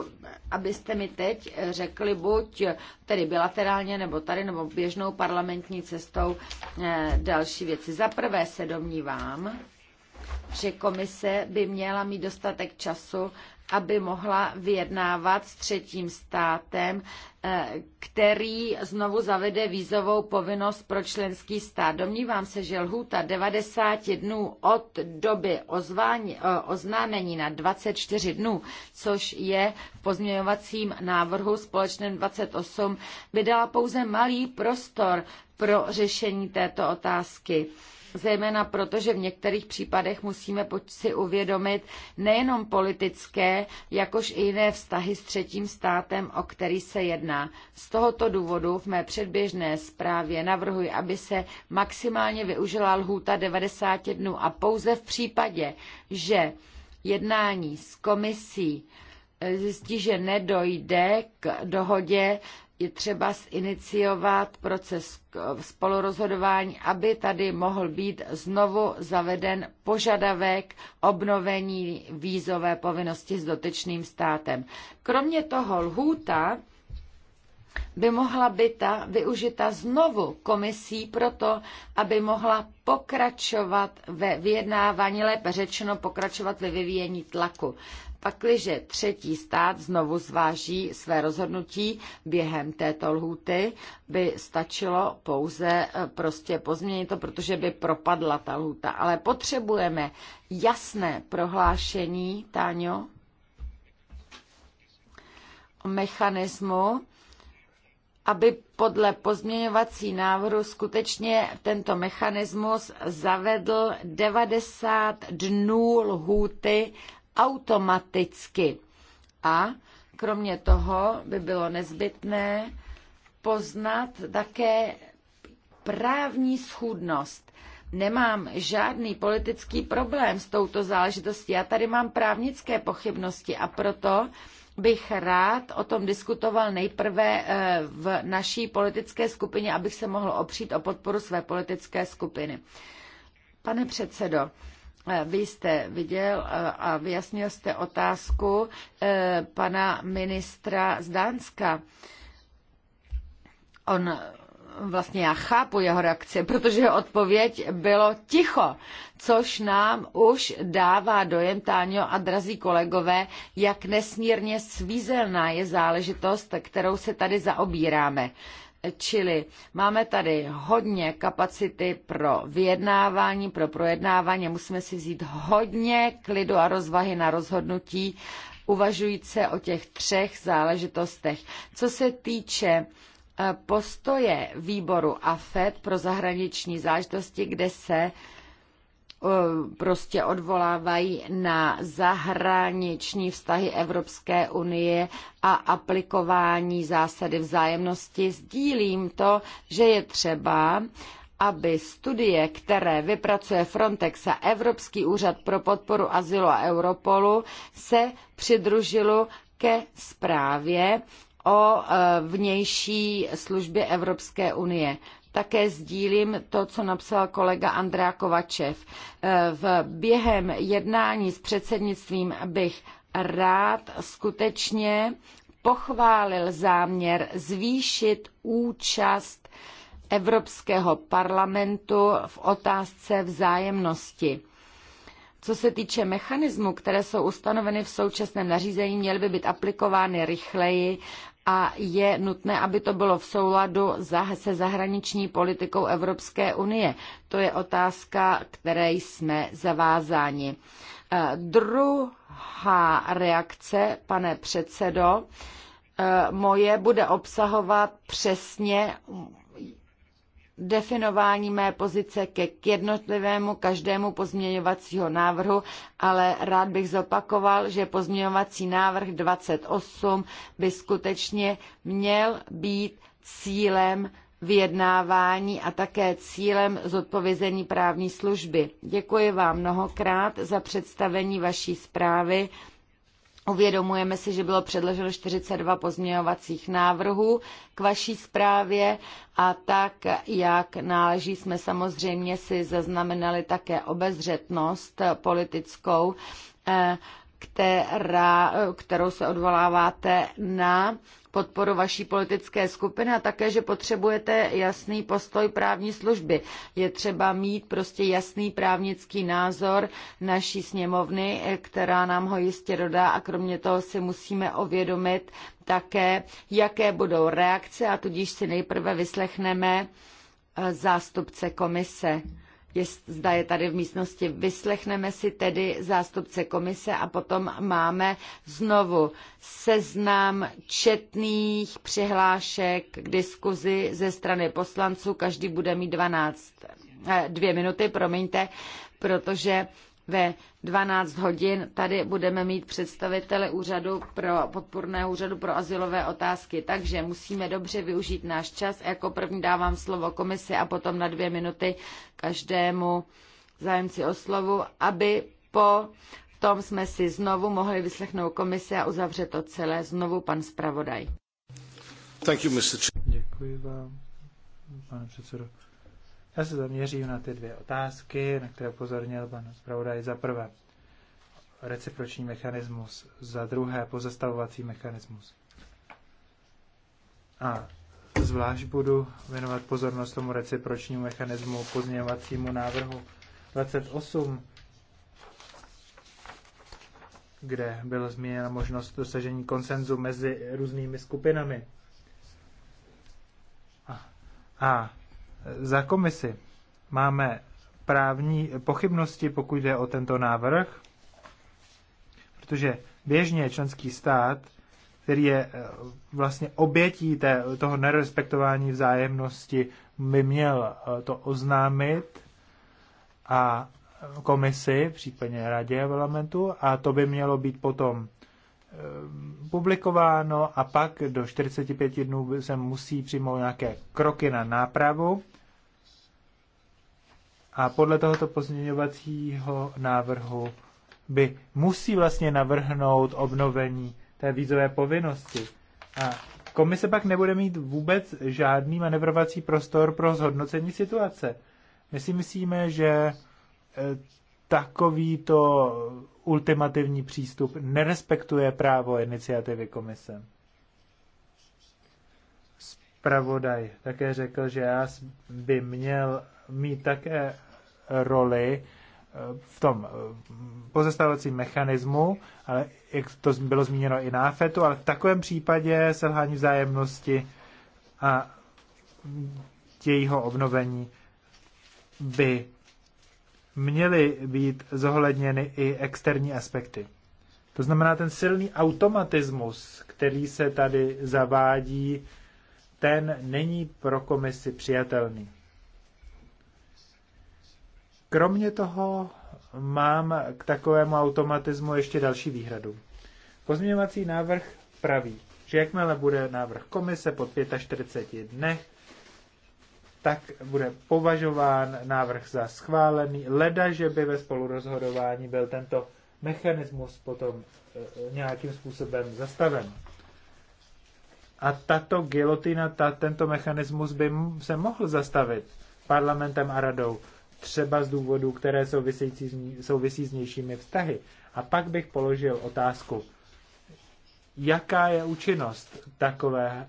abyste mi teď řekli buď tedy bilaterálně, nebo tady, nebo běžnou parlamentní cestou eh, další věci. Za prvé se domnívám, že komise by měla mít dostatek času, aby mohla vyjednávat s třetím státem Eh, který znovu zavede vízovou povinnost pro členský stát. Domnívám se, že lhůta 90 dnů od doby ozvání, eh, oznámení na 24 dnů, což je v pozměňovacím návrhu společném 28, by dala pouze malý prostor pro řešení této otázky zejména proto, že v některých případech musíme si uvědomit nejenom politické, jakož i jiné vztahy s třetím státem, o který se jedná. Z tohoto důvodu v mé předběžné zprávě navrhuji, aby se maximálně využila lhůta 90 dnů a pouze v případě, že jednání s komisí e, zjistí, že nedojde k dohodě, je třeba iniciovat proces spolurozhodování, aby tady mohl být znovu zaveden požadavek obnovení vízové povinnosti s dotyčným státem. Kromě toho lhůta by mohla být ta využita znovu komisí proto, aby mohla pokračovat ve vyjednávání, lépe řečeno pokračovat ve vyvíjení tlaku. Pakliže třetí stát znovu zváží své rozhodnutí během této lhůty, by stačilo pouze eh, prostě pozměnit to, protože by propadla ta lhůta. Ale potřebujeme jasné prohlášení, Táňo, o mechanismu, aby podle pozměňovací návrhu skutečně tento mechanismus zavedl 90 dnů lhůty automaticky. A kromě toho by bylo nezbytné poznat také právní schůdnost. Nemám žádný politický problém s touto záležitostí. Já tady mám právnické pochybnosti a proto bych rád o tom diskutoval nejprve eh, v naší politické skupině, abych se mohl opřít o podporu své politické skupiny. Pane předsedo, vy jste viděl eh, a vyjasnil jste otázku eh, pana ministra z Dánska. On eh, vlastně já chápu jeho reakci, protože odpověď bylo ticho, což nám už dává dojem, Táňo a drazí kolegové, jak nesmírně svízelná je záležitost, kterou se tady zaobíráme. Čili máme tady hodně kapacity pro vyjednávání, pro projednávání. Musíme si vzít hodně klidu a rozvahy na rozhodnutí, uvažujíce o těch třech záležitostech. Co se týče eh, postoje výboru AFED pro zahraniční záležitosti, kde se Eh, prostě odvolávají na zahraniční vztahy Evropské unie a aplikování zásady vzájemnosti. Sdílím to, že je třeba aby studie, které vypracuje Frontex a Evropský úřad pro podporu azylu a Europolu, se přidružilo ke zprávě o eh, vnější službě Evropské unie. Také sdílím to, co napsal kolega Andrea Kovačev. E, v během jednání s předsednictvím bych rád skutečně pochválil záměr zvýšit účast Evropského parlamentu v otázce vzájemnosti. Co se týče mechanismů, které jsou ustanoveny v současném nařízení, měly by být aplikovány rychleji a je nutné, aby to bylo v souladu se zahraniční politikou Evropské unie. To je otázka, které jsme zavázáni. Eh, druhá reakce, pane předsedo, eh, moje bude obsahovat přesně definování mé pozice ke k jednotlivému každému pozměňovacího návrhu, ale rád bych zopakoval, že pozměňovací návrh 28 by skutečně měl být cílem vyjednávání a také cílem zodpovězení právní služby. Děkuji vám mnohokrát za představení vaší zprávy. Uvědomujeme si, že bylo předloženo 42 pozměňovacích návrhů k vaší zprávě a tak, jak náleží, jsme samozřejmě si zaznamenali také obezřetnost politickou, eh, která, kterou se odvoláváte na podporu vaší politické skupiny a také, že potřebujete jasný postoj právní služby. Je třeba mít prostě jasný právnický názor naší sněmovny, která nám ho jistě dodá a kromě toho si musíme ovědomit také, jaké budou reakce a tudíž si nejprve vyslechneme eh, zástupce komise jest, zda je tady v místnosti. Vyslechneme si tedy zástupce komise a potom máme znovu seznam četných přihlášek k diskuzi ze strany poslanců. Každý bude mít 12, eh, dvě minuty, promiňte, protože ve 12 hodin tady budeme mít představitele úřadu pro podporného úřadu pro asilové otázky, takže musíme dobře využít náš čas. Jako první dávám slovo komisi a potom na dvě minuty každému zájemci o slovu, aby po tom jsme si znovu mohli vyslechnout komisi a uzavřet to celé znovu pan zpravodaj. Děkuji vám, pane předsedo. Já se zaměřím na ty dvě otázky, na které pozornil pan zpravodaj za prvé. Reciproční mechanismus, za druhé pozastavovací mechanismus. A zvlášť budu věnovat pozornost tomu recipročnímu mechanismu pozměňovacímu návrhu 28, kde byla změněna možnost dosažení konsenzu mezi různými skupinami. A, a za komisi máme právní pochybnosti, pokud jde o tento návrh, protože běžně členský stát, který je eh, vlastně obětí té, toho nerespektování vzájemnosti, by měl eh, to oznámit a komisi, případně radě parlamentu, a to by mělo být potom eh, publikováno a pak do 45 dnů se musí přijmout nějaké kroky na nápravu a podle tohoto pozměňovacího návrhu by musí vlastně navrhnout obnovení té vízové povinnosti. A komise pak nebude mít vůbec žádný manevrovací prostor pro zhodnocení situace. My si myslíme, že e, takovýto ultimativní přístup nerespektuje právo iniciativy komise. Spravodaj také řekl, že já by měl mít také roli eh, v tom eh, pozastavovacím mechanismu, ale jak to bylo zmíněno i náfetu, ale v takovém případě selhání vzájemnosti a jejího obnovení by měly být zohledněny i externí aspekty. To znamená, ten silný automatismus, který se tady zavádí, ten není pro komisi přijatelný. Kromě toho mám k takovému automatismu ještě další výhradu. Pozměňovací návrh praví, že jakmile bude návrh komise po 45 dnech, tak bude považován návrh za schválený, leda, že by ve spolurozhodování byl tento mechanismus potom e, e, nějakým způsobem zastaven. A tato gilotina, ta, tento mechanismus by se mohl zastavit parlamentem a radou třeba z důvodů, které související, souvisí s nějšími vztahy. A pak bych položil otázku, jaká je účinnost takového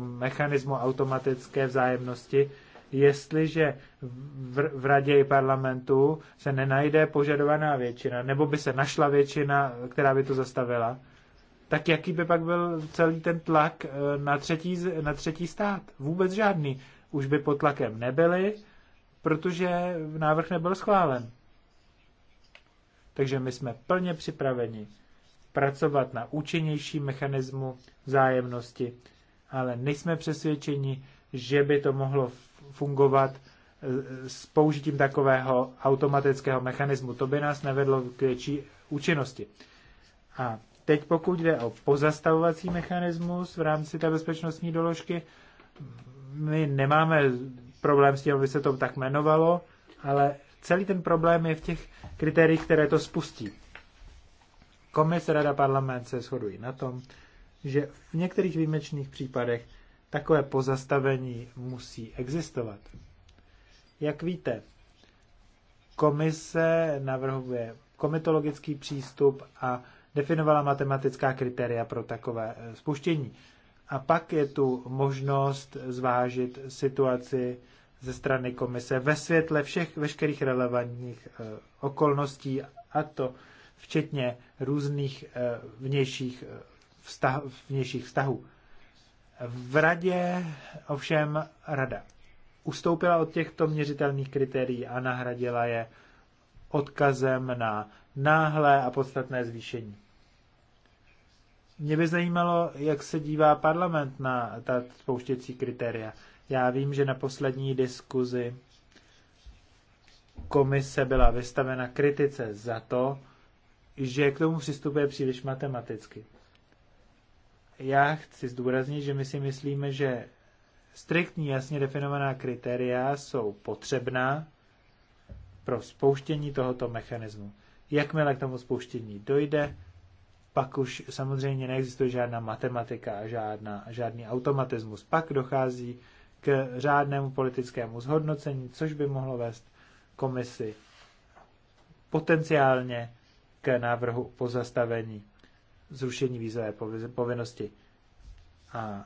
mechanismu automatické vzájemnosti, jestliže v, v radě i parlamentu se nenajde požadovaná většina, nebo by se našla většina, která by to zastavila, tak jaký by pak byl celý ten tlak eh, na třetí, na třetí stát? Vůbec žádný. Už by pod tlakem nebyli, protože návrh nebyl schválen. Takže my jsme plně připraveni pracovat na účinnější mechanismu vzájemnosti, ale nejsme přesvědčeni, že by to mohlo fungovat eh, s použitím takového automatického mechanismu. To by nás nevedlo k větší účinnosti. A teď pokud jde o pozastavovací mechanismus v rámci té bezpečnostní doložky, my nemáme problém s tím, aby se to tak jmenovalo, ale celý ten problém je v těch kritériích, které to spustí. Komise, Rada, Parlament se shodují na tom, že v některých výjimečných případech takové pozastavení musí existovat. Jak víte, komise navrhuje komitologický přístup a definovala matematická kritéria pro takové eh, spuštění. A pak je tu možnost zvážit situaci ze strany komise ve světle všech veškerých relevantních eh, okolností a to včetně různých eh, vnějších, eh, vztah, vnějších vztahů. V radě ovšem rada ustoupila od těchto měřitelných kritérií a nahradila je odkazem na náhlé a podstatné zvýšení. Mě by zajímalo, jak se dívá parlament na ta spouštěcí kritéria. Já vím, že na poslední diskuzi komise byla vystavena kritice za to, že k tomu přistupuje příliš matematicky. Já chci zdůraznit, že my si myslíme, že striktní, jasně definovaná kritéria jsou potřebná pro spouštění tohoto mechanismu. Jakmile k tomu spouštění dojde, pak už samozřejmě neexistuje žádná matematika, žádná, žádný automatismus. Pak dochází k řádnému politickému zhodnocení, což by mohlo vést komisi potenciálně k návrhu pozastavení zrušení vízové povinnosti. A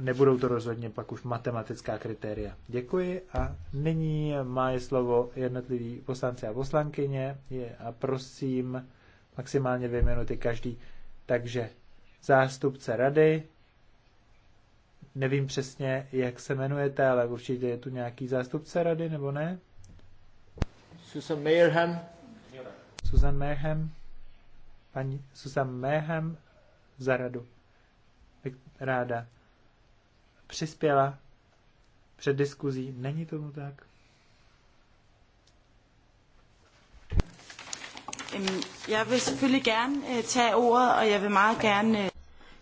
nebudou to rozhodně pak už matematická kritéria. Děkuji a nyní má je slovo jednotliví poslanci a poslankyně a prosím maximálně dvě minuty každý. Takže zástupce rady, nevím přesně, jak se jmenujete, ale určitě je tu nějaký zástupce rady, nebo ne? Susan Mayerham. Susan Mayerham. Paní Susan Mayerham za radu. ráda přispěla před diskuzí. Není tomu tak? Já bych selvfølgelig gerne øh, tage ordet, a já vil meget gerne... Øh,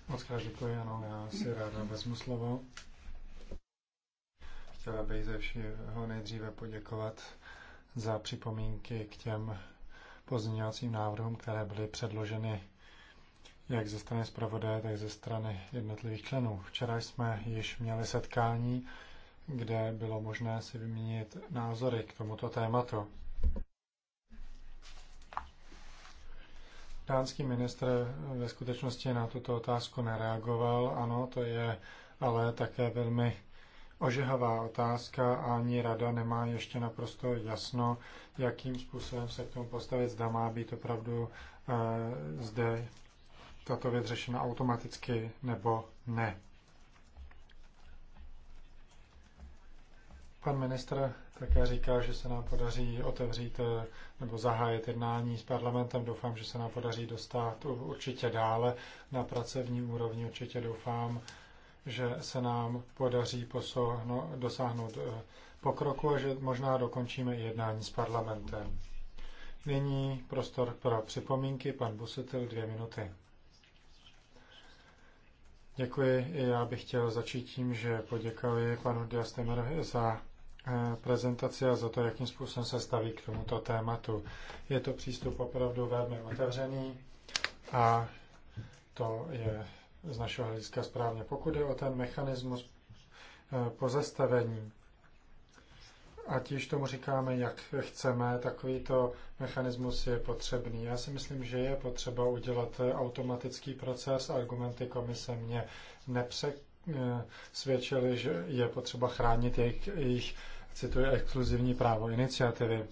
Moc krát děkuji, ano, já si ráda vezmu slovo. Chtěla bych ze všeho nejdříve poděkovat za připomínky k těm pozměňovacím návrhům, které byly předloženy jak ze strany zpravodaje, tak ze strany jednotlivých členů. Včera jsme již měli setkání, kde bylo možné si vyměnit názory k tomuto tématu. Dánský ministr eh, ve skutečnosti na tuto otázku nereagoval. Ano, to je ale také velmi ožehavá otázka a ani rada nemá ještě naprosto jasno, jakým způsobem se k tomu postavit. Zda má být opravdu eh, zde tato věc řešena automaticky nebo ne. Pan ministr také říká, že se nám podaří otevřít eh, nebo zahájit jednání s parlamentem. Doufám, že se nám podaří dostat určitě dále na pracovní úrovni. Určitě doufám, že se nám podaří posohno, dosáhnout eh, pokroku a že možná dokončíme i jednání s parlamentem. Nyní prostor pro připomínky. Pan Busetil, dvě minuty. Děkuji. Já bych chtěl začít tím, že poděkuji panu Diastemerovi za Eh, prezentaci a za to, jakým způsobem se staví k tomuto tématu. Je to přístup opravdu velmi otevřený a to je z našeho hlediska správně. Pokud je o ten mechanismus eh, pozastavení, a již tomu říkáme, jak chceme, takovýto mechanismus je potřebný. Já si myslím, že je potřeba udělat automatický proces. Argumenty komise mě nepřesvědčily, eh, že je potřeba chránit jejich, jejich cituje exkluzivní právo iniciativy.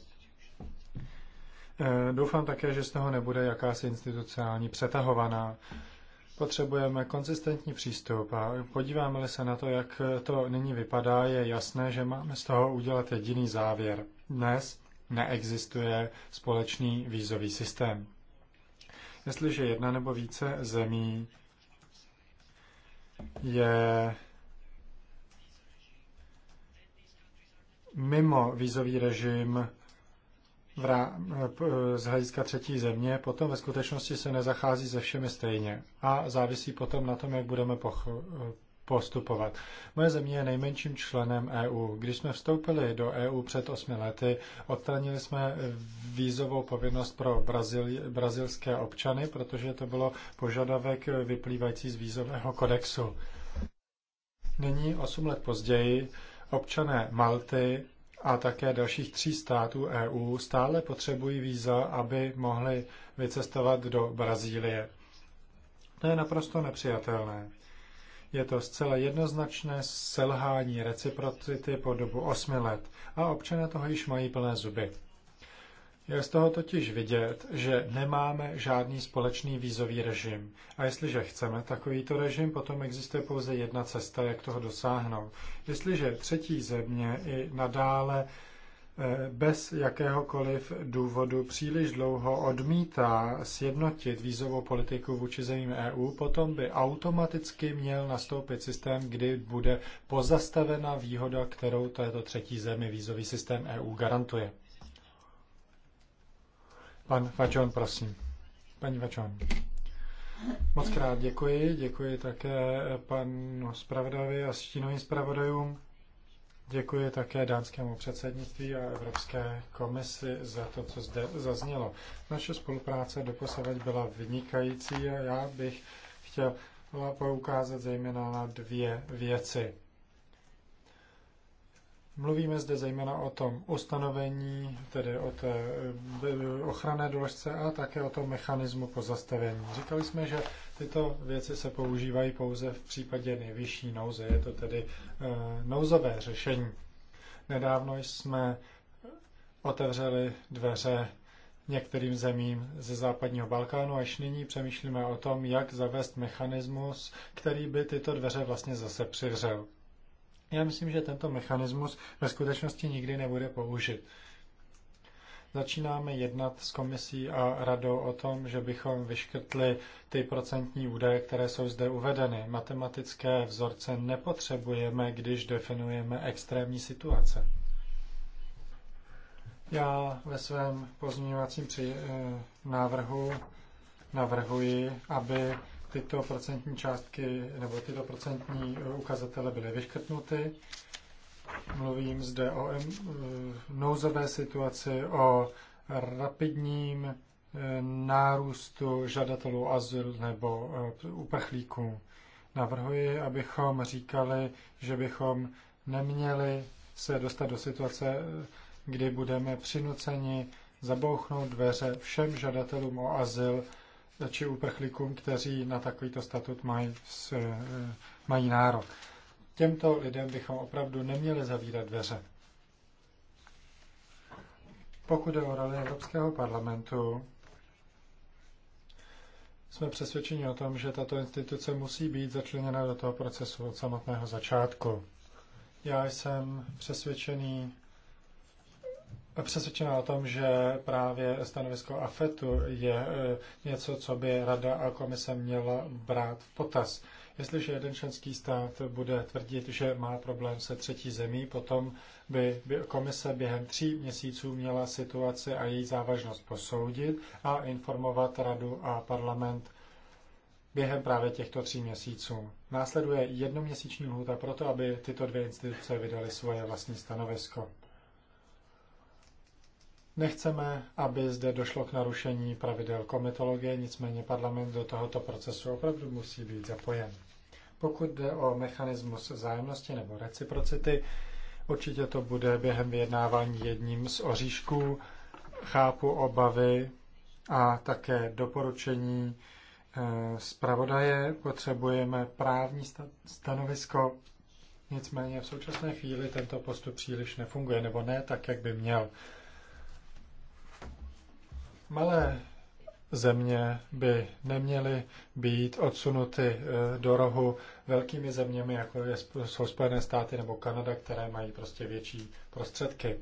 Eh, doufám také, že z toho nebude jakási institucionální přetahovaná. Potřebujeme konzistentní přístup a podíváme-li se na to, jak to nyní vypadá, je jasné, že máme z toho udělat jediný závěr. Dnes neexistuje společný vízový systém. Jestliže jedna nebo více zemí je mimo vízový režim v rám, eh, z hlediska třetí země, potom ve skutečnosti se nezachází se všemi stejně a závisí potom na tom, jak budeme eh, postupovat. Moje země je nejmenším členem EU. Když jsme vstoupili do EU před osmi lety, odstranili jsme vízovou povinnost pro Brazil, brazilské občany, protože to bylo požadavek vyplývající z vízového kodexu. Nyní, osm let později, Občané Malty a také dalších tří států EU stále potřebují víza, aby mohli vycestovat do Brazílie. To je naprosto nepřijatelné. Je to zcela jednoznačné selhání reciprocity po dobu osmi let a občané toho již mají plné zuby. Je z toho totiž vidět, že nemáme žádný společný vízový režim. A jestliže chceme takovýto režim, potom existuje pouze jedna cesta, jak toho dosáhnout. Jestliže třetí země i nadále eh, bez jakéhokoliv důvodu příliš dlouho odmítá sjednotit vízovou politiku vůči zemím EU, potom by automaticky měl nastoupit systém, kdy bude pozastavena výhoda, kterou této třetí zemi vízový systém EU garantuje. Pan Vačon, prosím. Paní Vačon. Moc krát děkuji. Děkuji také panu zpravodajovi a stínovým zpravodajům. Děkuji také dánskému předsednictví a Evropské komisi za to, co zde zaznělo. Naše spolupráce doposavať byla vynikající a já bych chtěl poukázat zejména na dvě věci. Mluvíme zde zejména o tom ustanovení, tedy o té e, ochranné doložce a také o tom mechanismu pozastavení. Říkali jsme, že tyto věci se používají pouze v případě nejvyšší nouze, je to tedy e, nouzové řešení. Nedávno jsme otevřeli dveře některým zemím ze západního Balkánu, až nyní přemýšlíme o tom, jak zavést mechanismus, který by tyto dveře vlastně zase přivřel. Já myslím, že tento mechanismus ve skutečnosti nikdy nebude použit. Začínáme jednat s komisí a radou o tom, že bychom vyškrtli ty procentní údaje, které jsou zde uvedeny. Matematické vzorce nepotřebujeme, když definujeme extrémní situace. Já ve svém pozměňovacím při, eh, návrhu navrhuji, aby tyto procentní částky nebo tyto procentní eh, ukazatele byly vyškrtnuty. Mluvím zde o eh, nouzové situaci, o rapidním eh, nárůstu žadatelů azyl nebo uprchlíků. Navrhuji, abychom říkali, že bychom neměli se dostat do situace, kdy budeme přinuceni zabouchnout dveře všem žadatelům o azyl, či uprchlíkům, kteří na takovýto statut mají, s, eh, mají nárok. Těmto lidem bychom opravdu neměli zavírat dveře. Pokud je o roli Evropského parlamentu, jsme přesvědčeni o tom, že tato instituce musí být začleněna do toho procesu od samotného začátku. Já jsem přesvědčený přesvědčena o tom, že právě stanovisko AFETu je e, něco, co by Rada a Komise měla brát v potaz. Jestliže jeden členský stát bude tvrdit, že má problém se třetí zemí, potom by komise během tří měsíců měla situaci a její závažnost posoudit a informovat radu a parlament během právě těchto tří měsíců. Následuje jednoměsíční lhůta proto aby tyto dvě instituce vydaly svoje vlastní stanovisko. Nechceme, aby zde došlo k narušení pravidel komitologie, nicméně parlament do tohoto procesu opravdu musí být zapojen. Pokud jde o mechanismus vzájemnosti nebo reciprocity, určitě to bude během vyjednávání jedním z oříšků. Chápu obavy a také doporučení eh, zpravodaje. Potřebujeme právní stanovisko, nicméně v současné chvíli tento postup příliš nefunguje, nebo ne tak, jak by měl. Malé země by neměly být odsunuty eh, do rohu velkými zeměmi, jako jsou Spojené státy nebo Kanada, které mají prostě větší prostředky.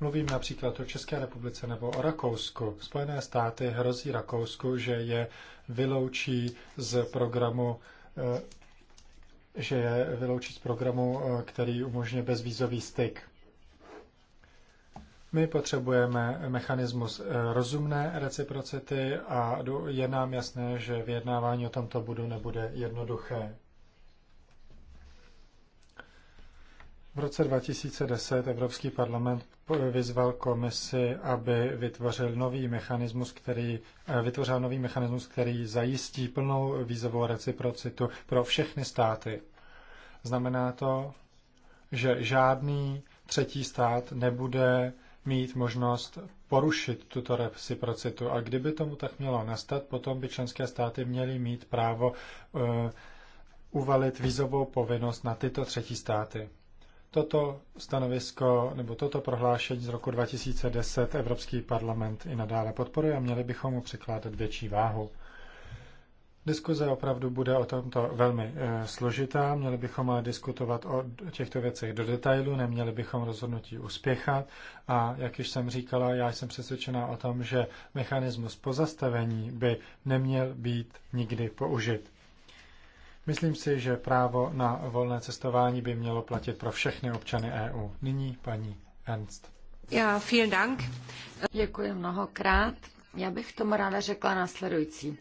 Mluvím například o České republice nebo o Rakousku. Spojené státy hrozí Rakousku, že je vyloučí z programu eh, že je vyloučit z programu, eh, který umožňuje bezvízový styk. My potřebujeme mechanismus eh, rozumné reciprocity a je nám jasné, že vyjednávání o tomto budu nebude jednoduché. V roce 2010 Evropský parlament vyzval komisi, aby vytvořil nový mechanismus, který, eh, vytvořil nový mechanismus, který zajistí plnou vízovou reciprocitu pro všechny státy. Znamená to, že žádný třetí stát nebude mít možnost porušit tuto reciprocitu. A kdyby tomu tak mělo nastat, potom by členské státy měly mít právo uh, uvalit vízovou povinnost na tyto třetí státy. Toto stanovisko nebo toto prohlášení z roku 2010 Evropský parlament i nadále podporuje a měli bychom mu přikládat větší váhu. Diskuze opravdu bude o tomto velmi eh, složitá. Měli bychom ale diskutovat o těchto věcech do detailu, neměli bychom rozhodnutí uspěchat. A jak již jsem říkala, já jsem přesvědčená o tom, že mechanismus pozastavení by neměl být nikdy použit. Myslím si, že právo na volné cestování by mělo platit pro všechny občany EU. Nyní paní Ernst. Ja, vielen Dank. Děkuji mnohokrát. Já bych tomu ráda řekla následující.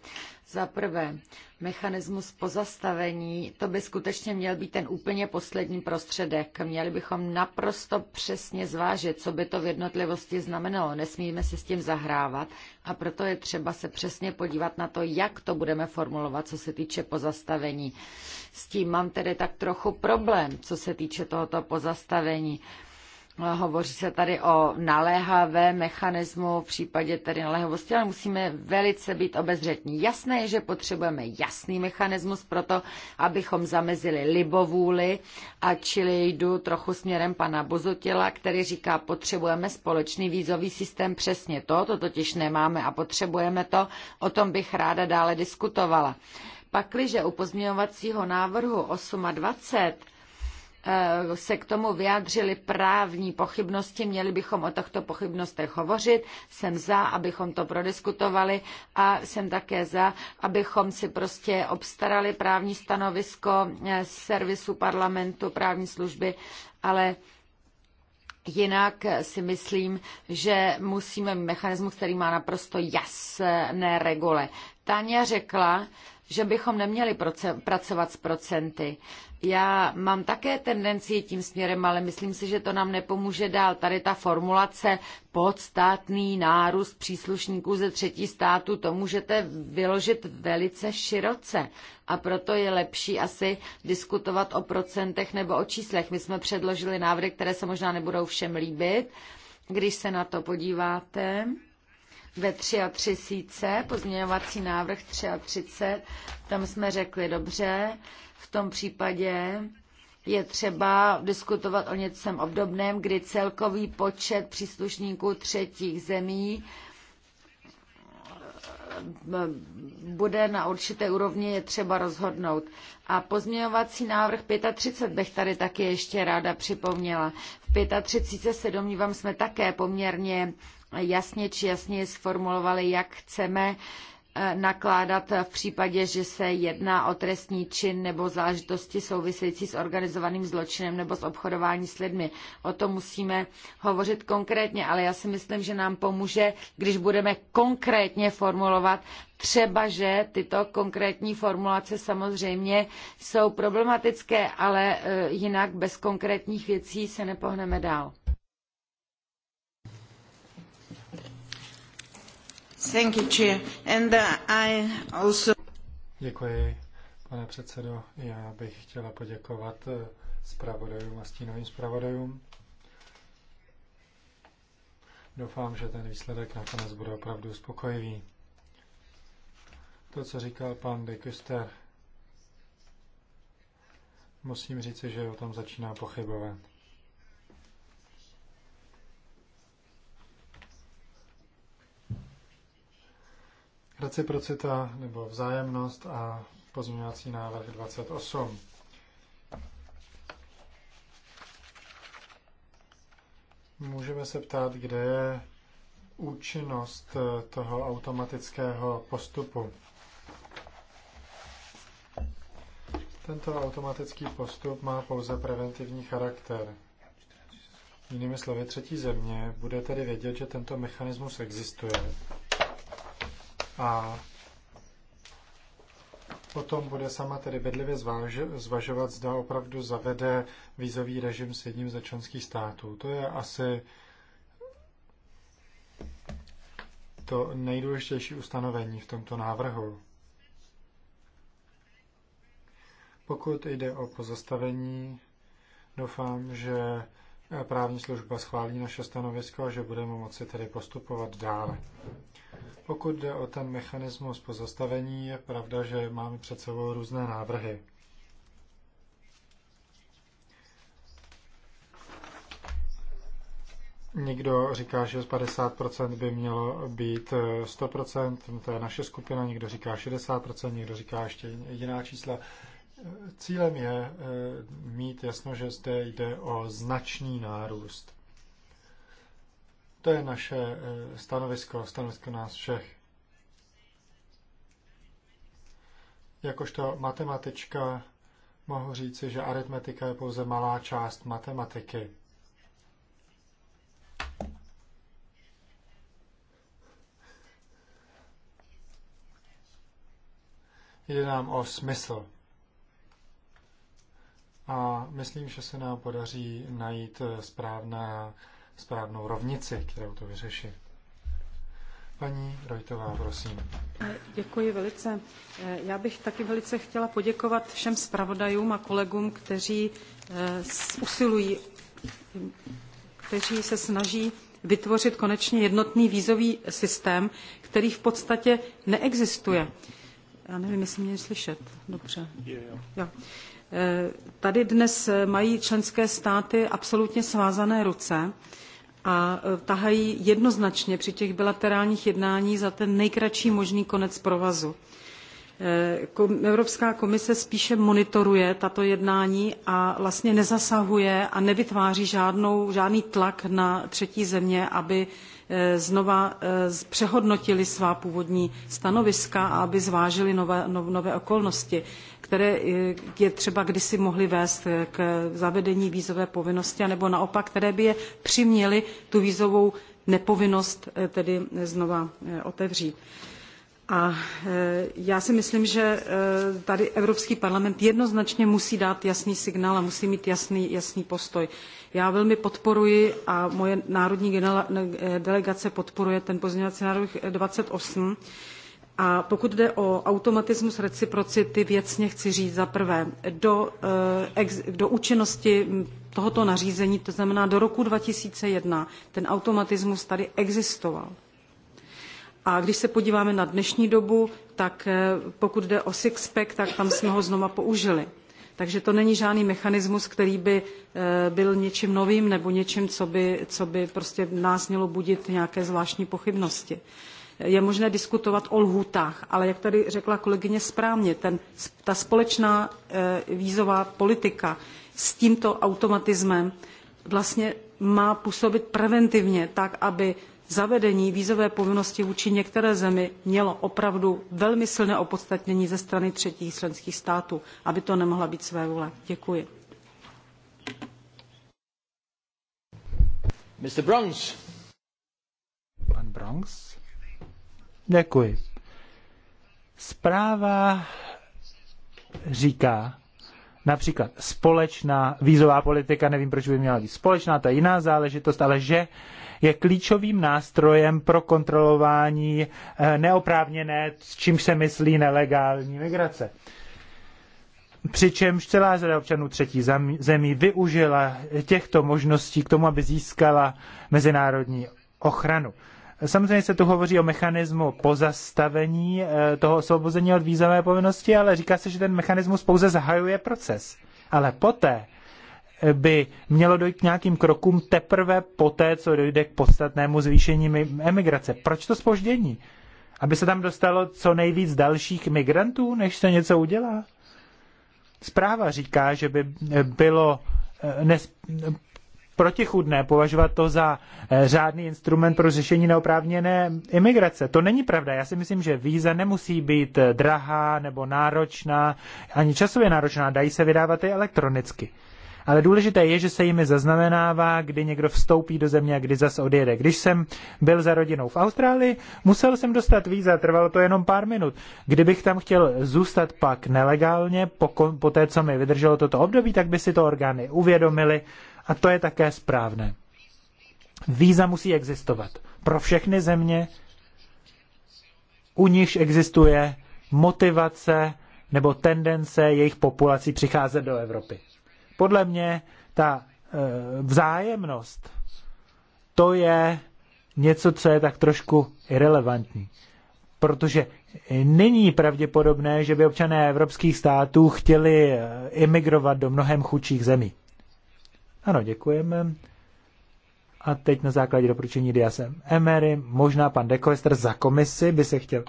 Za prvé, mechanismus pozastavení, to by skutečně měl být ten úplně poslední prostředek. Měli bychom naprosto přesně zvážit, co by to v jednotlivosti znamenalo. Nesmíme si s tím zahrávat a proto je třeba se přesně podívat na to, jak to budeme formulovat, co se týče pozastavení. S tím mám tedy tak trochu problém, co se týče tohoto pozastavení. Hovoří se tady o naléhavé mechanismu v případě tedy naléhavosti, ale musíme velice být obezřetní. Jasné je, že potřebujeme jasný mechanismus pro to, abychom zamezili libovůli a čili jdu trochu směrem pana Bozotila, který říká, potřebujeme společný vízový systém přesně to, to totiž nemáme a potřebujeme to, o tom bych ráda dále diskutovala. Pakliže u pozměňovacího návrhu 28 Eh, se k tomu vyjádřili právní pochybnosti, měli bychom o těchto pochybnostech hovořit. Jsem za, abychom to prodiskutovali a jsem také za, abychom si prostě obstarali právní stanovisko eh, servisu parlamentu, právní služby, ale Jinak si myslím, že musíme mít mechanismus, který má naprosto jasné regule. Tania řekla, že bychom neměli pracovat s procenty. Já mám také tendenci tím směrem, ale myslím si, že to nám nepomůže dál. Tady ta formulace podstatný nárůst příslušníků ze třetí státu, to můžete vyložit velice široce. A proto je lepší asi diskutovat o procentech nebo o číslech. My jsme předložili návrhy, které se možná nebudou všem líbit. Když se na to podíváte, ve 33, pozměňovací návrh 33, tam jsme řekli dobře, v tom případě je třeba diskutovat o něčem obdobném, kdy celkový počet příslušníků třetích zemí eh, bude na určité úrovni, je třeba rozhodnout. A pozměňovací návrh 35 bych tady taky ještě ráda připomněla. V 35 se domnívám, jsme také poměrně jasně či jasně sformulovali, jak chceme uh, Eh, nakládat v případě, že se jedná o trestní čin nebo záležitosti související s organizovaným zločinem nebo s obchodování s lidmi. O tom musíme hovořit konkrétně, ale já si myslím, že nám pomůže, když budeme konkrétně formulovat, třeba že tyto konkrétní formulace samozřejmě jsou problematické, ale eh, jinak bez konkrétních věcí se nepohneme dál. Thank you, Chair. And uh, I also... Děkuji, pane předsedo. Já bych chtěla poděkovat eh, zpravodajům a stínovým zpravodajům. Doufám, že ten výsledek nakonec bude opravdu spokojivý. To, co říkal pan de Kuster, musím říci, že o tom začíná pochybovat. reciprocita nebo vzájemnost a pozměňovací návrh 28. Můžeme se ptát, kde je účinnost toho automatického postupu. Tento automatický postup má pouze preventivní charakter. Jinými slovy, třetí země bude tedy vědět, že tento mechanismus existuje a potom bude sama tedy bedlivě zvaž, zvažovat, zda opravdu zavede vízový režim s jedním ze členských států. To je asi to nejdůležitější ustanovení v tomto návrhu. Pokud jde o pozastavení, doufám, že právní služba schválí naše stanovisko a že budeme moci tedy postupovat dále. Pokud jde o ten mechanismus pozastavení, je pravda, že máme před sebou různé návrhy. Někdo říká, že z 50% by mělo být 100%, to je naše skupina, někdo říká 60%, někdo říká ještě jiná čísla. Cílem je eh, mít jasno, že zde jde o značný nárůst. To je naše eh, stanovisko, stanovisko nás všech. Jakožto matematička mohu říci, že aritmetika je pouze malá část matematiky. Jde nám o smysl a myslím, že se nám podaří najít eh, správná, správnou rovnici, kterou to vyřeší. Paní Rojtová, prosím. Děkuji velice. Eh, já bych taky velice chtěla poděkovat všem zpravodajům a kolegům, kteří eh, usilují, kteří se snaží vytvořit konečně jednotný vízový systém, který v podstatě neexistuje. Já nevím, jestli mě je slyšet. Dobře. Jo. Tady dnes mají členské státy absolutně svázané ruce a e, tahají jednoznačně při těch bilaterálních jednáních za ten nejkratší možný konec provazu. E, Evropská komise spíše monitoruje tato jednání a vlastně nezasahuje a nevytváří žádnou, žádný tlak na třetí země, aby e, znova přehodnotili svá původní stanoviska a aby zvážili nové, nové okolnosti které eh, je třeba kdysi mohly vést eh, k zavedení vízové povinnosti, nebo naopak, které by je přiměly tu vízovou nepovinnost eh, tedy znova otevřít. A já si myslím, že tady Evropský parlament jednoznačně musí dát jasný signál a musí mít jasný, jasný postoj. Já velmi podporuji a moje národní delegace podporuje ten pozměňovací návrh 28, a pokud jde o automatismus reciprocity, věcně chci říct za prvé, do, eh, do účinnosti tohoto nařízení, to znamená do roku 2001, ten automatismus tady existoval. A když se podíváme na dnešní dobu, tak eh, pokud jde o Sixpack, tak tam jsme ho znova použili. Takže to není žádný mechanismus, který by eh, byl něčím novým nebo něčím, co by, co by prostě nás mělo budit nějaké zvláštní pochybnosti je možné diskutovat o lhůtách, ale jak tady řekla kolegyně správně, ten, ta společná eh, vízová politika s tímto automatismem vlastně má působit preventivně tak, aby zavedení vízové povinnosti vůči některé zemi mělo opravdu velmi silné opodstatnění ze strany třetích členských států, aby to nemohla být své vůle. Děkuji. Mr. Bronx. Pan Bronx. Děkuji. Zpráva říká, například společná vízová politika, nevím, proč by měla být společná, to je jiná záležitost, ale že je klíčovým nástrojem pro kontrolování eh, neoprávněné, s čím se myslí nelegální migrace. Přičemž celá řada občanů třetí zemí využila těchto možností k tomu, aby získala mezinárodní ochranu. Samozřejmě se tu hovoří o mechanismu pozastavení eh, toho osvobození od vízové povinnosti, ale říká se, že ten mechanismus pouze zahajuje proces. Ale poté eh, by mělo dojít k nějakým krokům teprve poté, co dojde k podstatnému zvýšení emigrace. Proč to spoždění? Aby se tam dostalo co nejvíc dalších migrantů, než se něco udělá? Zpráva říká, že by eh, bylo nes, protichudné považovat to za eh, řádný instrument pro řešení neoprávněné imigrace. To není pravda. Já si myslím, že víza nemusí být eh, drahá nebo náročná, ani časově náročná. Dají se vydávat i elektronicky. Ale důležité je, že se jimi zaznamenává, kdy někdo vstoupí do země a kdy zas odjede. Když jsem byl za rodinou v Austrálii, musel jsem dostat víza, trvalo to jenom pár minut. Kdybych tam chtěl zůstat pak nelegálně, po, po té, co mi vydrželo toto období, tak by si to orgány uvědomili a to je také správné. Víza musí existovat pro všechny země, u nichž existuje motivace nebo tendence jejich populací přicházet do Evropy. Podle mě ta e, vzájemnost, to je něco, co je tak trošku irrelevantní. Protože není pravděpodobné, že by občané evropských států chtěli e, imigrovat do mnohem chudších zemí. Ano, děkujeme. A teď na základě doporučení Diasem Emery, možná pan Dekoester za komisi by se chtěl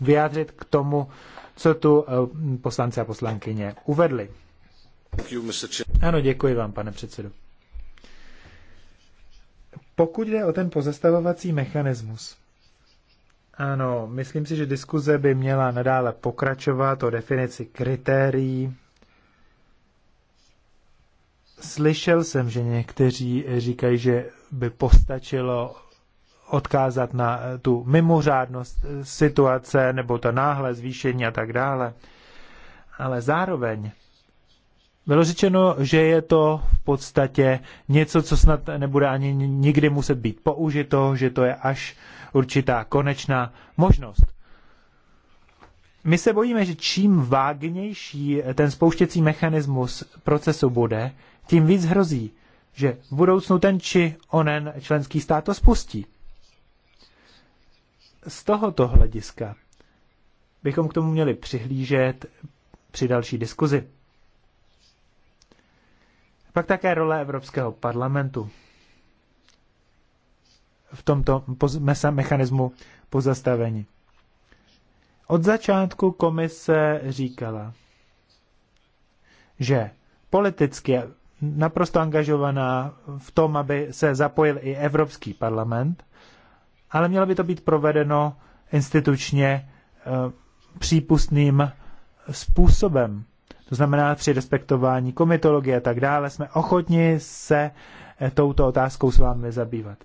vyjádřit k tomu, co tu eh, poslanci a poslankyně uvedli. Ano, děkuji vám, pane předsedo. Pokud jde o ten pozastavovací mechanismus, ano, myslím si, že diskuze by měla nadále pokračovat o definici kritérií Slyšel jsem, že někteří říkají, že by postačilo odkázat na eh, tu mimořádnost eh, situace nebo to náhle zvýšení a tak dále. Ale zároveň bylo řečeno, že je to v podstatě něco, co snad nebude ani nikdy muset být použito, že to je až určitá konečná možnost. My se bojíme, že čím vágnější ten spouštěcí mechanismus procesu bude, tím víc hrozí, že v budoucnu ten či onen členský stát to spustí. Z tohoto hlediska bychom k tomu měli přihlížet při další diskuzi. Pak také role Evropského parlamentu v tomto mechanismu pozastavení. Od začátku komise říkala, že politicky naprosto angažovaná v tom, aby se zapojil i Evropský parlament, ale mělo by to být provedeno institučně eh, přípustným způsobem. To znamená při respektování komitologie a tak dále, jsme ochotni se eh, touto otázkou s vámi zabývat.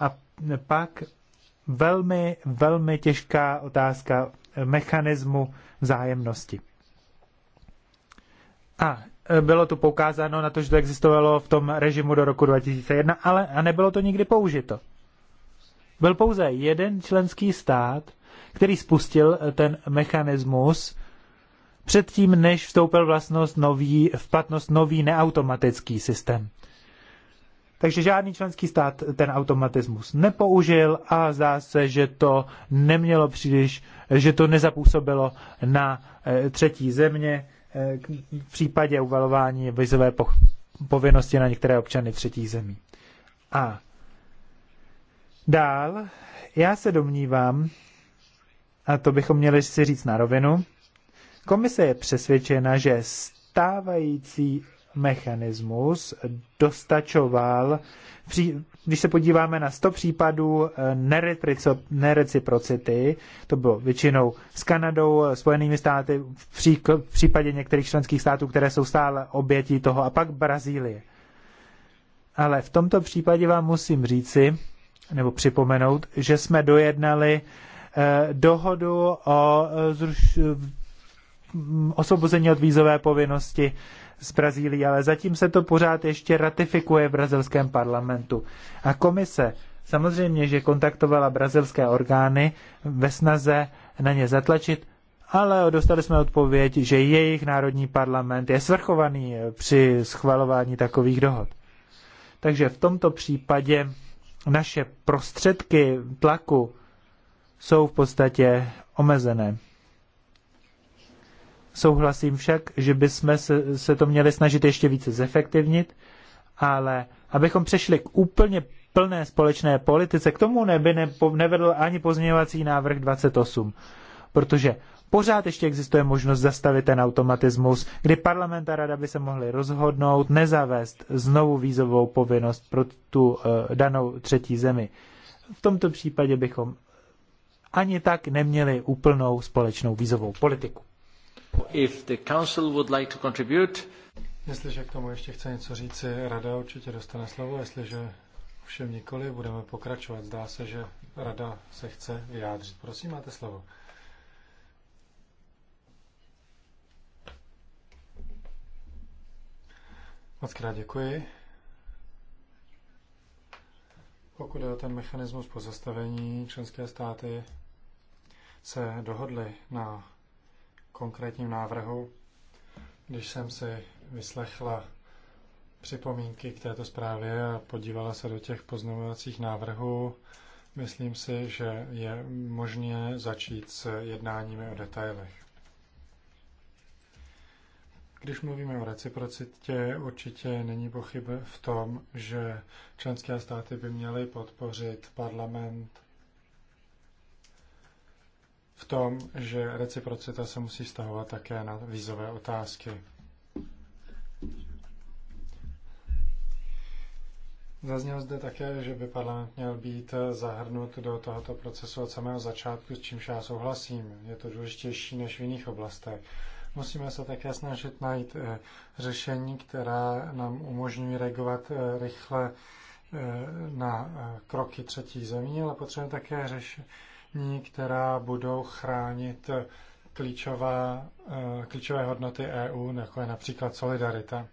A eh, pak velmi, velmi těžká otázka mechanismu vzájemnosti. A bylo tu poukázáno na to, že to existovalo v tom režimu do roku 2001, ale a nebylo to nikdy použito. Byl pouze jeden členský stát, který spustil ten mechanismus předtím, než vstoupil vlastnost nový, v platnost nový neautomatický systém. Takže žádný členský stát ten automatismus nepoužil a zdá se, že to nemělo příliš, že to nezapůsobilo na eh, třetí země Eh, v případě uvalování vizové povinnosti na některé občany třetích zemí. A dál, já se domnívám, a to bychom měli si říct na rovinu, komise je přesvědčena, že stávající mechanismus dostačoval když se podíváme na 100 případů eh, nereciprocity, to bylo většinou s Kanadou, Spojenými státy, v případě některých členských států, které jsou stále obětí toho, a pak Brazílie. Ale v tomto případě vám musím říci, nebo připomenout, že jsme dojednali eh, dohodu o eh, zruš- osvobození od vízové povinnosti z Brazílií, ale zatím se to pořád ještě ratifikuje v brazilském parlamentu. A komise samozřejmě, že kontaktovala brazilské orgány ve snaze na ně zatlačit, ale dostali jsme odpověď, že jejich národní parlament je svrchovaný při schvalování takových dohod. Takže v tomto případě naše prostředky tlaku jsou v podstatě omezené. Souhlasím však, že bychom se, to měli snažit ještě více zefektivnit, ale abychom přešli k úplně plné společné politice, k tomu neby nevedl ani pozměňovací návrh 28. Protože pořád ještě existuje možnost zastavit ten automatismus, kdy parlament a rada by se mohly rozhodnout nezavést znovu vízovou povinnost pro tu uh, danou třetí zemi. V tomto případě bychom ani tak neměli úplnou společnou vízovou politiku. If the council would like to contribute. Jestliže k tomu ještě chce něco říci, rada určitě dostane slovo, jestliže všem nikoli, budeme pokračovat. Zdá se, že rada se chce vyjádřit. Prosím, máte slovo. Moc krát děkuji. Pokud je o ten mechanismus pozastavení, členské státy se dohodly na konkrétním návrhu. Když jsem si vyslechla připomínky k této zprávě a podívala se do těch pozměňovacích návrhů, myslím si, že je možné začít s jednáními o detailech. Když mluvíme o reciprocitě, určitě není pochyb v tom, že členské státy by měly podpořit parlament v tom, že reciprocita se musí stahovat také na vízové otázky. Zaznělo zde také, že by parlament měl být zahrnut do tohoto procesu od samého začátku, s čímž já souhlasím. Je to důležitější než v jiných oblastech. Musíme se také snažit najít eh, řešení, která nám umožňují reagovat eh, rychle eh, na kroky třetí zemí, ale potřebujeme také řešit která budou chránit klíčová, eh, klíčové hodnoty EU, jako je například solidarita.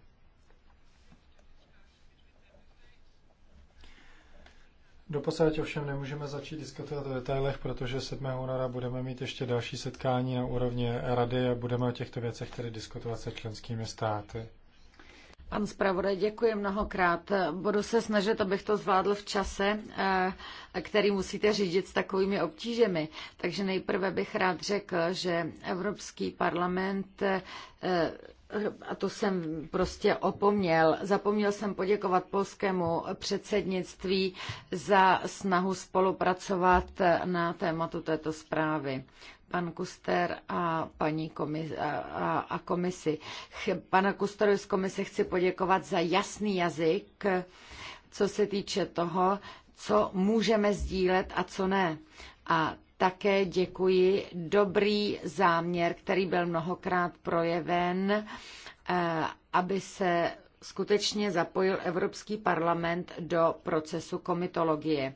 Doposaď ovšem nemůžeme začít diskutovat o detailech, protože 7. února budeme mít ještě další setkání na úrovni rady a budeme o těchto věcech tedy diskutovat se členskými státy. Pan zpravodaj, děkuji mnohokrát. Budu se snažit, abych to zvládl v čase, eh, který musíte řídit s takovými obtížemi. Takže nejprve bych rád řekl, že Evropský parlament eh, a to jsem prostě opomněl. Zapomněl jsem poděkovat polskému předsednictví za snahu spolupracovat na tématu této zprávy. Pan Kuster a paní komis, a, a, komisi. Ch, Pana Kusteru z komise chci poděkovat za jasný jazyk, co se týče toho, co můžeme sdílet a co ne. A také děkuji. Dobrý záměr, který byl mnohokrát projeven, eh, aby se skutečně zapojil Evropský parlament do procesu komitologie.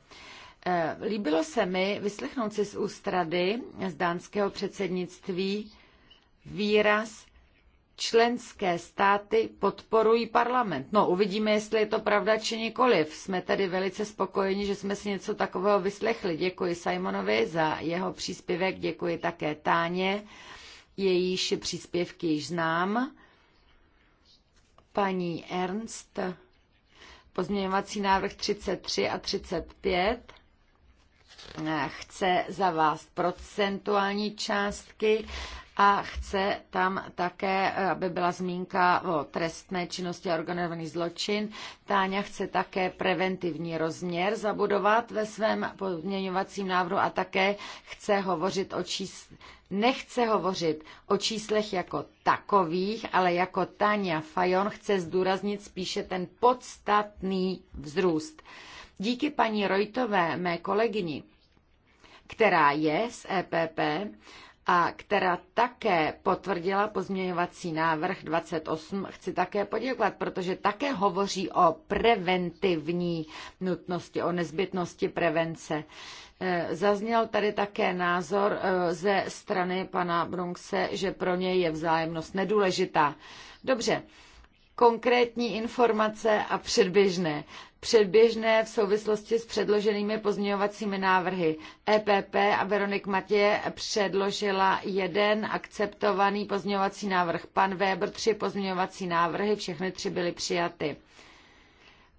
Eh, líbilo se mi vyslechnout si z ústrady z dánského předsednictví výraz členské státy podporují parlament. No, uvidíme, jestli je to pravda či nikoliv. Jsme tedy velice spokojeni, že jsme si něco takového vyslechli. Děkuji Simonovi za jeho příspěvek, děkuji také Táně, jejíž příspěvky již znám. Paní Ernst, pozměňovací návrh 33 a 35 eh, chce zavést procentuální částky a chce tam také, aby byla zmínka o trestné činnosti a organizovaný zločin. Táňa chce také preventivní rozměr zabudovat ve svém podměňovacím návrhu a také chce hovořit o čís... Nechce hovořit o číslech jako takových, ale jako Tania Fajon chce zdůraznit spíše ten podstatný vzrůst. Díky paní Rojtové, mé kolegyni, která je z EPP, a která také potvrdila pozměňovací návrh 28, chci také poděkovat, protože také hovoří o preventivní nutnosti, o nezbytnosti prevence. E, zazněl tady také názor e, ze strany pana Brunxe, že pro něj je vzájemnost nedůležitá. Dobře, konkrétní informace a předběžné. Předběžné v souvislosti s předloženými pozměňovacími návrhy. EPP a Veronik Matě předložila jeden akceptovaný pozměňovací návrh. Pan Weber tři pozměňovací návrhy, všechny tři byly přijaty.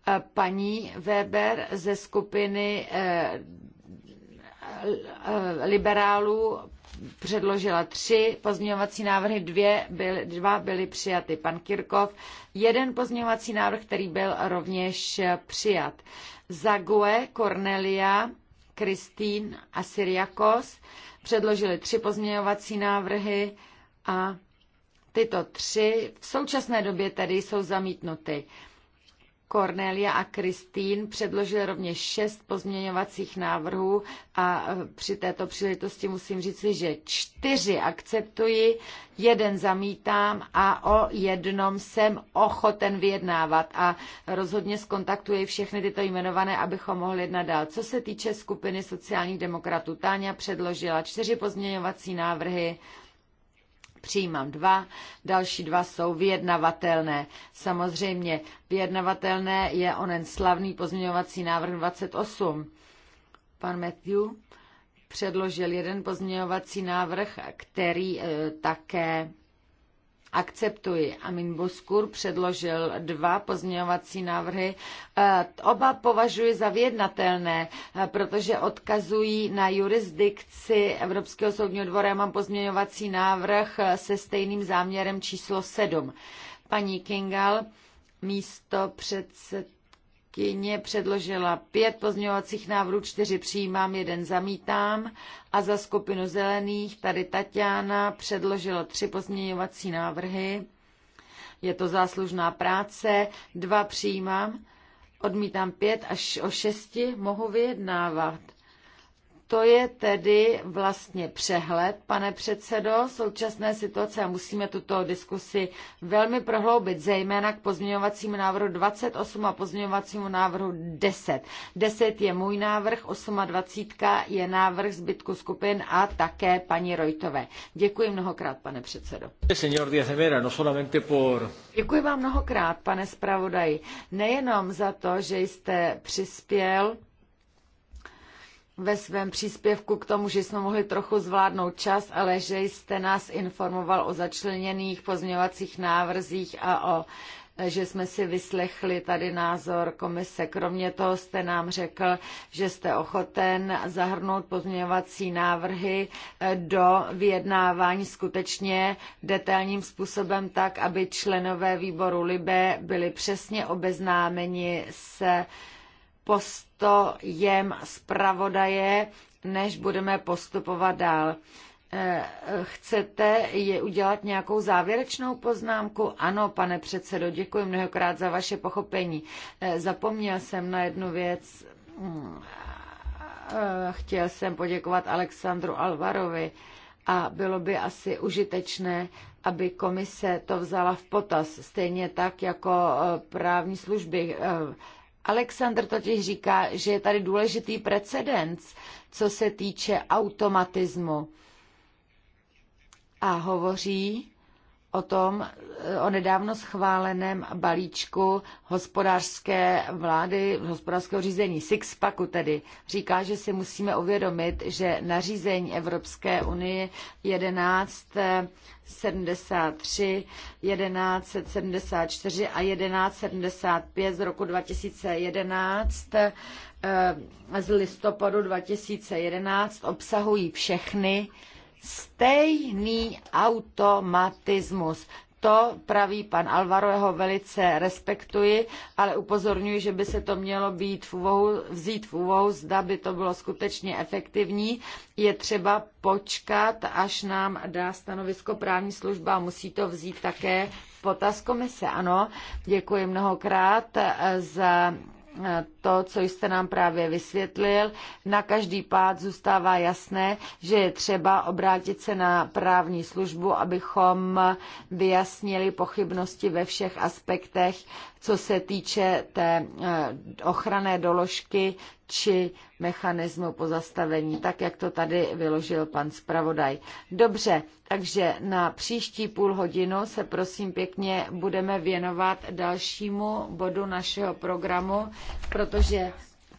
E, paní Weber ze skupiny e, e, liberálů předložila tři pozměňovací návrhy, dvě byly, dva byly přijaty pan Kirkov, jeden pozměňovací návrh, který byl rovněž přijat. Zague, Cornelia, Kristín a Syriakos předložili tři pozměňovací návrhy a tyto tři v současné době tedy jsou zamítnuty. Cornelia a Kristýn předložili rovněž šest pozměňovacích návrhů a e, při této příležitosti musím říci, že čtyři akceptuji, jeden zamítám a o jednom jsem ochoten vyjednávat a rozhodně skontaktuji všechny tyto jmenované, abychom mohli jednat dál. Co se týče skupiny sociálních demokratů, Táňa předložila čtyři pozměňovací návrhy, přijímám dva, další dva jsou vyjednavatelné. Samozřejmě vyjednavatelné je onen slavný pozměňovací návrh 28. Pan Matthew předložil jeden pozměňovací návrh, který eh, také akceptuji. Amin Buskur předložil dva pozměňovací návrhy. E, oba považuji za vyjednatelné, e, protože odkazují na jurisdikci Evropského soudního dvora. Já mám pozměňovací návrh e, se stejným záměrem číslo 7. Paní Kingal, místo předsed kyně předložila pět pozměňovacích návrhů, čtyři přijímám, jeden zamítám a za skupinu zelených tady Tatiana předložila tři pozměňovací návrhy. Je to záslužná práce, dva přijímám, odmítám pět až o šesti mohu vyjednávat. To je tedy vlastně přehled, pane předsedo, současné situace a musíme tuto diskusi velmi prohloubit, zejména k pozměňovacímu návrhu 28 a pozměňovacímu návrhu 10. 10 je můj návrh, 28 je návrh zbytku skupin a také paní Rojtové. Děkuji mnohokrát, pane předsedo. No Děkuji vám mnohokrát, pane zpravodaji, nejenom za to, že jste přispěl ve svém příspěvku k tomu, že jsme mohli trochu zvládnout čas, ale že jste nás informoval o začleněných pozměňovacích návrzích a o že jsme si vyslechli tady názor komise. Kromě toho jste nám řekl, že jste ochoten zahrnout pozměňovací návrhy eh, do vyjednávání skutečně detailním způsobem tak, aby členové výboru Libe byli přesně obeznámeni se postojem zpravodaje, než budeme postupovat dál. Eh, chcete je udělat nějakou závěrečnou poznámku? Ano, pane předsedo, děkuji mnohokrát za vaše pochopení. Eh, zapomněl jsem na jednu věc. Mm, eh, chtěl jsem poděkovat Alexandru Alvarovi a bylo by asi užitečné, aby komise to vzala v potaz, stejně tak jako právní služby Alexander totiž říká, že je tady důležitý precedens, co se týče automatismu. A hovoří o tom, eh, o nedávno schváleném balíčku hospodářské vlády, hospodářského řízení, Sixpacku tedy, říká, že si musíme uvědomit, že nařízení Evropské unie 1173, 1174 a 1175 z roku 2011 eh, z listopadu 2011 obsahují všechny stejný automatismus. To praví pan Alvaro, jeho velice respektuji, ale upozorňuji, že by se to mělo být v úvohu, vzít v úvahu, zda by to bylo skutečně efektivní. Je třeba počkat, až nám dá stanovisko právní služba a musí to vzít také v potaz komise. Ano, děkuji mnohokrát eh, za to, co jste nám právě vysvětlil. Na každý pád zůstává jasné, že je třeba obrátit se na právní službu, abychom vyjasnili pochybnosti ve všech aspektech, co se týče té eh, ochranné doložky či mechanismu pozastavení, tak jak to tady vyložil pan zpravodaj. Dobře, takže na příští půl hodinu se prosím pěkně budeme věnovat dalšímu bodu našeho programu, protože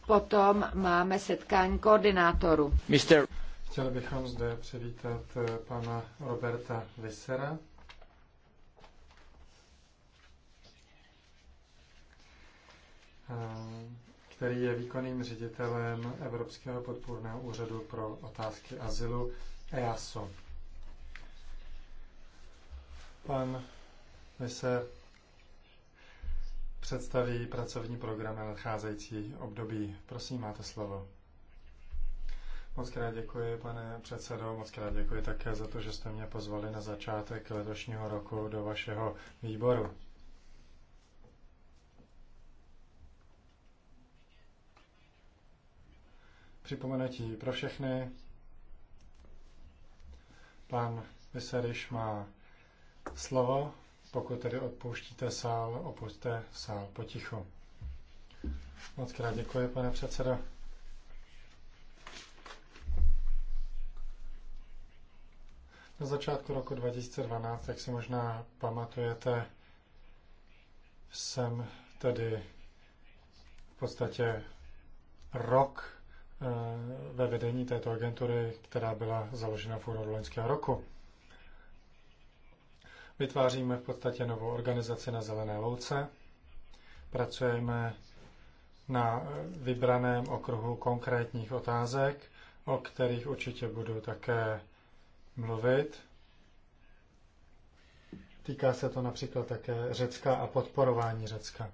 potom máme setkání koordinátorů. Mister... Chtěl bychom zde přivítat eh, pana Roberta Visera, eh, který je výkonným ředitelem Evropského podpůrného úřadu pro otázky azylu EASO. Pan se představí pracovní program na nadcházející období. Prosím, máte slovo. Moc krát děkuji, pane předsedo, moc krát děkuji také za to, že jste mě pozvali na začátek letošního roku do vašeho výboru. připomenutí pro všechny. Pan Vyseriš má slovo. Pokud tedy odpouštíte sál, opuste sál potichu. Moc krát děkuji, pane předsedo. Na začátku roku 2012, jak si možná pamatujete, jsem tedy v podstatě rok Eh, ve vedení této agentury, která byla založena v únoru loňského roku. Vytváříme v podstatě novou organizaci na Zelené louce. Pracujeme na vybraném okruhu konkrétních otázek, o kterých určitě budu také mluvit. Týká se to například také Řecka a podporování Řecka.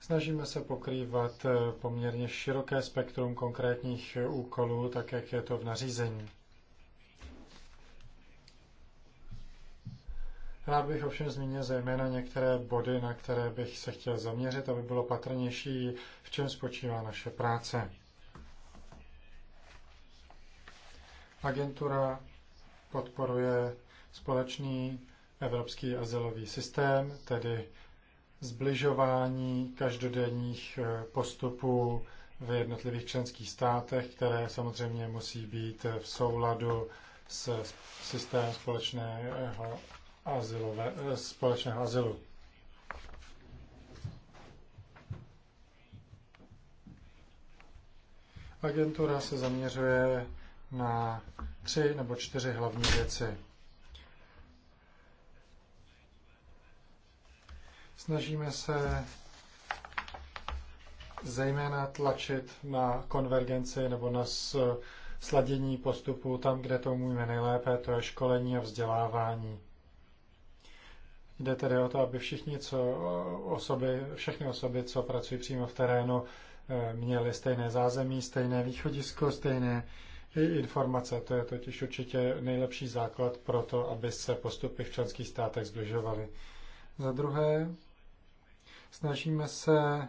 Snažíme se pokrývat eh, poměrně široké spektrum konkrétních eh, úkolů, tak jak je to v nařízení. Rád bych ovšem zmínil zejména některé body, na které bych se chtěl zaměřit, aby bylo patrnější, v čem spočívá naše práce. Agentura podporuje společný evropský azylový systém, tedy zbližování každodenních eh, postupů v jednotlivých členských státech, které samozřejmě musí být eh, v souladu s systémem společného, azylové, eh, společného azylu. Agentura se zaměřuje na tři nebo čtyři hlavní věci. Snažíme se zejména tlačit na konvergenci nebo na sladění postupu tam, kde to umíme nejlépe, to je školení a vzdělávání. Jde tedy o to, aby všichni, co osoby, všechny osoby, co pracují přímo v terénu, eh, měli stejné zázemí, stejné východisko, stejné informace. To je totiž určitě nejlepší základ pro to, aby se postupy v členských státech zbližovaly. Za druhé, Snažíme se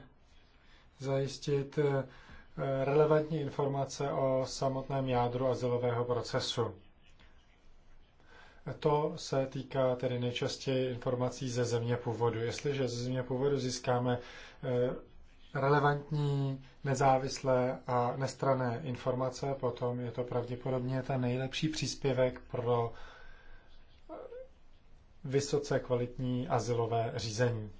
zajistit eh, relevantní informace o samotném jádru azylového procesu. To se týká tedy nejčastěji informací ze země původu. Jestliže ze země původu získáme eh, relevantní, nezávislé a nestrané informace, potom je to pravděpodobně ten nejlepší příspěvek pro eh, vysoce kvalitní azylové řízení.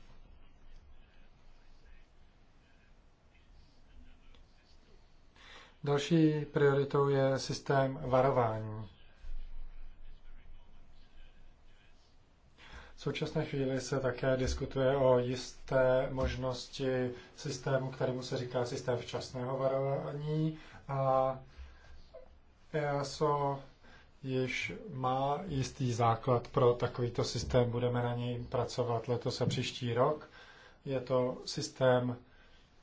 Další prioritou je systém varování. V současné chvíli se také diskutuje o jisté možnosti systému, kterému se říká systém včasného varování a EASO již má jistý základ pro takovýto systém, budeme na něj pracovat letos a příští rok. Je to systém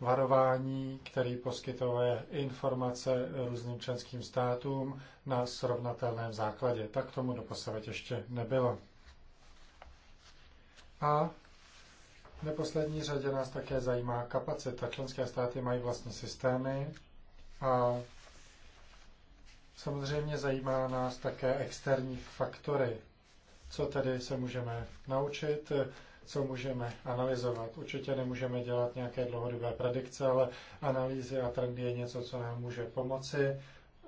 varování, který poskytuje informace různým členským státům na srovnatelném základě. Tak tomu doposavat ještě nebylo. A v neposlední řadě nás také zajímá kapacita. Členské státy mají vlastní systémy a samozřejmě zajímá nás také externí faktory. Co tedy se můžeme naučit, co můžeme analyzovat. Určitě nemůžeme dělat nějaké dlouhodobé predikce, ale analýzy a trendy je něco, co nám může pomoci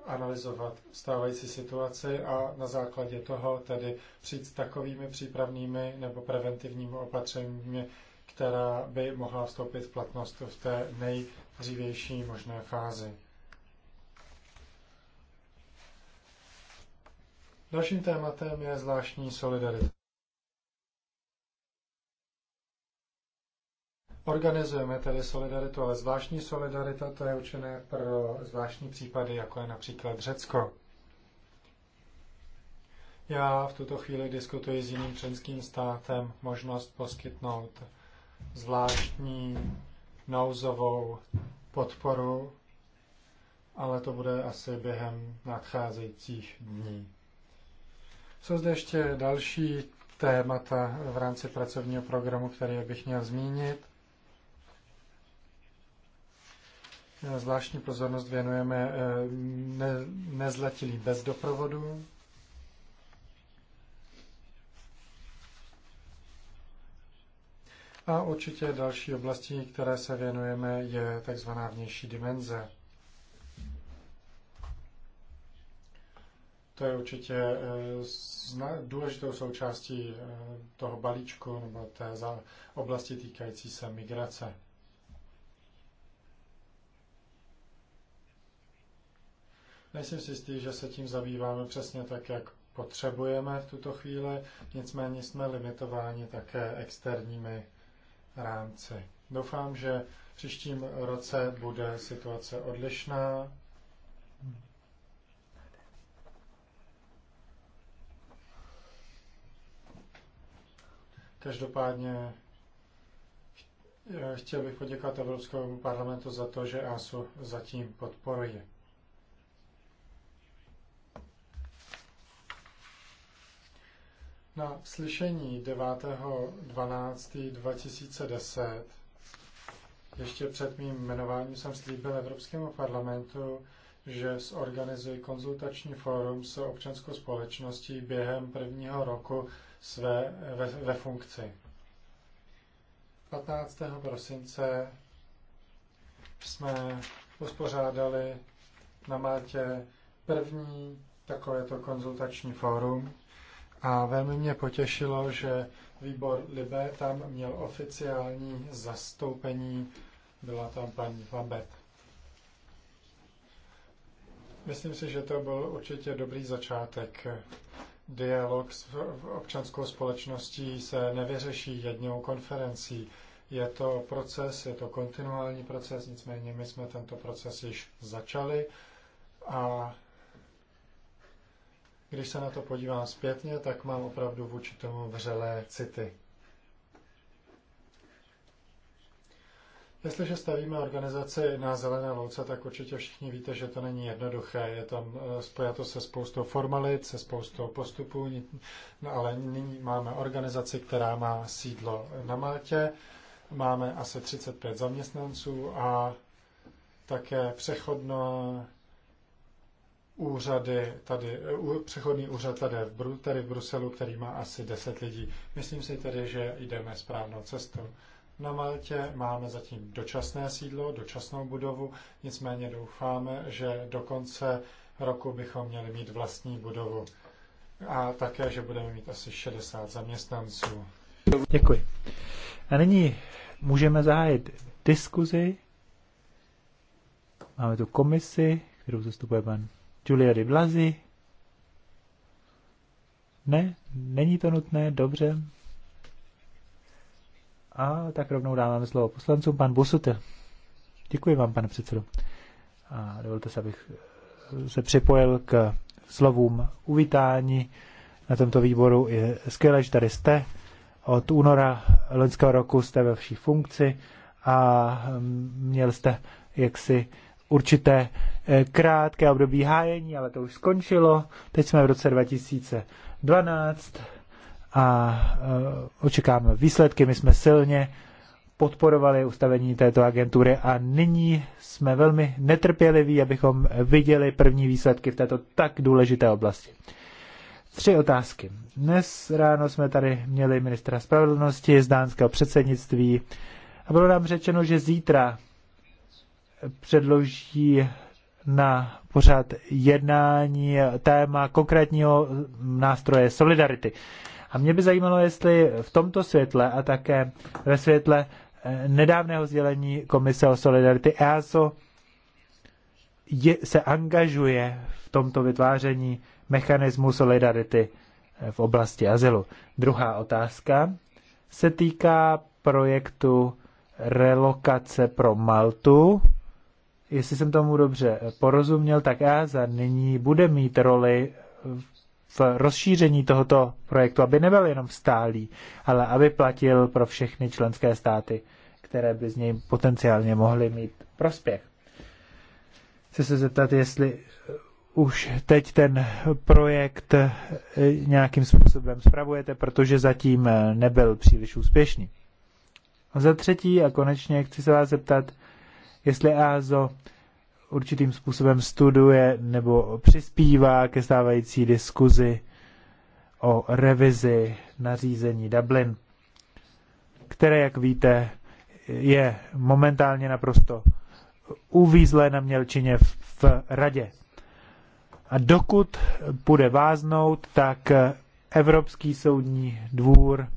analyzovat stávající situaci a na základě toho tedy přijít s takovými přípravnými nebo preventivními opatřeními, která by mohla vstoupit v platnost v té nejdřívější možné fázi. Dalším tématem je zvláštní solidarita. Organizujeme tedy solidaritu, ale zvláštní solidarita to je určené pro zvláštní případy, jako je například Řecko. Já v tuto chvíli diskutuji s jiným členským státem možnost poskytnout zvláštní nouzovou podporu, ale to bude asi během nadcházejících dní. Jsou zde ještě další témata v rámci pracovního programu, které bych měl zmínit. Zvláštní pozornost věnujeme eh, ne, nezletilí bez doprovodu. A určitě další oblastí, které se věnujeme, je takzvaná vnější dimenze. To je určitě eh, důležitou součástí eh, toho balíčku nebo té oblasti týkající se migrace. Nejsem si jistý, že se tím zabýváme přesně tak, jak potřebujeme v tuto chvíli, nicméně jsme limitováni také externími rámci. Doufám, že v příštím roce bude situace odlišná. Každopádně chtěl bych poděkovat Evropskému parlamentu za to, že ASU zatím podporuje. Na slyšení 9.12.2010, ještě před mým jmenováním, jsem slíbil Evropskému parlamentu, že zorganizuji konzultační fórum se občanskou společností během prvního roku své ve, ve funkci. 15. prosince jsme uspořádali na Maltě první takovéto konzultační fórum a velmi mě potěšilo, že výbor Libe tam měl oficiální zastoupení, byla tam paní Labet. Myslím si, že to byl určitě dobrý začátek. Dialog s občanskou společností se nevyřeší jednou konferencí. Je to proces, je to kontinuální proces, nicméně my jsme tento proces již začali a když se na to podívám zpětně, tak mám opravdu vůči tomu vřelé city. Jestliže stavíme organizaci na zelené louce, tak určitě všichni víte, že to není jednoduché. Je tam eh, spojato se spoustou formalit, se spoustou postupů, no ale nyní máme organizaci, která má sídlo na Maltě, máme asi 35 zaměstnanců a také přechodno úřady tady, eh, přechodný úřad tady v, Bru, tady v Bruselu, který má asi 10 lidí. Myslím si tedy, že jdeme správnou cestou. Na Maltě máme zatím dočasné sídlo, dočasnou budovu, nicméně doufáme, že do konce roku bychom měli mít vlastní budovu a také, že budeme mít asi 60 zaměstnanců. Děkuji. A nyní můžeme zahájit diskuzi. Máme tu komisi, kterou zastupuje pan Julia de Blasi? Ne, není to nutné, dobře. A tak rovnou dávám slovo poslancům, pan Busute. Děkuji vám, pane předsedo. A dovolte se, abych se připojil k slovům uvítání na tomto výboru. Je skvělé, že tady jste. Od února loňského roku jste ve vší funkci a měl jste jaksi určité eh, krátké období hájení, ale to už skončilo. Teď jsme v roce 2012 a eh, očekáváme výsledky. My jsme silně podporovali ustavení této agentury a nyní jsme velmi netrpěliví, abychom viděli první výsledky v této tak důležité oblasti. Tři otázky. Dnes ráno jsme tady měli ministra spravedlnosti z dánského předsednictví a bylo nám řečeno, že zítra předloží na pořád jednání téma konkrétního nástroje solidarity. A mě by zajímalo, jestli v tomto světle a také ve světle eh, nedávného sdělení Komise o solidarity EASO je, se angažuje v tomto vytváření mechanismu solidarity eh, v oblasti azylu. Druhá otázka se týká projektu relokace pro Maltu jestli jsem tomu dobře porozuměl, tak EASA nyní bude mít roli v rozšíření tohoto projektu, aby nebyl jenom stálý, ale aby platil pro všechny členské státy, které by z něj potenciálně mohly mít prospěch. Chci se zeptat, jestli už teď ten projekt nějakým způsobem spravujete, protože zatím nebyl příliš úspěšný. A za třetí a konečně chci se vás zeptat, jestli EASO určitým způsobem studuje nebo přispívá ke stávající diskuzi o revizi nařízení Dublin, které, jak víte, je momentálně naprosto uvízlé na mělčině v, v radě. A dokud bude váznout, tak Evropský soudní dvůr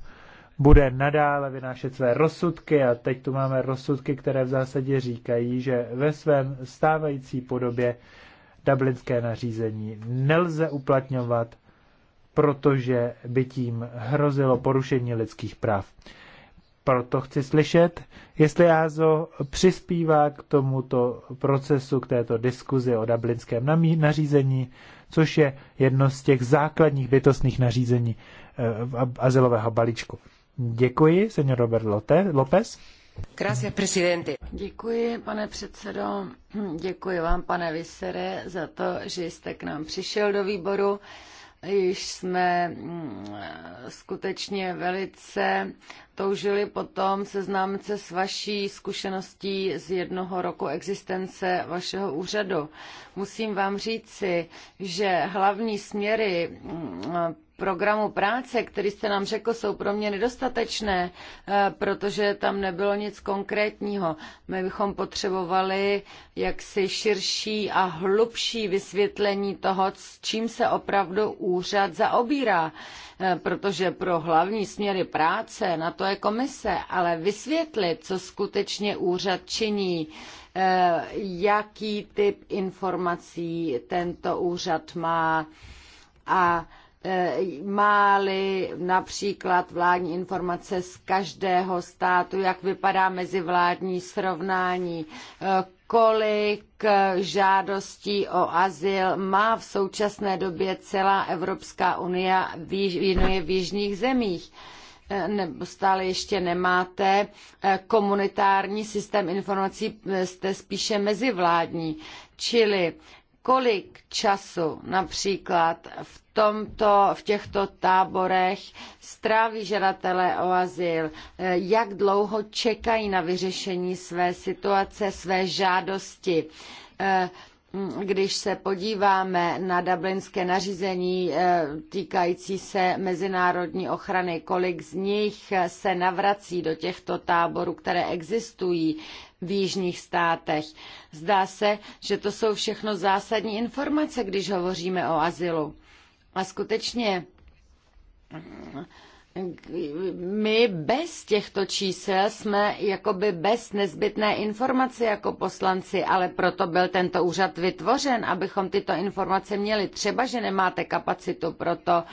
bude nadále vynášet své rozsudky a teď tu máme rozsudky, které v zásadě říkají, že ve svém stávající podobě dublinské nařízení nelze uplatňovat, protože by tím hrozilo porušení lidských práv. Proto chci slyšet, jestli Jázo přispívá k tomuto procesu, k této diskuzi o dublinském nařízení, což je jedno z těch základních bytostných nařízení eh, azylového balíčku. Děkuji, senior Robert Lote, López. Gracias, presidente. Děkuji, pane předsedo. Děkuji vám, pane Visere, za to, že jste k nám přišel do výboru. Již jsme mm, skutečně velice toužili potom seznámit se s vaší zkušeností z jednoho roku existence vašeho úřadu. Musím vám říci, že hlavní směry mm, programu práce, který jste nám řekl, jsou pro mě nedostatečné, eh, protože tam nebylo nic konkrétního. My bychom potřebovali jaksi širší a hlubší vysvětlení toho, s čím se opravdu úřad zaobírá, eh, protože pro hlavní směry práce na to je komise, ale vysvětlit, co skutečně úřad činí, eh, jaký typ informací tento úřad má a máli například vládní informace z každého státu, jak vypadá mezivládní srovnání, kolik žádostí o azyl má v současné době celá Evropská unie věnuje v jižních zemích e, nebo stále ještě nemáte e, komunitární systém informací, e, jste spíše mezivládní. Čili kolik času například v tomto, v těchto táborech stráví žadatelé o azyl, jak dlouho čekají na vyřešení své situace, své žádosti. Eh, když se podíváme na dublinské nařízení eh, týkající se mezinárodní ochrany, kolik z nich se navrací do těchto táborů, které existují v jižních státech. Zdá se, že to jsou všechno zásadní informace, když hovoříme o azylu. A skutečně my bez těchto čísel jsme jakoby bez nezbytné informace jako poslanci, ale proto byl tento úřad vytvořen, abychom tyto informace měli. Třeba, že nemáte kapacitu pro to,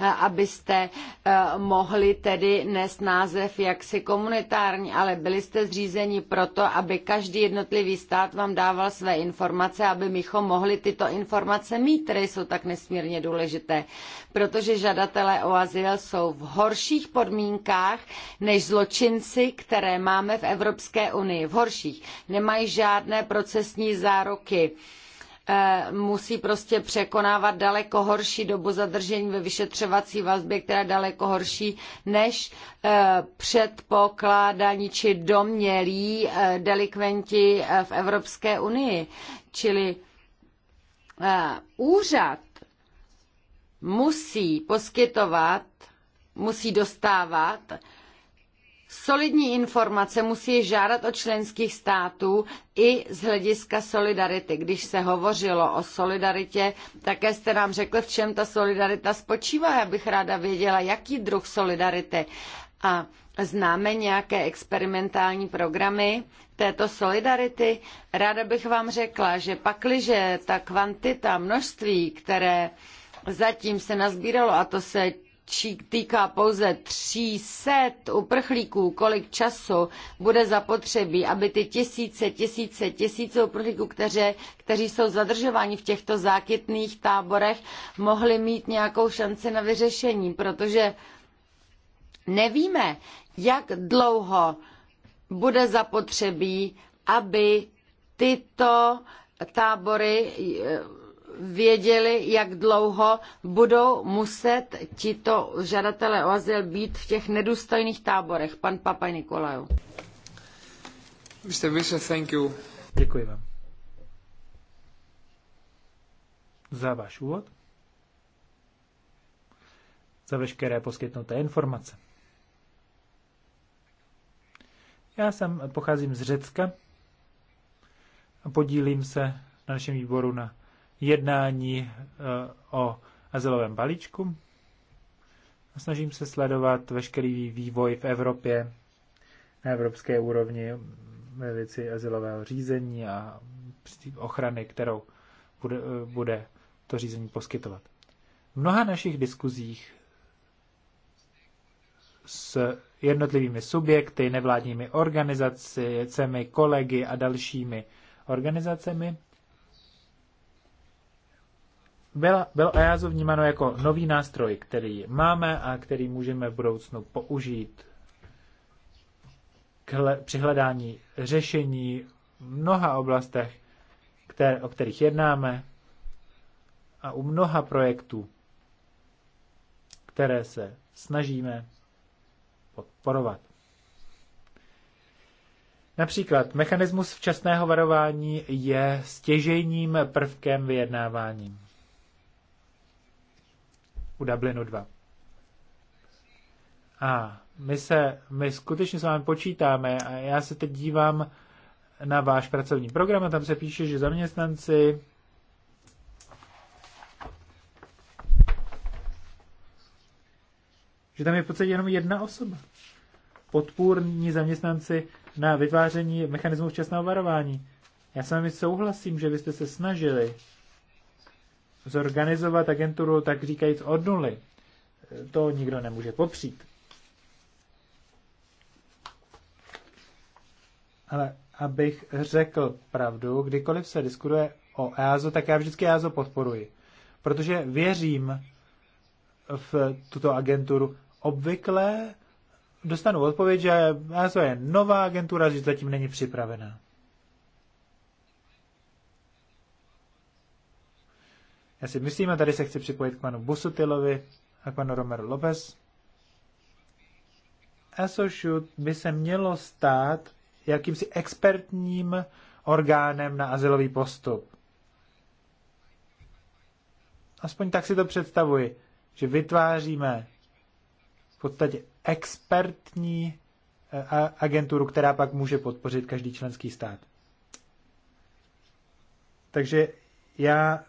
eh, abyste eh, mohli tedy nést název jaksi komunitární, ale byli jste zřízeni proto, aby každý jednotlivý stát vám dával své informace, aby mychom mohli tyto informace mít, které jsou tak nesmírně důležité, protože žadatelé o azyl jsou vhodní horších podmínkách než zločinci, které máme v Evropské unii. V horších. Nemají žádné procesní zároky eh, musí prostě překonávat daleko horší dobu zadržení ve vyšetřovací vazbě, která je daleko horší než eh, předpokládání či domnělí eh, delikventi v Evropské unii. Čili úřad musí poskytovat musí dostávat solidní informace musí žádat od členských států i z hlediska solidarity. Když se hovořilo o solidaritě, také jste nám řekl, v čem ta solidarita spočívá. Já bych ráda věděla, jaký druh solidarity. A známe nějaké experimentální programy této solidarity. Ráda bych vám řekla, že pakliže ta kvantita, množství, které zatím se nazbíralo, a to se týká pouze 300 uprchlíků, kolik času bude zapotřebí, aby ty tisíce, tisíce, tisíce uprchlíků, kteří, kteří jsou zadržováni v těchto zákytných táborech, mohli mít nějakou šanci na vyřešení, protože nevíme, jak dlouho bude zapotřebí, aby tyto tábory eh, věděli, jak dlouho budou muset tito žadatelé o azyl být v těch nedůstojných táborech. Pan Papa Nikolaju. Mr. Vise, thank you. Děkuji vám. Za váš úvod. Za veškeré poskytnuté informace. Já jsem pocházím z Řecka a podílím se na našem výboru na jednání eh, o azylovém balíčku. Snažím se sledovat veškerý vývoj v Evropě, na evropské úrovni ve věci azylového řízení a ochrany, kterou bude, eh, bude to řízení poskytovat. V mnoha našich diskuzích s jednotlivými subjekty, nevládními organizacemi, kolegy a dalšími organizacemi bylo, bylo EASO vnímáno jako nový nástroj, který máme a který můžeme v budoucnu použít k hle, při hledání řešení v mnoha oblastech, které, o kterých jednáme a u mnoha projektů, které se snažíme podporovat. Například mechanismus včasného varování je stěžejním prvkem vyjednávání u Dublinu 2. A my se, my skutečně s vámi počítáme a já se teď dívám na váš pracovní program a tam se píše, že zaměstnanci že tam je v podstatě jenom jedna osoba. Podpůrní zaměstnanci na vytváření mechanismu včasného varování. Já s vámi souhlasím, že jste se snažili zorganizovat agenturu, tak říkajíc, od nuly. To nikdo nemůže popřít. Ale abych řekl pravdu, kdykoliv se diskutuje o EASO, tak já vždycky EASO podporuji. Protože věřím v tuto agenturu. Obvykle dostanu odpověď, že EASO je nová agentura, že zatím není připravená. Já si myslím, a tady se chci připojit k panu Busutilovi a k panu Romero Lopez, Asošut by se mělo stát jakýmsi expertním orgánem na azylový postup. Aspoň tak si to představuji, že vytváříme v podstatě expertní eh, agenturu, která pak může podpořit každý členský stát. Takže já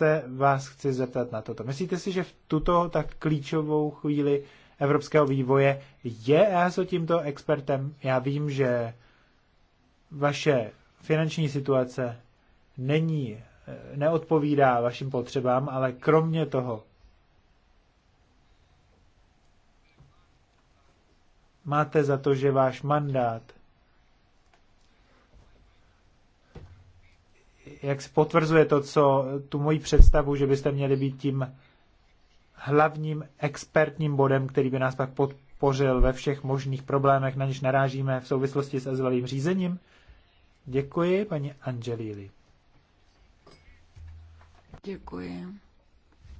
se vás chci zeptat na toto. Myslíte si, že v tuto tak klíčovou chvíli evropského vývoje je EASO tímto expertem? Já vím, že vaše finanční situace není, eh, neodpovídá vašim potřebám, ale kromě toho, máte za to, že váš mandát jak se potvrzuje to, co tu moji představu, že byste měli být tím hlavním expertním bodem, který by nás pak podpořil ve všech možných problémech, na něž narážíme v souvislosti s azylovým řízením. Děkuji, paní Angelili. Děkuji,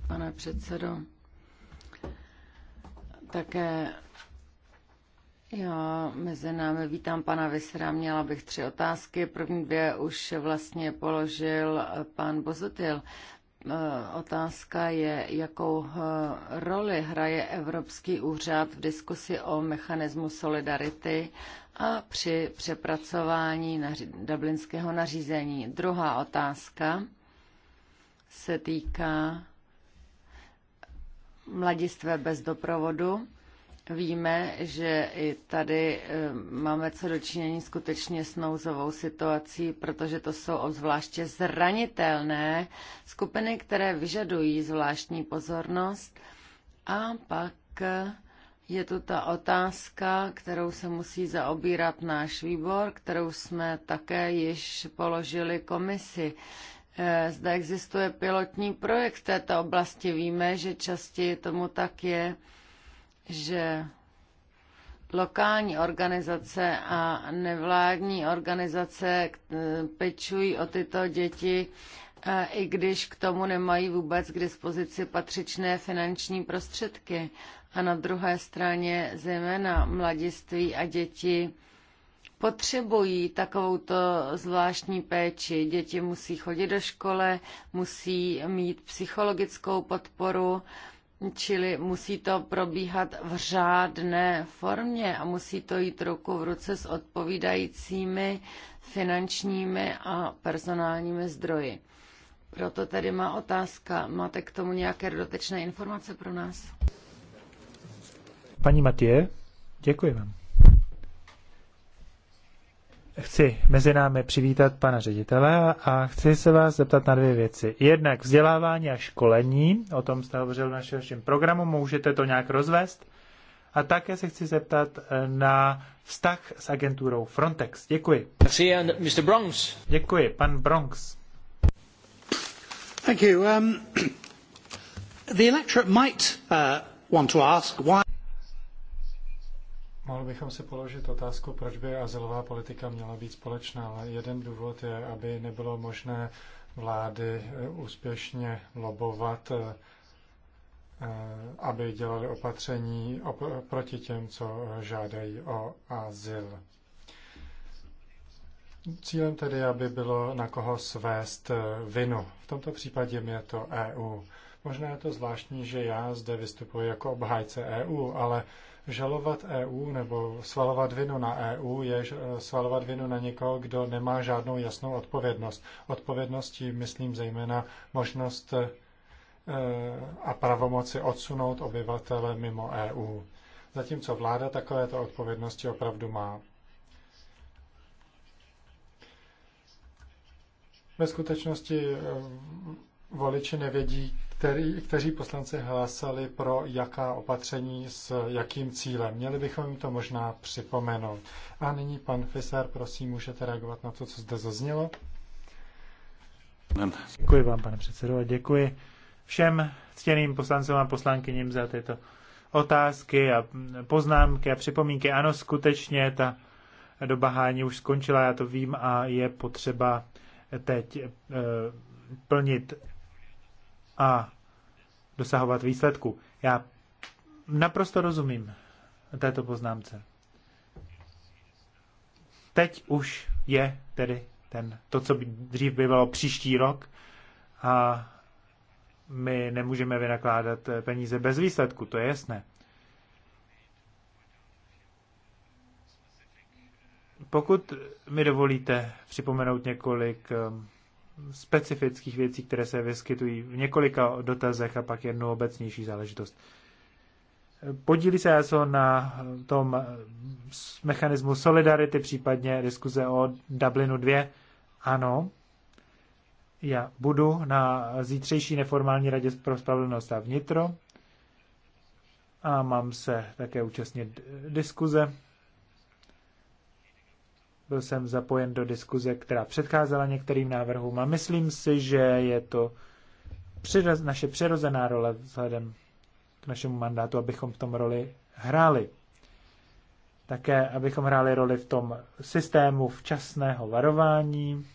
pane předsedo. Také já mezi námi vítám pana Vysra. Měla bych tři otázky. První dvě už vlastně položil eh, pan Bozutil. Eh, otázka je, jakou eh, roli hraje Evropský úřad v diskusi o mechanismu solidarity a při přepracování dublinského nařízení. Druhá otázka se týká mladistvé bez doprovodu Víme, že i tady eh, máme co dočinění skutečně s nouzovou situací, protože to jsou obzvláště zranitelné skupiny, které vyžadují zvláštní pozornost. A pak eh, je tu ta otázka, kterou se musí zaobírat náš výbor, kterou jsme také již položili komisi. Eh, Zde existuje pilotní projekt v této oblasti. Víme, že častěji tomu tak je že lokální organizace a nevládní organizace eh, pečují o tyto děti, eh, i když k tomu nemají vůbec k dispozici patřičné finanční prostředky. A na druhé straně zejména mladiství a děti potřebují takovouto zvláštní péči. Děti musí chodit do škole, musí mít psychologickou podporu, Čili musí to probíhat v řádné formě a musí to jít ruku v ruce s odpovídajícími finančními a personálními zdroji. Proto tedy má otázka. Máte k tomu nějaké dodatečné informace pro nás? Paní Matěje, děkuji vám chci mezi námi přivítat pana ředitele a chci se vás zeptat na dvě věci. Jednak vzdělávání a školení, o tom jste hovořil v našem programu, můžete to nějak rozvést? A také se chci zeptat eh, na vztah s agenturou Frontex. Děkuji. Mr. Bronx. Děkuji, pan Bronx. Thank you. Um, the electorate might uh, want to ask why mohli bychom si položit otázku, proč by azylová politika měla být společná, ale jeden důvod je, aby nebylo možné vlády eh, úspěšně lobovat, eh, eh, aby dělali opatření proti těm, co žádají o azyl. Cílem tedy, aby bylo na koho svést vinu. V tomto případě je to EU. Možná je to zvláštní, že já zde vystupuji jako obhájce EU, ale Žalovat EU nebo svalovat vinu na EU je eh, svalovat vinu na někoho, kdo nemá žádnou jasnou odpovědnost. Odpovědností myslím zejména možnost eh, a pravomoci odsunout obyvatele mimo EU. Zatímco vláda takovéto odpovědnosti opravdu má. Ve skutečnosti eh, voliči nevědí, který, kteří poslanci hlásali pro jaká opatření s jakým cílem. Měli bychom jim to možná připomenout. A nyní pan Fisar, prosím, můžete reagovat na to, co zde zaznělo. Děkuji vám, pane předsedo, a děkuji všem ctěným poslancům a poslankyním za tyto otázky a poznámky a připomínky. Ano, skutečně ta doba hání už skončila, já to vím, a je potřeba teď eh, plnit a dosahovat výsledku. Já naprosto rozumím této poznámce. Teď už je tedy ten, to, co by dřív bývalo příští rok a my nemůžeme vynakládat peníze bez výsledku, to je jasné. Pokud mi dovolíte připomenout několik um, specifických věcí, které se vyskytují v několika dotazech a pak jednu obecnější záležitost. Podílí se ESO na tom mechanismu solidarity, případně diskuze o Dublinu 2? Ano. Já budu na zítřejší neformální radě pro spravedlnost a vnitro a mám se také účastnit diskuze byl jsem zapojen do diskuze, která předcházela některým návrhům a myslím si, že je to přiroz, naše přirozená role vzhledem k našemu mandátu, abychom v tom roli hráli. Také, abychom hráli roli v tom systému včasného varování.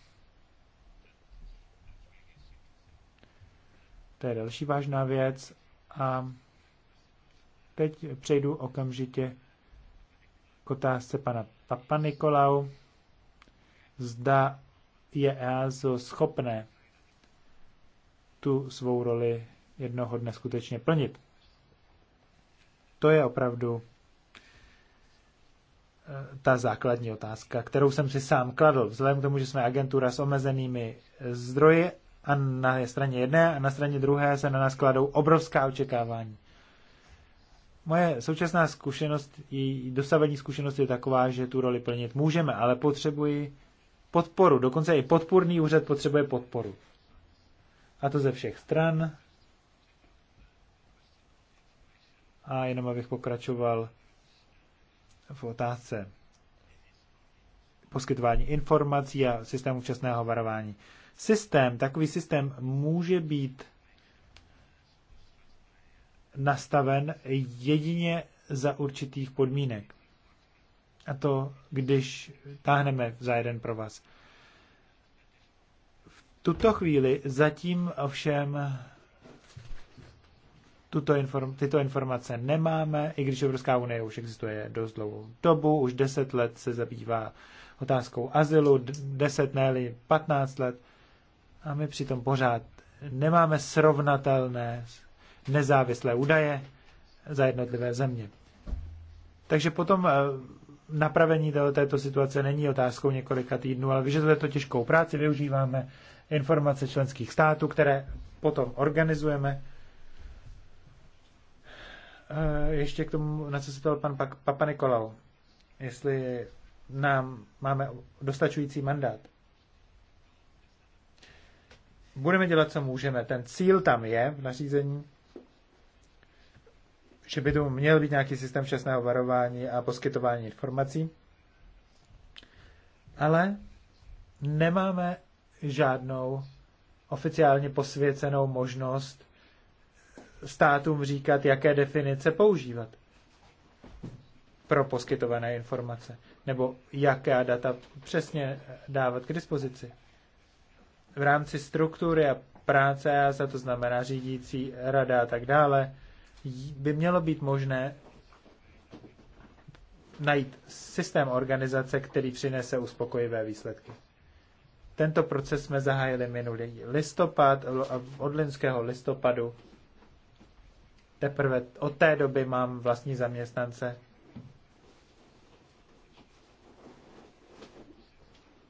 To je další vážná věc. A teď přejdu okamžitě k otázce pana Papa Nikolau zda je EASO schopné tu svou roli jednoho dne skutečně plnit. To je opravdu eh, ta základní otázka, kterou jsem si sám kladl, vzhledem k tomu, že jsme agentura s omezenými zdroji a na straně jedné a na straně druhé se na nás kladou obrovská očekávání. Moje současná zkušenost, i dosavadní zkušenost je taková, že tu roli plnit můžeme, ale potřebuji podporu. Dokonce i podpůrný úřad potřebuje podporu. A to ze všech stran. A jenom abych pokračoval v otázce poskytování informací a systému včasného varování. Systém, takový systém může být nastaven jedině za určitých podmínek. A to, když táhneme za jeden pro vás. V tuto chvíli zatím ovšem tuto inform, tyto informace nemáme, i když Evropská unie už existuje dost dlouhou dobu, už 10 let se zabývá otázkou azylu, 10 ne 15 let, a my přitom pořád nemáme srovnatelné nezávislé údaje za jednotlivé země. Takže potom eh, napravení této situace není otázkou několika týdnů, ale vyžaduje to těžkou práci. Využíváme informace členských států, které potom organizujeme. Eh, ještě k tomu, na co se ptal pan Papa Nikolau. Jestli nám máme dostačující mandát. Budeme dělat, co můžeme. Ten cíl tam je v nařízení že by tu měl být nějaký systém včasného varování a poskytování informací, ale nemáme žádnou oficiálně posvěcenou možnost státům říkat, jaké definice používat pro poskytované informace, nebo jaká data přesně dávat k dispozici. V rámci struktury a práce za to znamená řídící rada a tak dále, by mělo být možné najít systém organizace, který přinese uspokojivé výsledky. Tento proces jsme zahájili minulý listopad, od linského listopadu. Teprve od té doby mám vlastní zaměstnance.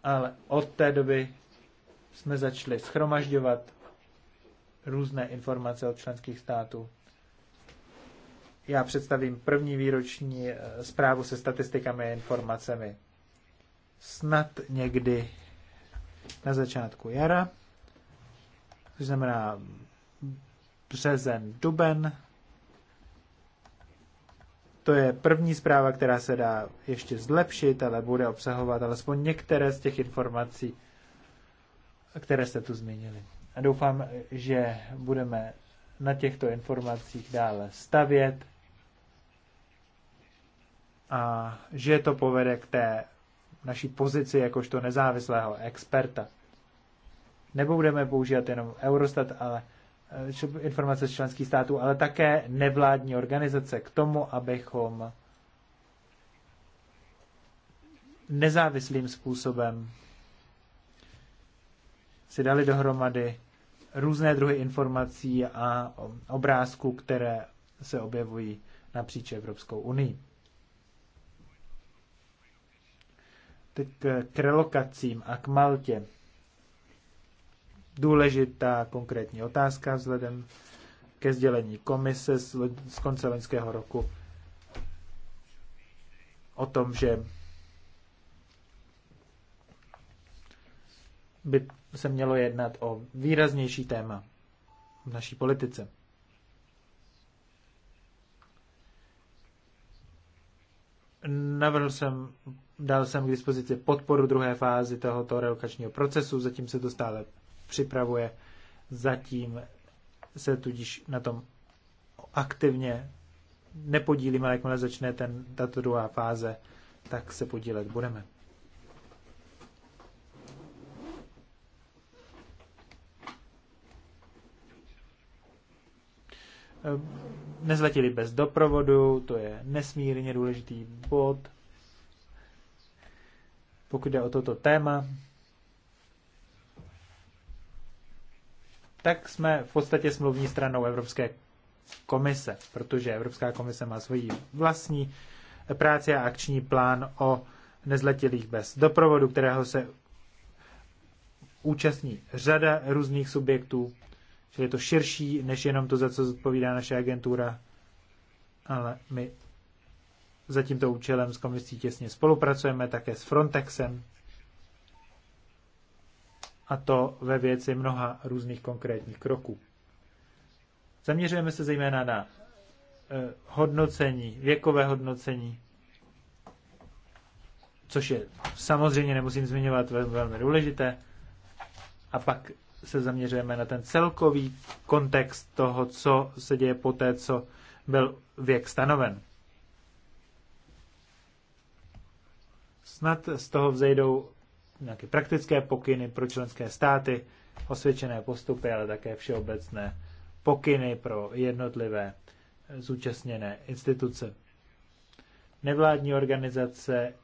Ale od té doby jsme začali schromažďovat různé informace od členských států já představím první výroční eh, zprávu se statistikami a informacemi. Snad někdy na začátku jara, což znamená březen, duben. To je první zpráva, která se dá ještě zlepšit, ale bude obsahovat alespoň některé z těch informací, které jste tu zmínili. A doufám, že budeme na těchto informacích dále stavět a že to povede k té naší pozici jakožto nezávislého experta. Nebudeme používat jenom Eurostat, ale eh, informace z členských států, ale také nevládní organizace k tomu, abychom nezávislým způsobem si dali dohromady různé druhy informací a obrázků, které se objevují napříč Evropskou unii. Teď k relokacím a k Maltě. Důležitá konkrétní otázka vzhledem ke sdělení komise z konce loňského roku o tom, že by se mělo jednat o výraznější téma v naší politice. Navrhl jsem dal jsem k dispozici podporu druhé fázi tohoto relokačního procesu, zatím se to stále připravuje, zatím se tudíž na tom aktivně nepodílím, ale jakmile začne ten, tato druhá fáze, tak se podílet budeme. Ehm, Nezletili bez doprovodu, to je nesmírně důležitý bod pokud jde o toto téma, tak jsme v podstatě smluvní stranou Evropské komise, protože Evropská komise má svoji vlastní práci a akční plán o nezletilých bez doprovodu, kterého se účastní řada různých subjektů, čili je to širší než jenom to, za co zodpovídá naše agentura, ale my za tímto účelem s komisí těsně spolupracujeme také s Frontexem a to ve věci mnoha různých konkrétních kroků. Zaměřujeme se zejména na eh, hodnocení, věkové hodnocení, což je samozřejmě, nemusím zmiňovat, velmi důležité. A pak se zaměřujeme na ten celkový kontext toho, co se děje po té, co byl věk stanoven. Snad z toho vzejdou nějaké praktické pokyny pro členské státy, osvědčené postupy, ale také všeobecné pokyny pro jednotlivé zúčastněné instituce. Nevládní organizace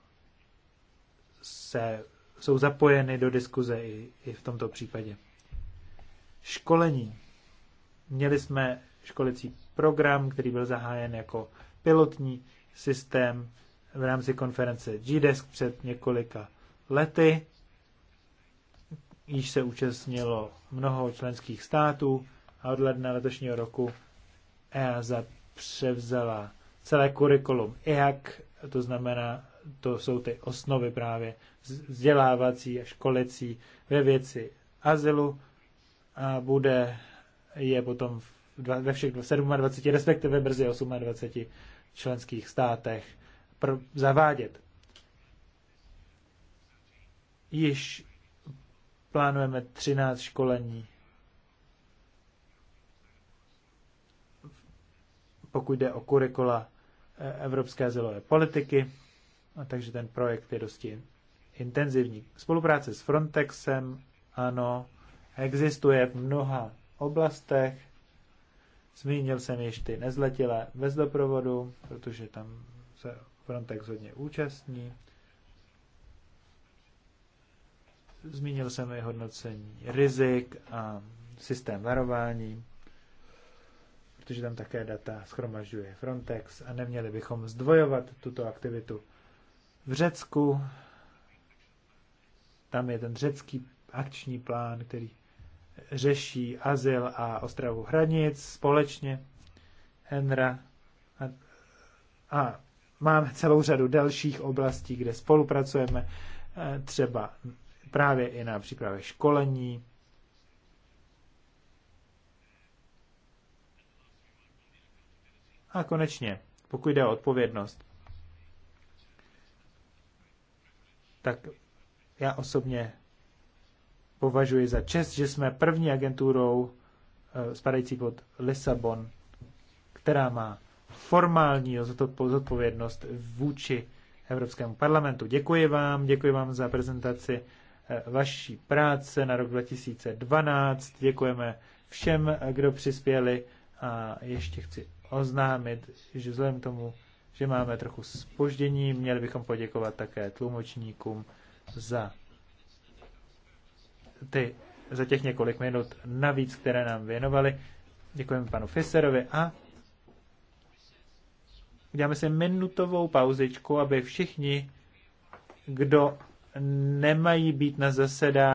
se, jsou zapojeny do diskuze i, i v tomto případě. Školení. Měli jsme školicí program, který byl zahájen jako pilotní systém v rámci konference GDESK před několika lety. Již se účastnilo mnoho členských států a od ledna letošního roku EASA převzala celé kurikulum EAC, to znamená, to jsou ty osnovy právě vzdělávací a školecí ve věci azylu a bude je potom ve všech 27, respektive brzy 28 členských státech pr- zavádět. Již plánujeme 13 školení. Pokud jde o kurikula e, evropské zelové politiky, a takže ten projekt je dosti intenzivní. Spolupráce s Frontexem, ano, existuje v mnoha oblastech. Zmínil jsem ještě ty nezletilé bez doprovodu, protože tam se Frontex hodně účastní. Zmínil jsem i hodnocení rizik a systém varování, protože tam také data schromažďuje Frontex a neměli bychom zdvojovat tuto aktivitu. V Řecku tam je ten řecký akční plán, který řeší azyl a ostravu hranic společně. Enra a, a Máme celou řadu dalších oblastí, kde spolupracujeme, eh, třeba právě i na přípravě školení. A konečně, pokud jde o odpovědnost, tak já osobně považuji za čest, že jsme první agenturou eh, spadající pod Lisabon, která má formální zodpovědnost vůči Evropskému parlamentu. Děkuji vám, děkuji vám za prezentaci eh, vaší práce na rok 2012. Děkujeme všem, eh, kdo přispěli a ještě chci oznámit, že vzhledem tomu, že máme trochu spoždění, měli bychom poděkovat také tlumočníkům za ty za těch několik minut navíc, které nám věnovali. Děkujeme panu Fisserovi a Uděláme si minutovou pauzičku, aby všichni, kdo nemají být na zasedání,